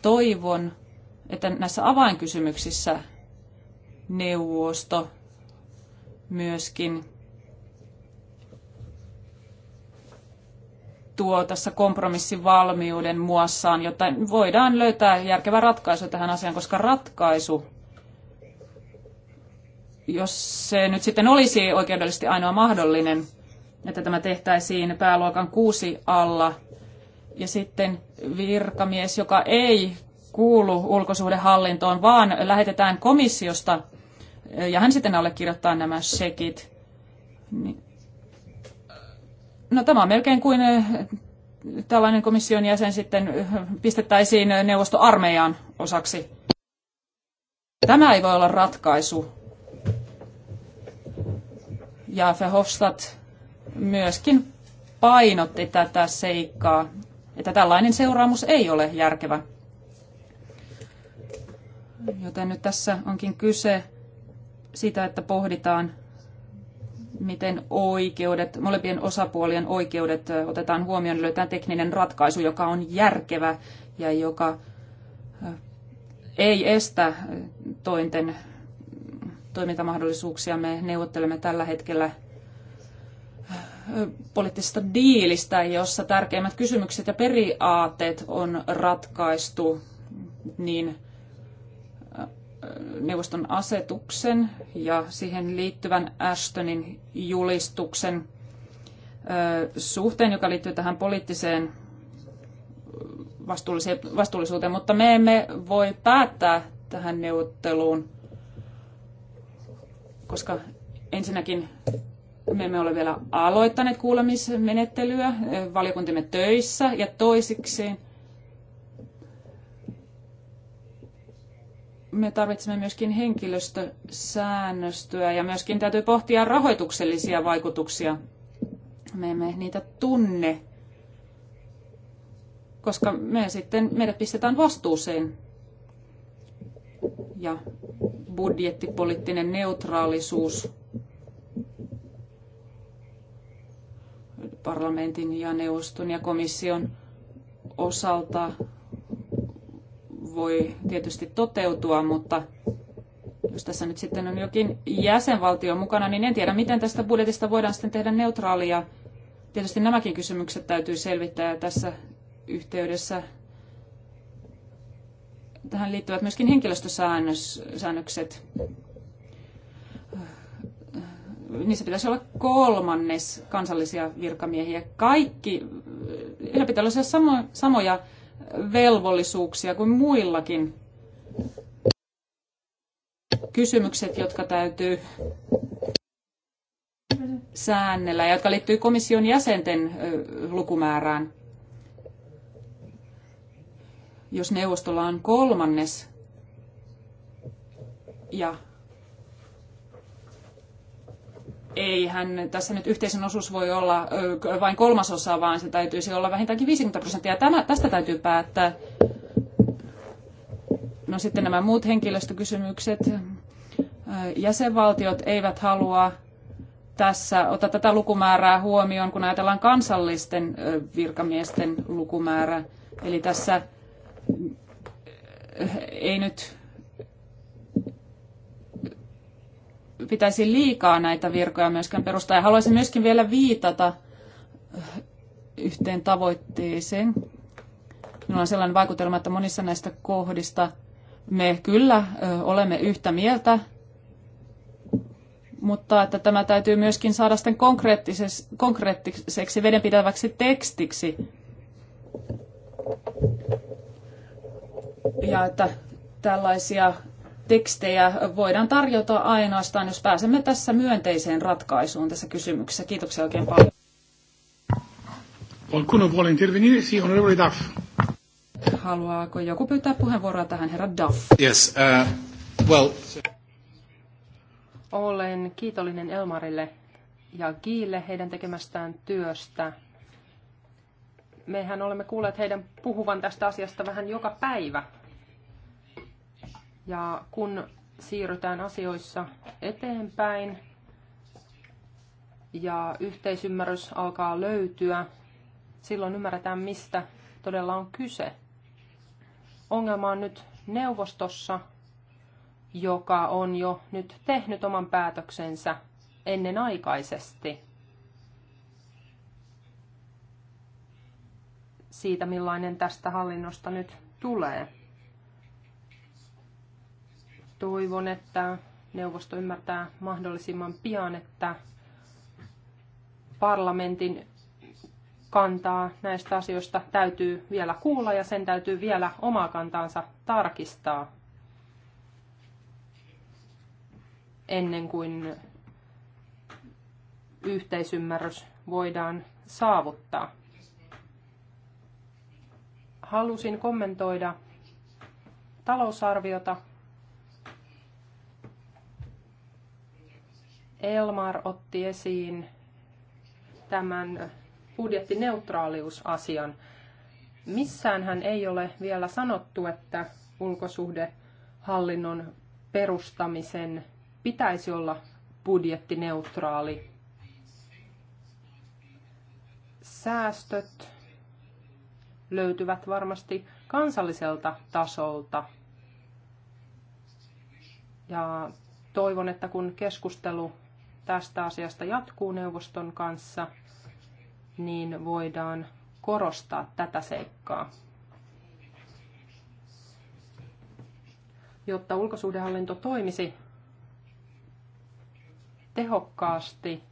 toivon, että näissä avainkysymyksissä neuvosto myöskin tuo tässä kompromissivalmiuden muassaan, jotta voidaan löytää järkevä ratkaisu tähän asiaan, koska ratkaisu jos se nyt sitten olisi oikeudellisesti ainoa mahdollinen, että tämä tehtäisiin pääluokan kuusi alla, ja sitten virkamies, joka ei kuulu ulkosuhdehallintoon, vaan lähetetään komissiosta, eh, ja hän sitten allekirjoittaa nämä sekit. Niin- no tämä on melkein kuin eh, tällainen komission jäsen sitten eh, pistettäisiin neuvostoarmeijan osaksi. Tämä ei voi olla ratkaisu ja Verhofstadt myöskin painotti tätä seikkaa, että tällainen seuraamus ei ole järkevä. Joten nyt tässä onkin kyse sitä, että pohditaan, miten oikeudet, molempien osapuolien oikeudet otetaan huomioon, löytää tekninen ratkaisu, joka on järkevä ja joka ei estä tointen toimintamahdollisuuksia. Me neuvottelemme tällä hetkellä poliittisesta diilistä, jossa tärkeimmät kysymykset ja periaatteet on ratkaistu niin neuvoston asetuksen ja siihen liittyvän Ashtonin julistuksen suhteen, joka liittyy tähän poliittiseen vastuullisuuteen, mutta me emme voi päättää tähän neuvotteluun koska ensinnäkin me emme ole vielä aloittaneet kuulemismenettelyä valiokuntimme töissä ja toisiksi me tarvitsemme myöskin henkilöstösäännöstöä ja myöskin täytyy pohtia rahoituksellisia vaikutuksia. Me emme niitä tunne, koska me sitten, meidät pistetään vastuuseen. Ja budjettipoliittinen neutraalisuus parlamentin ja neuvoston ja komission osalta voi tietysti toteutua, mutta jos tässä nyt sitten on jokin jäsenvaltio mukana, niin en tiedä, miten tästä budjetista voidaan sitten tehdä neutraalia. Tietysti nämäkin kysymykset täytyy selvittää ja tässä yhteydessä tähän liittyvät myöskin henkilöstösäännökset. Niissä pitäisi olla kolmannes kansallisia virkamiehiä. Kaikki, heillä pitäisi olla samo, samoja velvollisuuksia kuin muillakin. Kysymykset, jotka täytyy säännellä ja jotka liittyy komission jäsenten lukumäärään jos neuvostolla on kolmannes ja eihän tässä nyt yhteisön osuus voi olla vain kolmasosa, vaan se täytyisi olla vähintäänkin 50 prosenttia. Tämä, tästä täytyy päättää. No sitten nämä muut henkilöstökysymykset. Jäsenvaltiot eivät halua tässä ottaa tätä lukumäärää huomioon, kun ajatellaan kansallisten virkamiesten lukumäärä, Eli tässä ei nyt pitäisi liikaa näitä virkoja myöskään perustaa. Ja haluaisin myöskin vielä viitata yhteen tavoitteeseen. Minulla on sellainen vaikutelma, että monissa näistä kohdista me kyllä olemme yhtä mieltä, mutta että tämä täytyy myöskin saada sitten konkreettiseksi vedenpitäväksi tekstiksi ja että tällaisia tekstejä voidaan tarjota ainoastaan, jos pääsemme tässä myönteiseen ratkaisuun tässä kysymyksessä. Kiitoksia oikein paljon. Duff. Haluaako joku pyytää puheenvuoroa tähän, herra Duff? Yes, uh, well... Olen kiitollinen Elmarille ja Kiille heidän tekemästään työstä mehän olemme kuulleet heidän puhuvan tästä asiasta vähän joka päivä. Ja kun siirrytään asioissa eteenpäin ja yhteisymmärrys alkaa löytyä, silloin ymmärretään, mistä todella on kyse. Ongelma on nyt neuvostossa, joka on jo nyt tehnyt oman päätöksensä ennenaikaisesti. siitä, millainen tästä hallinnosta nyt tulee. Toivon, että neuvosto ymmärtää mahdollisimman pian, että parlamentin kantaa näistä asioista täytyy vielä kuulla ja sen täytyy vielä omaa kantaansa tarkistaa ennen kuin yhteisymmärrys voidaan saavuttaa. Halusin kommentoida talousarviota. Elmar otti esiin tämän budjettineutraaliusasian. Missään hän ei ole vielä sanottu, että ulkosuhdehallinnon perustamisen pitäisi olla budjettineutraali. Säästöt löytyvät varmasti kansalliselta tasolta. Ja toivon, että kun keskustelu tästä asiasta jatkuu neuvoston kanssa, niin voidaan korostaa tätä seikkaa. Jotta ulkosuhdehallinto toimisi tehokkaasti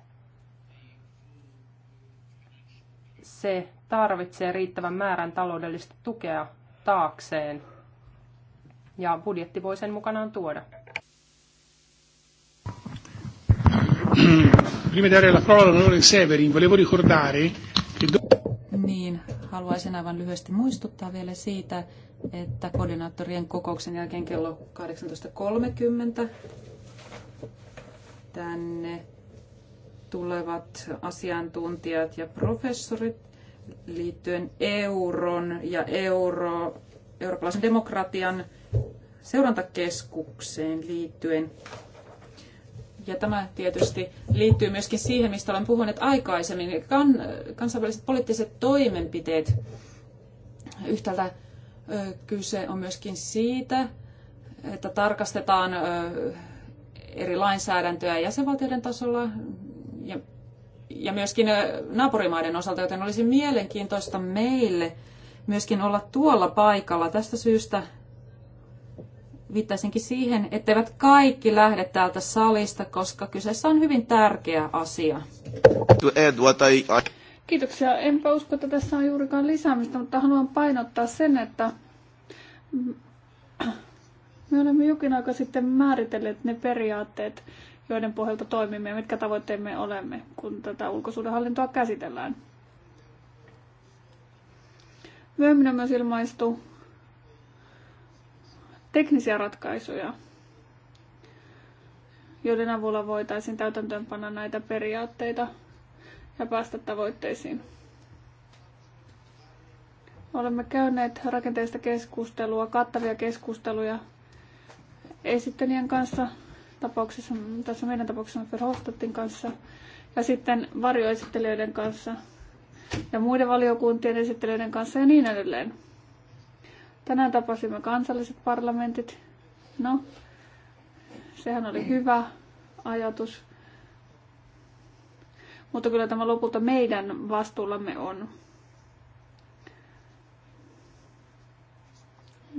se tarvitsee riittävän määrän taloudellista tukea taakseen ja budjetti voi sen mukanaan tuoda. <clears throat> Prima di dare la parola all'onorevole Severin, volevo ricordare che... Niin, haluaisin aivan lyhyesti muistuttaa vielä siitä, että koordinaattorien kokouksen jälkeen kello 18.30 tänne tulevat asiantuntijat ja professorit liittyen euron ja euro, eurooppalaisen demokratian seurantakeskukseen liittyen. Ja tämä tietysti liittyy myöskin siihen, mistä olen puhunut aikaisemmin, kan, kansainväliset poliittiset toimenpiteet. Yhtäältä kyse on myöskin siitä, että tarkastetaan eri lainsäädäntöä jäsenvaltioiden tasolla ja ja myöskin naapurimaiden osalta, joten olisi mielenkiintoista meille myöskin olla tuolla paikalla. Tästä syystä viittaisinkin siihen, etteivät kaikki lähde täältä salista, koska kyseessä on hyvin tärkeä asia. Kiitoksia. Enpä usko, että tässä on juurikaan lisäämistä, mutta haluan painottaa sen, että <clears throat> me olemme jokin aika sitten määritelleet ne periaatteet, joiden pohjalta toimimme ja mitkä tavoitteemme olemme, kun tätä ulkosuudenhallintoa käsitellään. Myöhemmin on myös ilmaistu teknisiä ratkaisuja, joiden avulla voitaisiin täytäntöönpanna näitä periaatteita ja päästä tavoitteisiin. Olemme käyneet rakenteista keskustelua, kattavia keskusteluja esittelijän kanssa tapauksessa, tässä meidän tapauksessa Verhofstadtin kanssa ja sitten varjoesittelijöiden kanssa ja muiden valiokuntien esittelijöiden kanssa ja niin edelleen. Tänään tapasimme kansalliset parlamentit. No, sehän oli hyvä ajatus. Mutta kyllä tämä lopulta meidän vastuullamme on.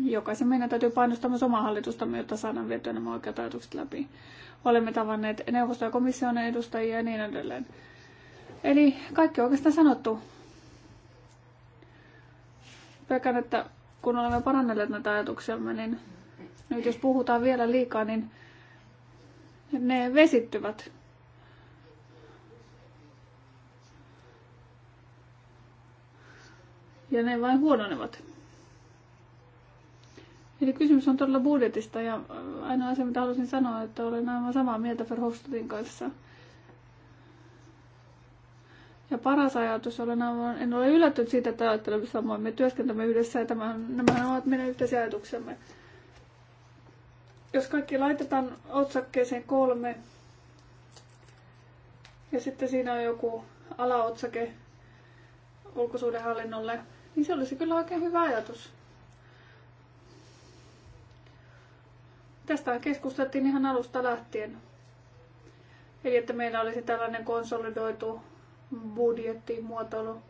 jokaisen meidän täytyy painostaa myös omaa hallitusta, jotta saadaan vietyä nämä oikeat ajatukset läpi. Olemme tavanneet neuvosto- ja komission edustajia ja niin edelleen. Eli kaikki on oikeastaan sanottu. Pelkään, että kun olemme parannelleet näitä ajatuksiamme, niin nyt jos puhutaan vielä liikaa, niin ne vesittyvät. Ja ne vain huononevat. Eli kysymys on todella budjetista ja äh, ainoa asia, mitä halusin sanoa, että olen aivan samaa mieltä Verhofstadtin kanssa. Ja paras ajatus, olen aivan, en ole yllättynyt siitä, että ajattelemme samoin. Me työskentämme yhdessä ja tämähän, nämähän ovat meidän yhteisiä ajatuksemme. Jos kaikki laitetaan otsakkeeseen kolme ja sitten siinä on joku alaotsake ulkosuudenhallinnolle, niin se olisi kyllä oikein hyvä ajatus. Tästä keskusteltiin ihan alusta lähtien. Eli että meillä olisi tällainen konsolidoitu budjetti muotoilu.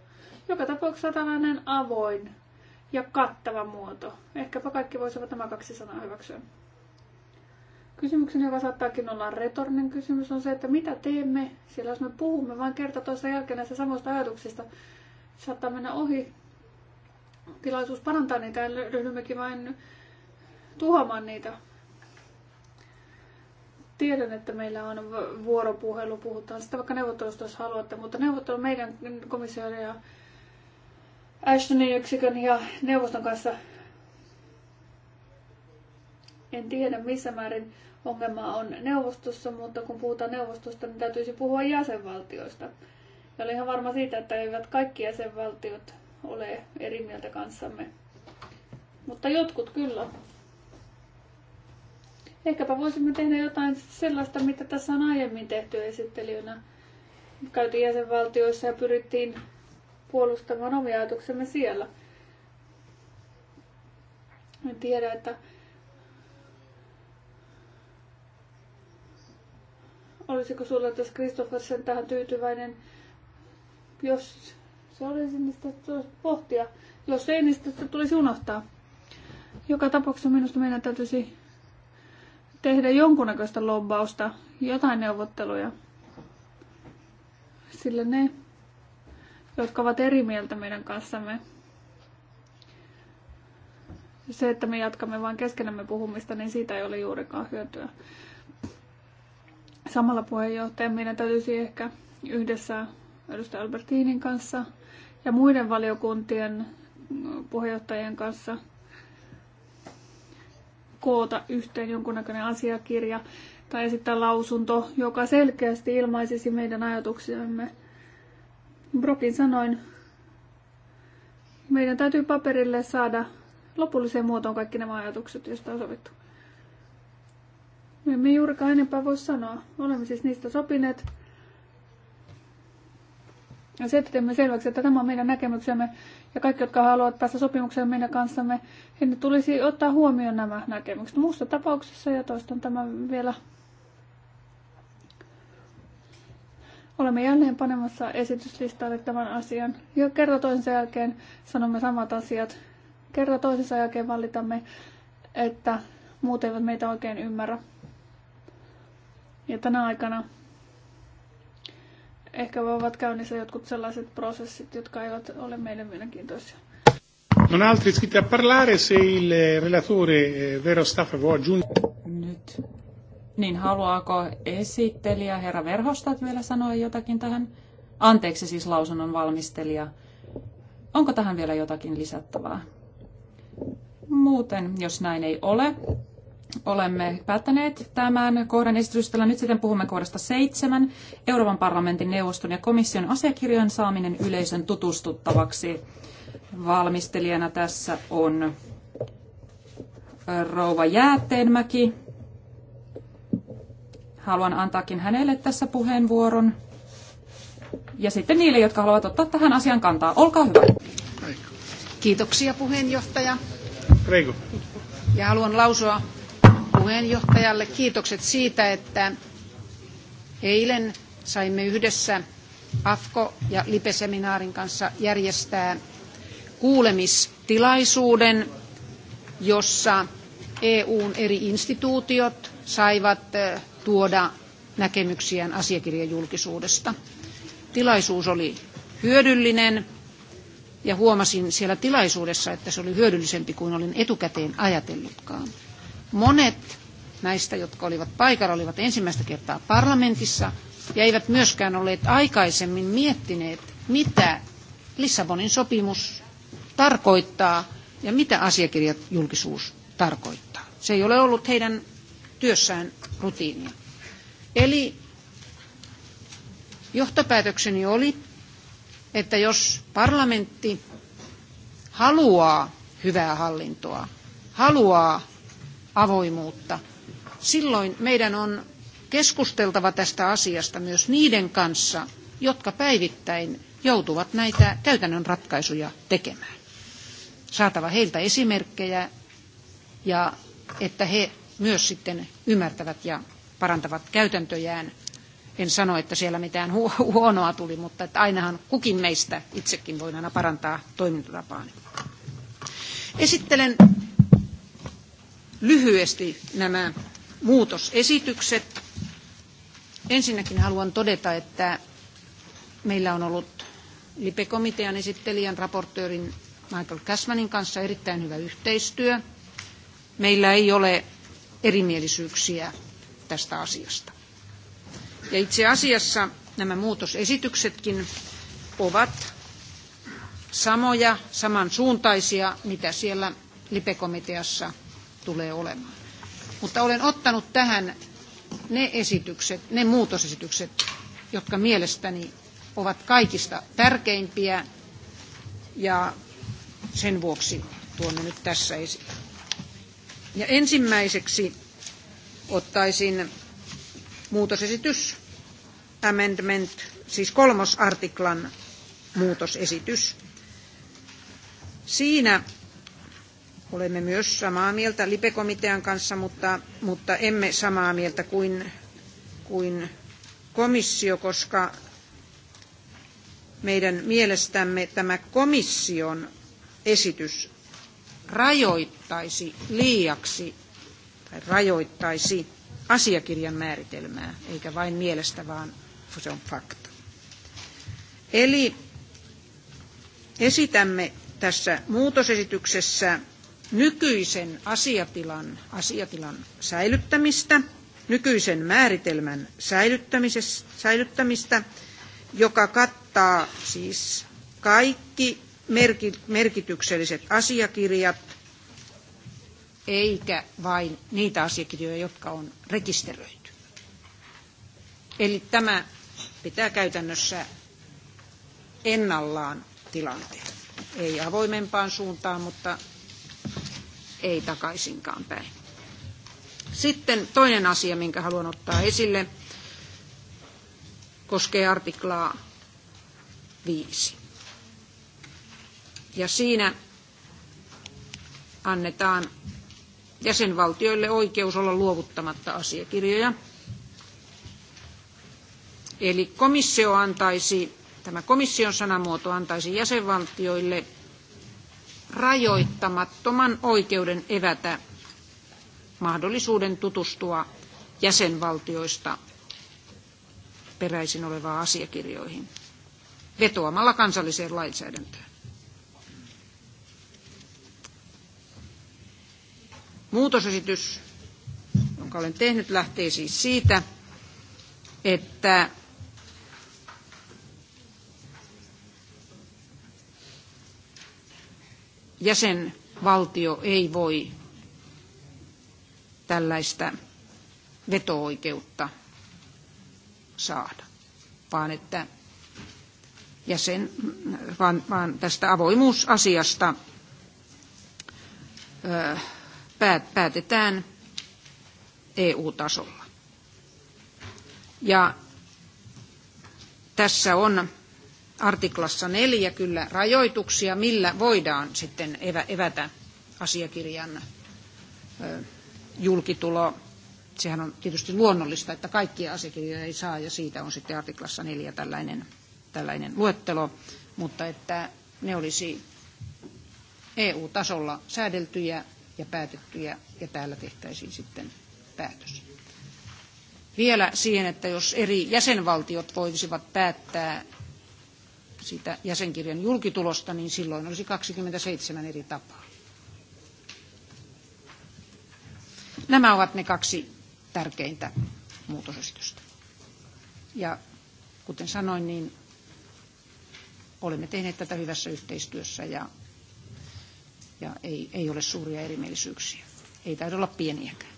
Joka tapauksessa tällainen avoin ja kattava muoto. Ehkäpä kaikki voisivat nämä kaksi sanaa hyväksyä. Kysymyksen, joka saattaakin olla retorinen kysymys, on se, että mitä teemme, sillä jos me puhumme vain kerta toisen jälkeen näistä samoista ajatuksista, saattaa mennä ohi tilaisuus parantaa niitä ja ryhdymmekin vain tuhoamaan niitä. Tiedän, että meillä on vuoropuhelu, puhutaan sitä vaikka neuvottelusta, jos haluatte, mutta neuvottelu meidän komissaari ja Ashtonin yksikön ja neuvoston kanssa en tiedä missä määrin ongelma on neuvostossa, mutta kun puhutaan neuvostosta, niin täytyisi puhua jäsenvaltioista. Ja olen ihan varma siitä, että eivät kaikki jäsenvaltiot ole eri mieltä kanssamme. Mutta jotkut kyllä. Ehkäpä voisimme tehdä jotain sellaista, mitä tässä on aiemmin tehty esittelijänä. Käytiin jäsenvaltioissa ja pyrittiin puolustamaan omia ajatuksemme siellä. En tiedä, että olisiko sulla tässä Kristoffersen tähän tyytyväinen, jos se olisi, niin sitä tulisi pohtia. Jos ei, niin sitä tulisi unohtaa. Joka tapauksessa minusta meidän täytyisi tehdä jonkunnäköistä lobbausta, jotain neuvotteluja. Sillä ne, jotka ovat eri mieltä meidän kanssamme, se, että me jatkamme vain keskenämme puhumista, niin siitä ei ole juurikaan hyötyä. Samalla puheenjohtajan meidän täytyisi ehkä yhdessä edustaja Albertinin kanssa ja muiden valiokuntien puheenjohtajien kanssa – koota yhteen jonkunnäköinen asiakirja tai esittää lausunto, joka selkeästi ilmaisisi meidän ajatuksiamme. Brokin sanoin, meidän täytyy paperille saada lopulliseen muotoon kaikki nämä ajatukset, joista on sovittu. Me emme juurikaan enempää voi sanoa. Olemme siis niistä sopineet. Ja se, että teemme selväksi, että tämä on meidän näkemyksemme, ja kaikki, jotka haluavat päästä sopimukseen meidän kanssamme, niin tulisi ottaa huomioon nämä näkemykset. Muussa tapauksessa, ja toistan tämän vielä, olemme jälleen panemassa esityslistalle tämän asian. Ja kerta toisensa jälkeen sanomme samat asiat. Kerta toisensa jälkeen valitamme, että muut eivät meitä oikein ymmärrä. Ja tänä aikana ehkä ovat käynnissä jotkut sellaiset prosessit, jotka eivät ole meille mielenkiintoisia. Non altri iscritti a parlare, se il relatore eh, Vero Staff vuoi aggiungere... Nyt. Niin, haluaako esittelijä herra Verhostat vielä sanoa jotakin tähän? Anteeksi siis lausunnon valmistelija. Onko tähän vielä jotakin lisättävää? Muuten, jos näin ei ole, olemme päättäneet tämän kohdan esitystellä. Nyt sitten puhumme kohdasta seitsemän. Euroopan parlamentin neuvoston ja komission asiakirjojen saaminen yleisön tutustuttavaksi. Valmistelijana tässä on äh, rouva Jäätteenmäki. Haluan antaakin hänelle tässä puheenvuoron. Ja sitten niille, jotka haluavat ottaa tähän asian kantaa. Olkaa hyvä. Kiitoksia puheenjohtaja. Prego. Ja haluan lausua puheenjohtajalle kiitokset siitä, että eilen saimme yhdessä AFKO- ja LIPE-seminaarin kanssa järjestää kuulemistilaisuuden, jossa EUn eri instituutiot saivat tuoda näkemyksiään julkisuudesta. Tilaisuus oli hyödyllinen ja huomasin siellä tilaisuudessa, että se oli hyödyllisempi kuin olin etukäteen ajatellutkaan. Monet näistä, jotka olivat paikalla, olivat ensimmäistä kertaa parlamentissa ja eivät myöskään olleet aikaisemmin miettineet, mitä Lissabonin sopimus tarkoittaa ja mitä asiakirjat julkisuus tarkoittaa. Se ei ole ollut heidän työssään rutiinia. Eli johtopäätökseni oli, että jos parlamentti haluaa hyvää hallintoa, haluaa avoimuutta. Silloin meidän on keskusteltava tästä asiasta myös niiden kanssa, jotka päivittäin joutuvat näitä käytännön ratkaisuja tekemään. Saatava heiltä esimerkkejä ja että he myös sitten ymmärtävät ja parantavat käytäntöjään. En sano, että siellä mitään huonoa tuli, mutta että ainahan kukin meistä itsekin voi aina parantaa toimintatapaani. Esittelen lyhyesti nämä muutosesitykset. Ensinnäkin haluan todeta, että meillä on ollut LIPE-komitean esittelijän raportöörin Michael Cashmanin kanssa erittäin hyvä yhteistyö. Meillä ei ole erimielisyyksiä tästä asiasta. Ja itse asiassa nämä muutosesityksetkin ovat samoja, samansuuntaisia, mitä siellä LIPE-komiteassa tulee olemaan. Mutta olen ottanut tähän ne esitykset, ne muutosesitykset, jotka mielestäni ovat kaikista tärkeimpiä ja sen vuoksi tuonne nyt tässä esille. Ja ensimmäiseksi ottaisin muutosesitys, amendment, siis kolmosartiklan muutosesitys. Siinä Olemme myös samaa mieltä LIPE-komitean kanssa, mutta, mutta emme samaa mieltä kuin, kuin komissio, koska meidän mielestämme tämä komission esitys rajoittaisi liiaksi tai rajoittaisi asiakirjan määritelmää, eikä vain mielestä, vaan se on fakta. Eli esitämme tässä muutosesityksessä nykyisen asiatilan, asiatilan säilyttämistä, nykyisen määritelmän säilyttämistä, joka kattaa siis kaikki merkitykselliset asiakirjat, eikä vain niitä asiakirjoja, jotka on rekisteröity. Eli tämä pitää käytännössä ennallaan tilanteen. Ei avoimempaan suuntaan, mutta ei takaisinkaan päin. Sitten toinen asia, minkä haluan ottaa esille, koskee artiklaa 5. Ja siinä annetaan jäsenvaltioille oikeus olla luovuttamatta asiakirjoja. Eli komissio antaisi, tämä komission sanamuoto antaisi jäsenvaltioille rajoittamattoman oikeuden evätä mahdollisuuden tutustua jäsenvaltioista peräisin olevaan asiakirjoihin vetoamalla kansalliseen lainsäädäntöön. Muutosesitys, jonka olen tehnyt, lähtee siis siitä, että jäsenvaltio ei voi tällaista veto-oikeutta saada, vaan että jäsen, vaan, vaan tästä avoimuusasiasta päätetään EU-tasolla. Ja tässä on artiklassa neljä kyllä rajoituksia, millä voidaan sitten evätä asiakirjan julkitulo. Sehän on tietysti luonnollista, että kaikkia asiakirjoja ei saa, ja siitä on sitten artiklassa neljä tällainen, tällainen luettelo, mutta että ne olisi EU-tasolla säädeltyjä ja päätettyjä, ja täällä tehtäisiin sitten päätös. Vielä siihen, että jos eri jäsenvaltiot voisivat päättää sitä jäsenkirjan julkitulosta, niin silloin olisi 27 eri tapaa. Nämä ovat ne kaksi tärkeintä muutosesitystä. Ja kuten sanoin, niin olemme tehneet tätä hyvässä yhteistyössä ja, ja ei, ei ole suuria erimielisyyksiä. Ei taida olla pieniäkään.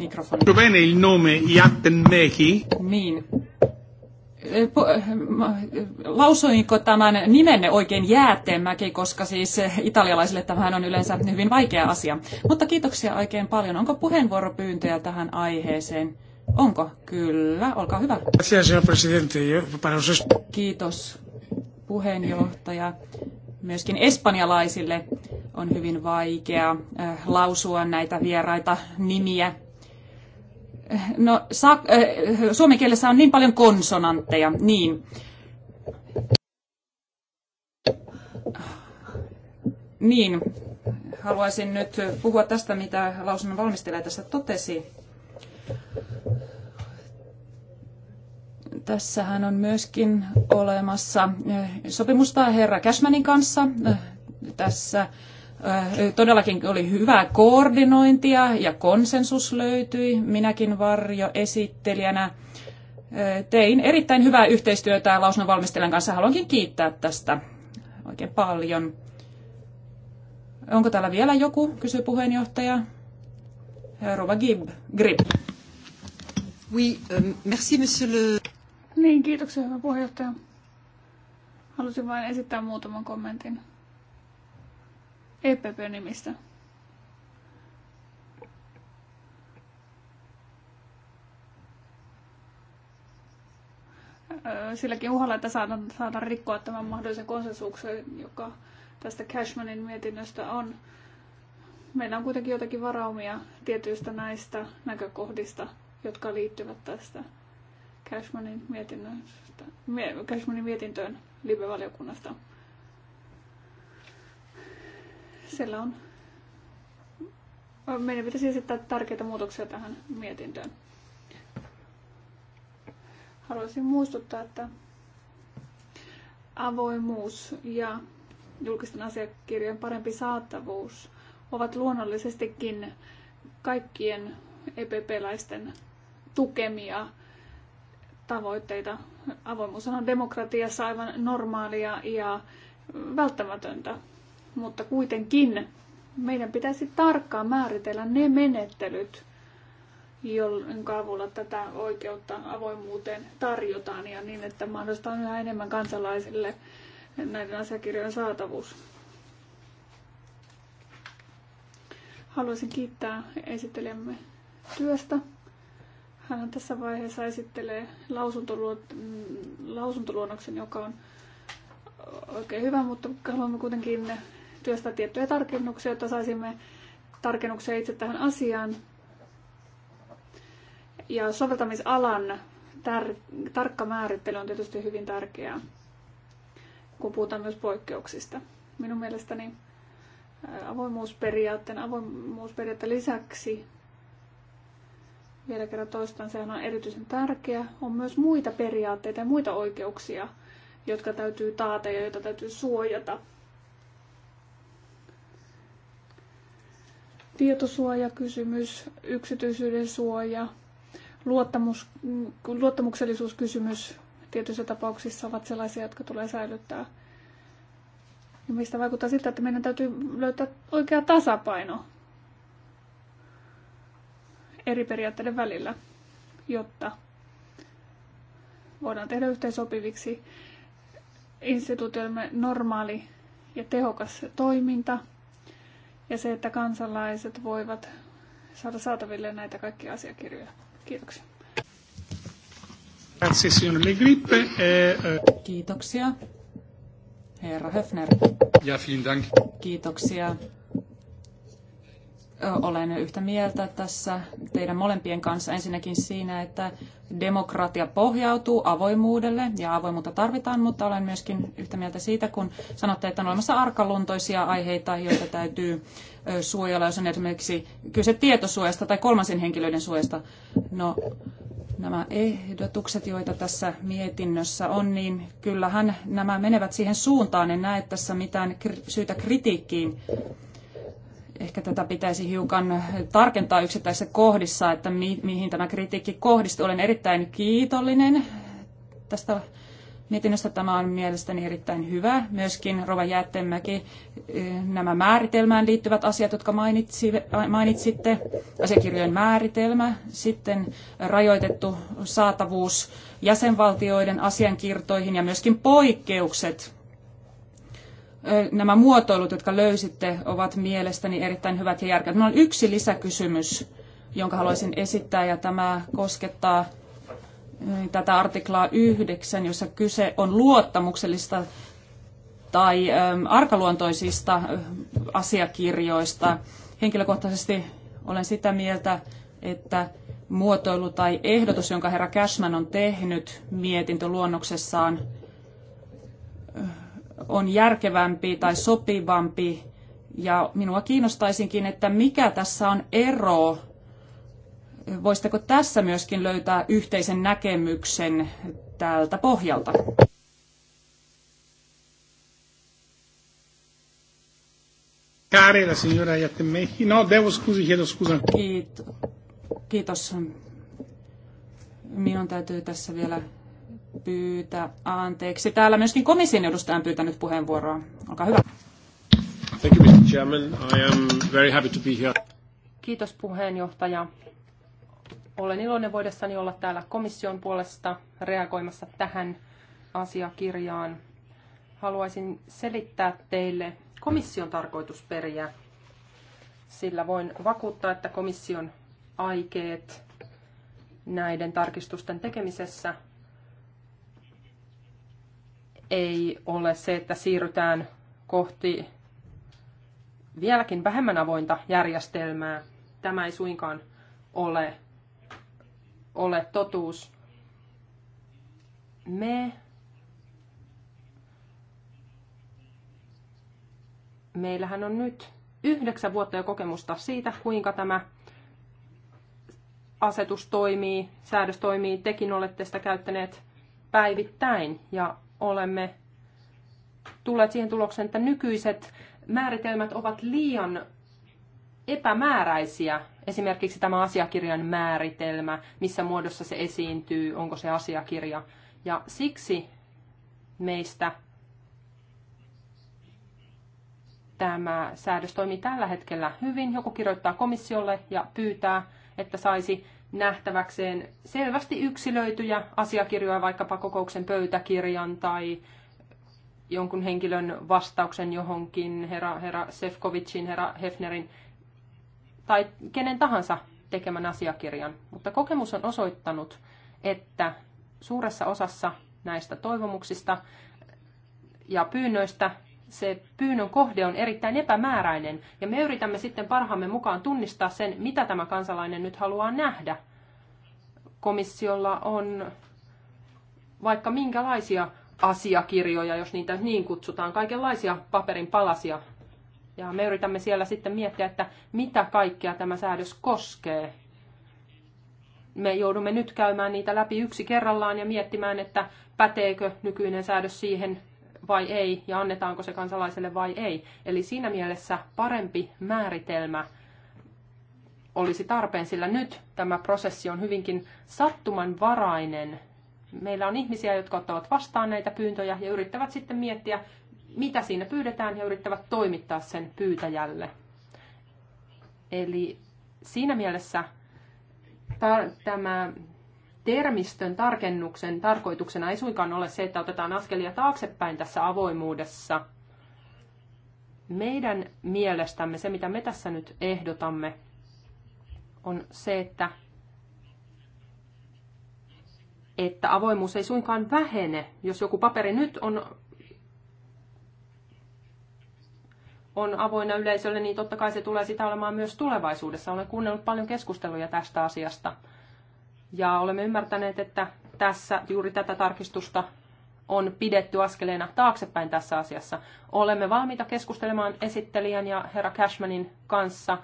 mikrofoni. Bene il nome Jattenmäki. Niin. Eh, eh, eh, lausuinko tämän nimenne oikein jäätemäki, koska siis italialaisille tämähän on yleensä hyvin vaikea asia. Mutta kiitoksia oikein paljon. Onko puheenvuoropyyntöjä tähän aiheeseen? Onko? Kyllä, olkaa hyvä. Kiitos puheenjohtaja. Myöskin espanjalaisille on hyvin vaikea lausua näitä vieraita nimiä No, sa, äh, suomen kielessä on niin paljon konsonantteja, niin. Niin, haluaisin nyt puhua tästä, mitä lausunnon valmistelija tässä totesi. Tässähän on myöskin olemassa eh, sopimusta herra Käsmänin kanssa. Eh, tässä Todellakin oli hyvää koordinointia ja konsensus löytyi. Minäkin varjo esittelijänä tein erittäin hyvää yhteistyötä lausunnonvalmistelijan kanssa. Haluankin kiittää tästä oikein paljon. Onko täällä vielä joku, kysyy puheenjohtaja. Rova Gib, Grib. Oui, euh, merci monsieur le... Niin, kiitoksia hyvä puheenjohtaja. Halusin vain esittää muutaman kommentin. EPP-nimistä. Silläkin uhalla, että saadaan, saadaan rikkoa tämän mahdollisen konsensuksen, joka tästä Cashmanin mietinnöstä on. Meillä on kuitenkin jotakin varaumia tietyistä näistä näkökohdista, jotka liittyvät tästä Cashmanin, mietinnöstä, Cashmanin mietintöön live-valiokunnasta siellä on meidän pitäisi esittää tärkeitä muutoksia tähän mietintöön. Haluaisin muistuttaa, että avoimuus ja julkisten asiakirjojen parempi saatavuus ovat luonnollisestikin kaikkien epp laisten tukemia tavoitteita. Avoimuus on demokratiassa aivan normaalia ja välttämätöntä mutta kuitenkin meidän pitäisi tarkkaan määritellä ne menettelyt, jonka avulla tätä oikeutta avoimuuteen tarjotaan ja niin, että mahdollistaa yhä enemmän kansalaisille näiden asiakirjojen saatavuus. Haluaisin kiittää esittelijämme työstä. Hän tässä vaiheessa esittelee mm, lausuntoluonnoksen, joka on oikein hyvä, mutta haluamme kuitenkin työstää tiettyjä tarkennuksia, jotta saisimme tarkennuksia itse tähän asiaan. Ja soveltamisalan tar- tarkka määrittely on tietysti hyvin tärkeää, kun puhutaan myös poikkeuksista. Minun mielestäni avoimuusperiaatteen, avoimuusperiaatteen lisäksi vielä kerran toistan, sehän on erityisen tärkeä. On myös muita periaatteita ja muita oikeuksia, jotka täytyy taata ja joita täytyy suojata tietosuojakysymys, yksityisyyden suoja, luottamus, luottamuksellisuuskysymys tietyissä tapauksissa ovat sellaisia, jotka tulee säilyttää. Ja mistä vaikuttaa siltä, että meidän täytyy löytää oikea tasapaino eri periaatteiden välillä, jotta voidaan tehdä yhteensopiviksi instituutioimme normaali ja tehokas toiminta – ja se, että kansalaiset voivat saada saataville näitä kaikkia asiakirjoja. Kiitoksia. E, eh, Kiitoksia. Herra Höfner. Ja, vielen Dank. Kiitoksia olen yhtä mieltä tässä teidän molempien kanssa ensinnäkin siinä, että demokratia pohjautuu avoimuudelle ja avoimuutta tarvitaan, mutta olen myöskin yhtä mieltä siitä, kun sanotte, että on olemassa arkaluontoisia aiheita, joita täytyy suojella, jos on esimerkiksi kyse tietosuojasta tai kolmansien henkilöiden suojasta. No, nämä ehdotukset, joita tässä mietinnössä on, niin kyllähän nämä menevät siihen suuntaan. En näe tässä mitään syytä kritiikkiin ehkä tätä pitäisi hiukan tarkentaa yksittäisissä kohdissa, että mi- mihin tämä kritiikki kohdistuu. Olen erittäin kiitollinen tästä mietinnöstä. Tämä on mielestäni erittäin hyvä. Myöskin Rova Jäättemäki, eh, nämä määritelmään liittyvät asiat, jotka mainitsi, äh, mainitsitte, asiakirjojen määritelmä, sitten rajoitettu saatavuus jäsenvaltioiden asiankirtoihin ja myöskin poikkeukset nämä muotoilut, jotka löysitte, ovat mielestäni erittäin hyvät ja järkevät. Minulla on yksi lisäkysymys, jonka haluaisin esittää, ja tämä koskettaa tätä artiklaa yhdeksän, jossa kyse on luottamuksellisista tai arkaluontoisista asiakirjoista. Henkilökohtaisesti olen sitä mieltä, että muotoilu tai ehdotus, jonka herra Cashman on tehnyt mietintöluonnoksessaan, on järkevämpi tai sopivampi. Ja minua kiinnostaisinkin, että mikä tässä on ero. Voisitteko tässä myöskin löytää yhteisen näkemyksen täältä pohjalta? Care signora Iatemmehi. No, devo scusi, chiedo scusa. Kiitos. Minun täytyy tässä vielä pyytää anteeksi. Täällä myöskin komission edustaja on pyytänyt puheenvuoroa. Olkaa hyvä. Thank you, Mr. Chairman. I am very happy to be here. Kiitos puheenjohtaja. Olen iloinen voidessani olla täällä komission puolesta reagoimassa tähän asiakirjaan. Haluaisin selittää teille komission tarkoitusperiä, sillä voin vakuuttaa, että komission aikeet näiden tarkistusten tekemisessä ei ole se, että siirrytään kohti vieläkin vähemmän avointa järjestelmää. Tämä ei suinkaan ole, ole totuus. Me meillähän on nyt yhdeksän vuotta jo kokemusta siitä, kuinka tämä asetus toimii, säädös toimii. Tekin olette sitä käyttäneet päivittäin ja olemme tulleet siihen tulokseen, että nykyiset määritelmät ovat liian epämääräisiä. Esimerkiksi tämä asiakirjan määritelmä, missä muodossa se esiintyy, onko se asiakirja. Ja siksi meistä tämä säädös toimii tällä hetkellä hyvin. Joku kirjoittaa komissiolle ja pyytää, että saisi nähtäväkseen selvästi yksilöityjä asiakirjoja, vaikkapa kokouksen pöytäkirjan tai jonkun henkilön vastauksen johonkin, herra, herra Sefcovicin, herra Hefnerin tai kenen tahansa tekemän asiakirjan. Mutta kokemus on osoittanut, että suuressa osassa näistä toivomuksista ja pyynnöistä se pyynnön kohde on erittäin epämääräinen ja me yritämme sitten parhaamme mukaan tunnistaa sen, mitä tämä kansalainen nyt haluaa nähdä. Komissiolla on vaikka minkälaisia asiakirjoja, jos niitä niin kutsutaan, kaikenlaisia paperin palasia. Ja me yritämme siellä sitten miettiä, että mitä kaikkea tämä säädös koskee. Me joudumme nyt käymään niitä läpi yksi kerrallaan ja miettimään, että päteekö nykyinen säädös siihen vai ei ja annetaanko se kansalaiselle vai ei. Eli siinä mielessä parempi määritelmä olisi tarpeen, sillä nyt tämä prosessi on hyvinkin sattumanvarainen. Meillä on ihmisiä, jotka ottavat vastaan näitä pyyntöjä ja yrittävät sitten miettiä, mitä siinä pyydetään ja yrittävät toimittaa sen pyytäjälle. Eli siinä mielessä tämä termistön tarkennuksen tarkoituksena ei suinkaan ole se, että otetaan askelia taaksepäin tässä avoimuudessa. Meidän mielestämme se, mitä me tässä nyt ehdotamme, on se, että, että avoimuus ei suinkaan vähene. Jos joku paperi nyt on, on avoinna yleisölle, niin totta kai se tulee sitä olemaan myös tulevaisuudessa. Olen kuunnellut paljon keskusteluja tästä asiasta ja olemme ymmärtäneet, että tässä juuri tätä tarkistusta on pidetty askeleena taaksepäin tässä asiassa. Olemme valmiita keskustelemaan esittelijän ja herra Cashmanin kanssa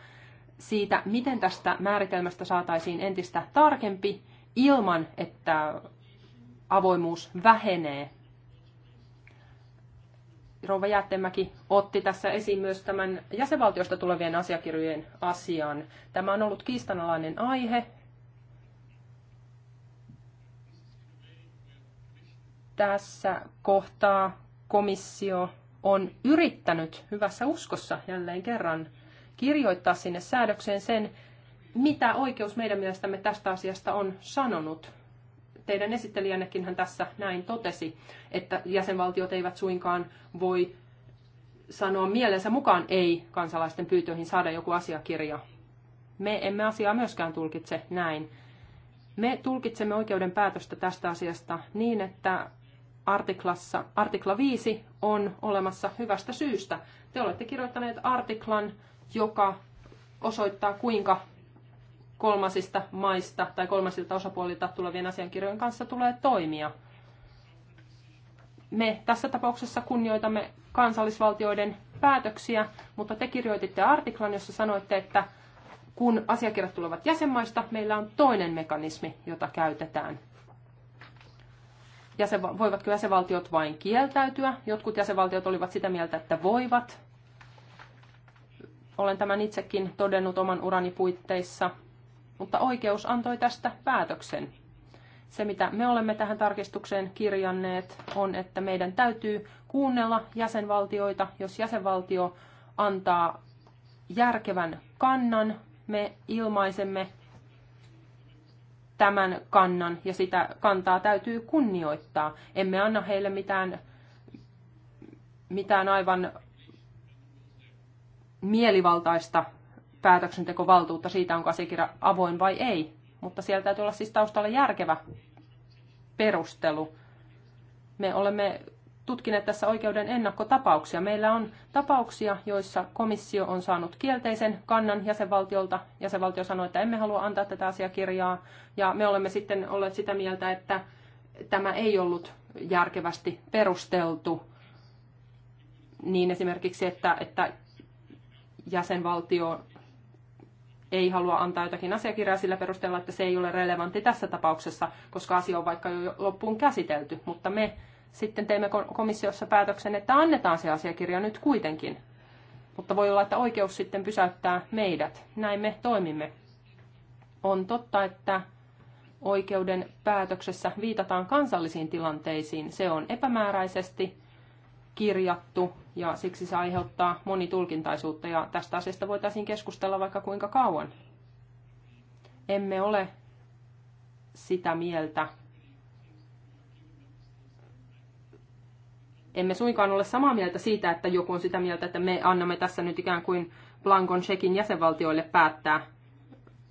siitä, miten tästä määritelmästä saataisiin entistä tarkempi ilman, että avoimuus vähenee. Rouva Jäättemäki otti tässä esiin myös tämän jäsenvaltiosta tulevien asiakirjojen asian. Tämä on ollut kiistanalainen aihe tässä kohtaa komissio on yrittänyt hyvässä uskossa jälleen kerran kirjoittaa sinne säädökseen sen, mitä oikeus meidän mielestämme tästä asiasta on sanonut. Teidän esittelijännekin hän tässä näin totesi, että jäsenvaltiot eivät suinkaan voi sanoa mielensä mukaan ei kansalaisten pyytöihin saada joku asiakirja. Me emme asiaa myöskään tulkitse näin. Me tulkitsemme oikeuden päätöstä tästä asiasta niin, että artiklassa, artikla 5 on olemassa hyvästä syystä. Te olette kirjoittaneet artiklan, joka osoittaa kuinka kolmasista maista tai kolmasilta osapuolilta tulevien asiankirjojen kanssa tulee toimia. Me tässä tapauksessa kunnioitamme kansallisvaltioiden päätöksiä, mutta te kirjoititte artiklan, jossa sanoitte, että kun asiakirjat tulevat jäsenmaista, meillä on toinen mekanismi, jota käytetään jäsen, voivatko jäsenvaltiot vain kieltäytyä. Jotkut jäsenvaltiot olivat sitä mieltä, että voivat. Olen tämän itsekin todennut oman urani puitteissa, mutta oikeus antoi tästä päätöksen. Se, mitä me olemme tähän tarkistukseen kirjanneet, on, että meidän täytyy kuunnella jäsenvaltioita, jos jäsenvaltio antaa järkevän kannan, me ilmaisemme tämän kannan ja sitä kantaa täytyy kunnioittaa. Emme anna heille mitään, mitään aivan mielivaltaista päätöksentekovaltuutta siitä, onko asiakirja avoin vai ei. Mutta sieltä täytyy olla siis taustalla järkevä perustelu. Me olemme tutkineet tässä oikeuden ennakkotapauksia. Meillä on tapauksia, joissa komissio on saanut kielteisen kannan jäsenvaltiolta. Jäsenvaltio sanoi, että emme halua antaa tätä asiakirjaa. Ja me olemme sitten olleet sitä mieltä, että tämä ei ollut järkevästi perusteltu niin esimerkiksi, että, että jäsenvaltio ei halua antaa jotakin asiakirjaa sillä perusteella, että se ei ole relevantti tässä tapauksessa, koska asia on vaikka jo loppuun käsitelty, mutta me sitten teimme komissiossa päätöksen, että annetaan se asiakirja nyt kuitenkin. Mutta voi olla, että oikeus sitten pysäyttää meidät. Näin me toimimme. On totta, että oikeuden päätöksessä viitataan kansallisiin tilanteisiin. Se on epämääräisesti kirjattu ja siksi se aiheuttaa monitulkintaisuutta ja tästä asiasta voitaisiin keskustella vaikka kuinka kauan. Emme ole sitä mieltä, emme suinkaan ole samaa mieltä siitä, että joku on sitä mieltä, että me annamme tässä nyt ikään kuin Blankon Shekin jäsenvaltioille päättää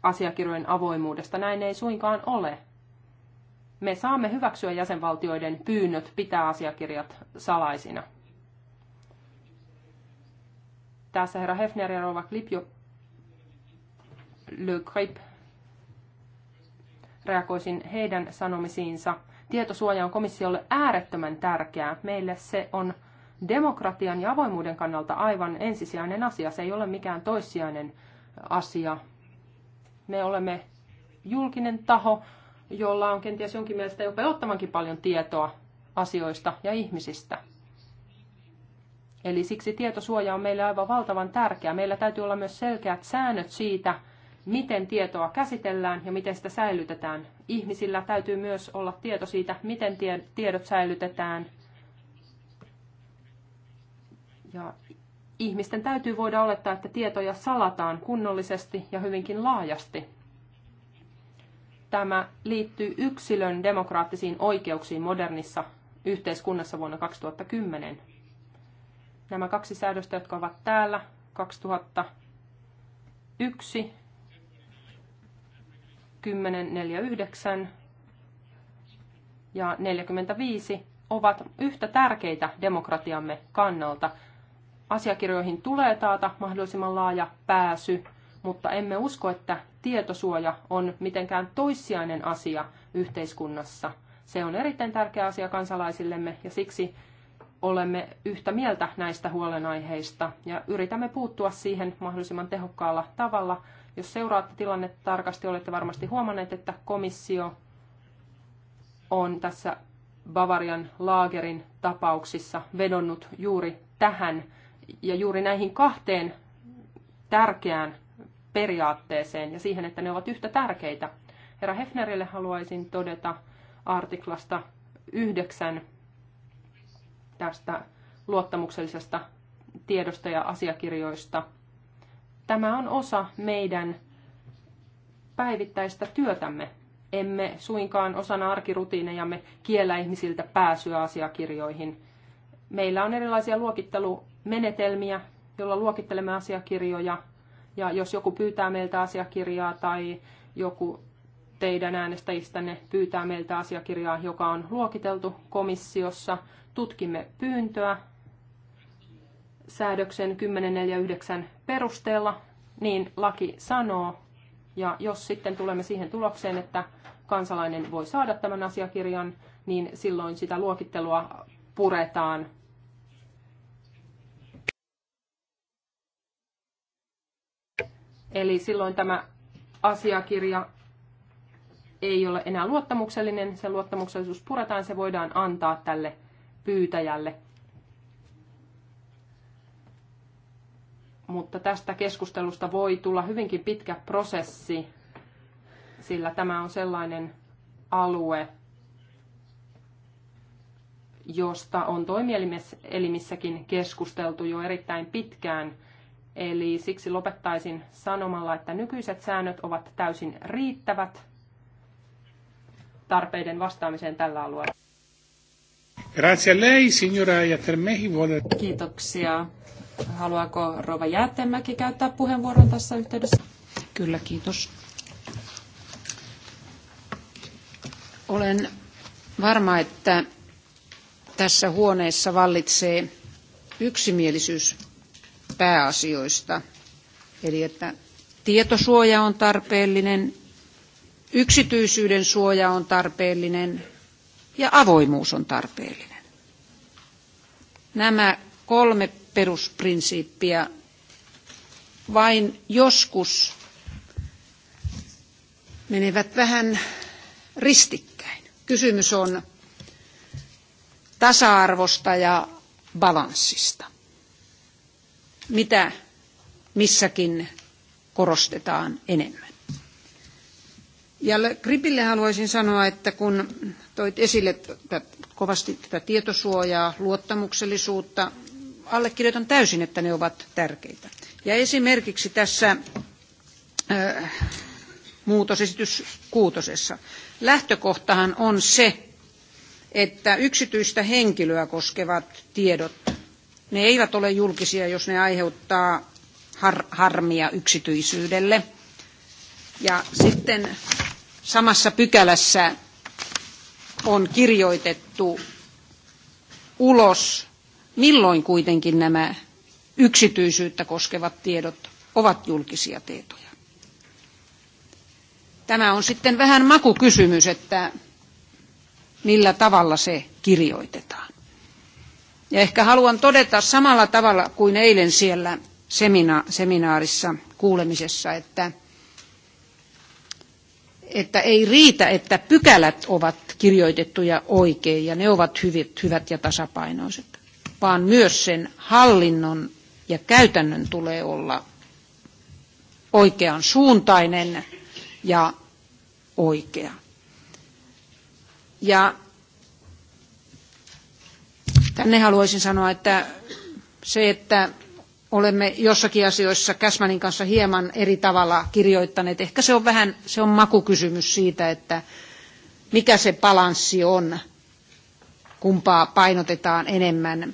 asiakirjojen avoimuudesta. Näin ei suinkaan ole. Me saamme hyväksyä jäsenvaltioiden pyynnöt pitää asiakirjat salaisina. Tässä herra Hefner ja Rova Klip jo Le Grip reagoisin heidän sanomisiinsa. Tietosuoja on komissiolle äärettömän tärkeää. Meille se on demokratian ja avoimuuden kannalta aivan ensisijainen asia. Se ei ole mikään toissijainen asia. Me olemme julkinen taho, jolla on kenties jonkin mielestä jo ottamankin paljon tietoa asioista ja ihmisistä. Eli siksi tietosuoja on meille aivan valtavan tärkeä. Meillä täytyy olla myös selkeät säännöt siitä, miten tietoa käsitellään ja miten sitä säilytetään. Ihmisillä täytyy myös olla tieto siitä, miten tiedot säilytetään. Ja ihmisten täytyy voida olettaa, että tietoja salataan kunnollisesti ja hyvinkin laajasti. Tämä liittyy yksilön demokraattisiin oikeuksiin modernissa yhteiskunnassa vuonna 2010. Nämä kaksi säädöstä, jotka ovat täällä 2001 1049 ja 45 ovat yhtä tärkeitä demokratiamme kannalta. Asiakirjoihin tulee taata mahdollisimman laaja pääsy, mutta emme usko, että tietosuoja on mitenkään toissijainen asia yhteiskunnassa. Se on erittäin tärkeä asia kansalaisillemme ja siksi olemme yhtä mieltä näistä huolenaiheista ja yritämme puuttua siihen mahdollisimman tehokkaalla tavalla jos seuraatte tilannetta tarkasti, olette varmasti huomanneet, että komissio on tässä Bavarian laagerin tapauksissa vedonnut juuri tähän ja juuri näihin kahteen tärkeään periaatteeseen ja siihen, että ne ovat yhtä tärkeitä. Herra Hefnerille haluaisin todeta artiklasta yhdeksän tästä luottamuksellisesta tiedosta ja asiakirjoista – Tämä on osa meidän päivittäistä työtämme. Emme suinkaan osana arkirutiinejamme kiellä ihmisiltä pääsyä asiakirjoihin. Meillä on erilaisia luokittelumenetelmiä, joilla luokittelemme asiakirjoja. Ja jos joku pyytää meiltä asiakirjaa tai joku teidän äänestäjistänne pyytää meiltä asiakirjaa, joka on luokiteltu komissiossa. Tutkimme pyyntöä säädöksen 1049 perusteella, niin laki sanoo, ja jos sitten tulemme siihen tulokseen, että kansalainen voi saada tämän asiakirjan, niin silloin sitä luokittelua puretaan. Eli silloin tämä asiakirja ei ole enää luottamuksellinen, sen luottamuksellisuus puretaan, se voidaan antaa tälle pyytäjälle. mutta tästä keskustelusta voi tulla hyvinkin pitkä prosessi, sillä tämä on sellainen alue, josta on toimielimissäkin keskusteltu jo erittäin pitkään. Eli siksi lopettaisin sanomalla, että nykyiset säännöt ovat täysin riittävät tarpeiden vastaamiseen tällä alueella. Grazie a lei, signora Iatermehi. Kiitoksia. Haluaako Rova Jäätemäki käyttää puheenvuoron tässä yhteydessä? Kyllä, kiitos. Olen varma, että tässä huoneessa vallitsee yksimielisyys pääasioista, eli että tietosuoja on tarpeellinen, yksityisyyden suoja on tarpeellinen ja avoimuus on tarpeellinen. Nämä kolme perusprinsiippiä. Vain joskus menevät vähän ristikkäin. Kysymys on tasa-arvosta ja balanssista. Mitä missäkin korostetaan enemmän. Ja Gripille haluaisin sanoa, että kun toit esille kovasti tätä tietosuojaa, luottamuksellisuutta, allekirjoitan täysin, että ne ovat tärkeitä. Ja esimerkiksi tässä äh, muutosesitys kuutosessa. Lähtökohtahan on se, että yksityistä henkilöä koskevat tiedot, ne eivät ole julkisia, jos ne aiheuttaa har harmia yksityisyydelle. Ja sitten samassa pykälässä on kirjoitettu ulos milloin kuitenkin nämä yksityisyyttä koskevat tiedot ovat julkisia tietoja. Tämä on sitten vähän makukysymys, että millä tavalla se kirjoitetaan. Ja ehkä haluan todeta samalla tavalla kuin eilen siellä semina- seminaarissa kuulemisessa, että, että ei riitä, että pykälät ovat kirjoitettuja oikein ja ne ovat hyvät, hyvät ja tasapainoiset vaan myös sen hallinnon ja käytännön tulee olla oikean suuntainen ja oikea. Ja tänne haluaisin sanoa, että se, että olemme jossakin asioissa Käsmanin kanssa hieman eri tavalla kirjoittaneet. Ehkä se on vähän se on makukysymys siitä, että mikä se balanssi on, kumpaa painotetaan enemmän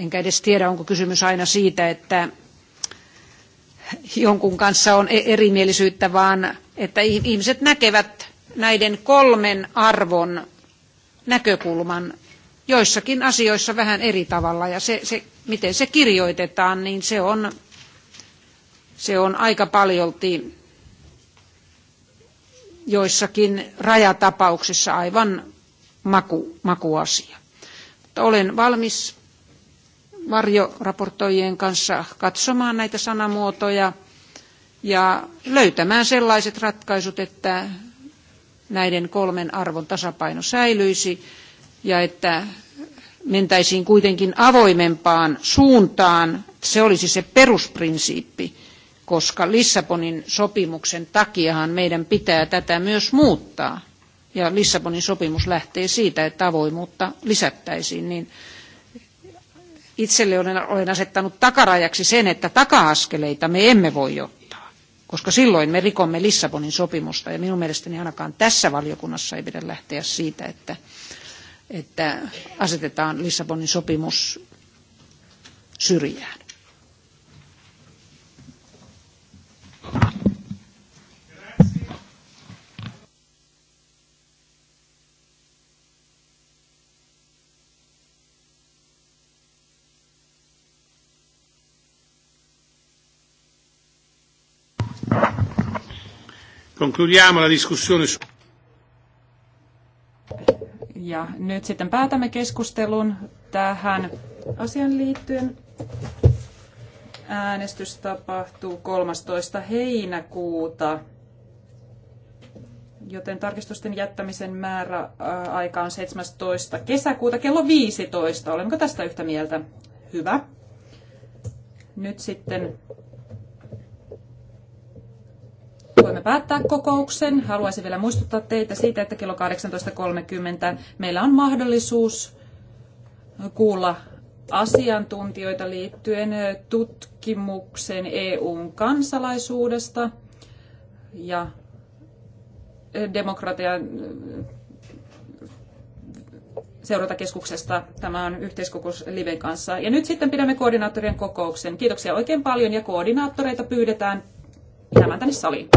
enkä edes tiedä, onko kysymys aina siitä, että jonkun kanssa on e- erimielisyyttä, vaan että ihmiset näkevät näiden kolmen arvon näkökulman joissakin asioissa vähän eri tavalla. Ja se, se miten se kirjoitetaan, niin se on, se on aika paljolti joissakin rajatapauksissa aivan maku, makuasia. Mutta olen valmis varjoraportoijien kanssa katsomaan näitä sanamuotoja ja löytämään sellaiset ratkaisut, että näiden kolmen arvon tasapaino säilyisi ja että mentäisiin kuitenkin avoimempaan suuntaan. Se olisi se perusprinsiippi, koska Lissabonin sopimuksen takiahan meidän pitää tätä myös muuttaa. Ja Lissabonin sopimus lähtee siitä, että avoimuutta lisättäisiin, niin itselle olen, olen asettanut takarajaksi sen, että taka-askeleita me emme voi ottaa, koska silloin me rikomme Lissabonin sopimusta. Ja minun mielestäni ainakaan tässä valiokunnassa ei pidä lähteä siitä, että, että asetetaan Lissabonin sopimus syrjään. Concludiamo la discussione su... Ja nyt sitten päätämme keskustelun tähän asian liittyen. Äänestys tapahtuu 13. heinäkuuta, joten tarkistusten jättämisen määrä aika on 17. kesäkuuta kello 15. Olemmeko tästä yhtä mieltä? Hyvä. Nyt sitten voimme päättää kokouksen. Haluaisin vielä muistuttaa teitä siitä, että kello 18.30 meillä on mahdollisuus kuulla asiantuntijoita liittyen tutkimuksen EUn kansalaisuudesta ja demokratian seurantakeskuksesta. Tämä on yhteiskokous Liven kanssa. Ja nyt sitten pidämme koordinaattorien kokouksen. Kiitoksia oikein paljon ja koordinaattoreita pyydetään tämä tänne saliin.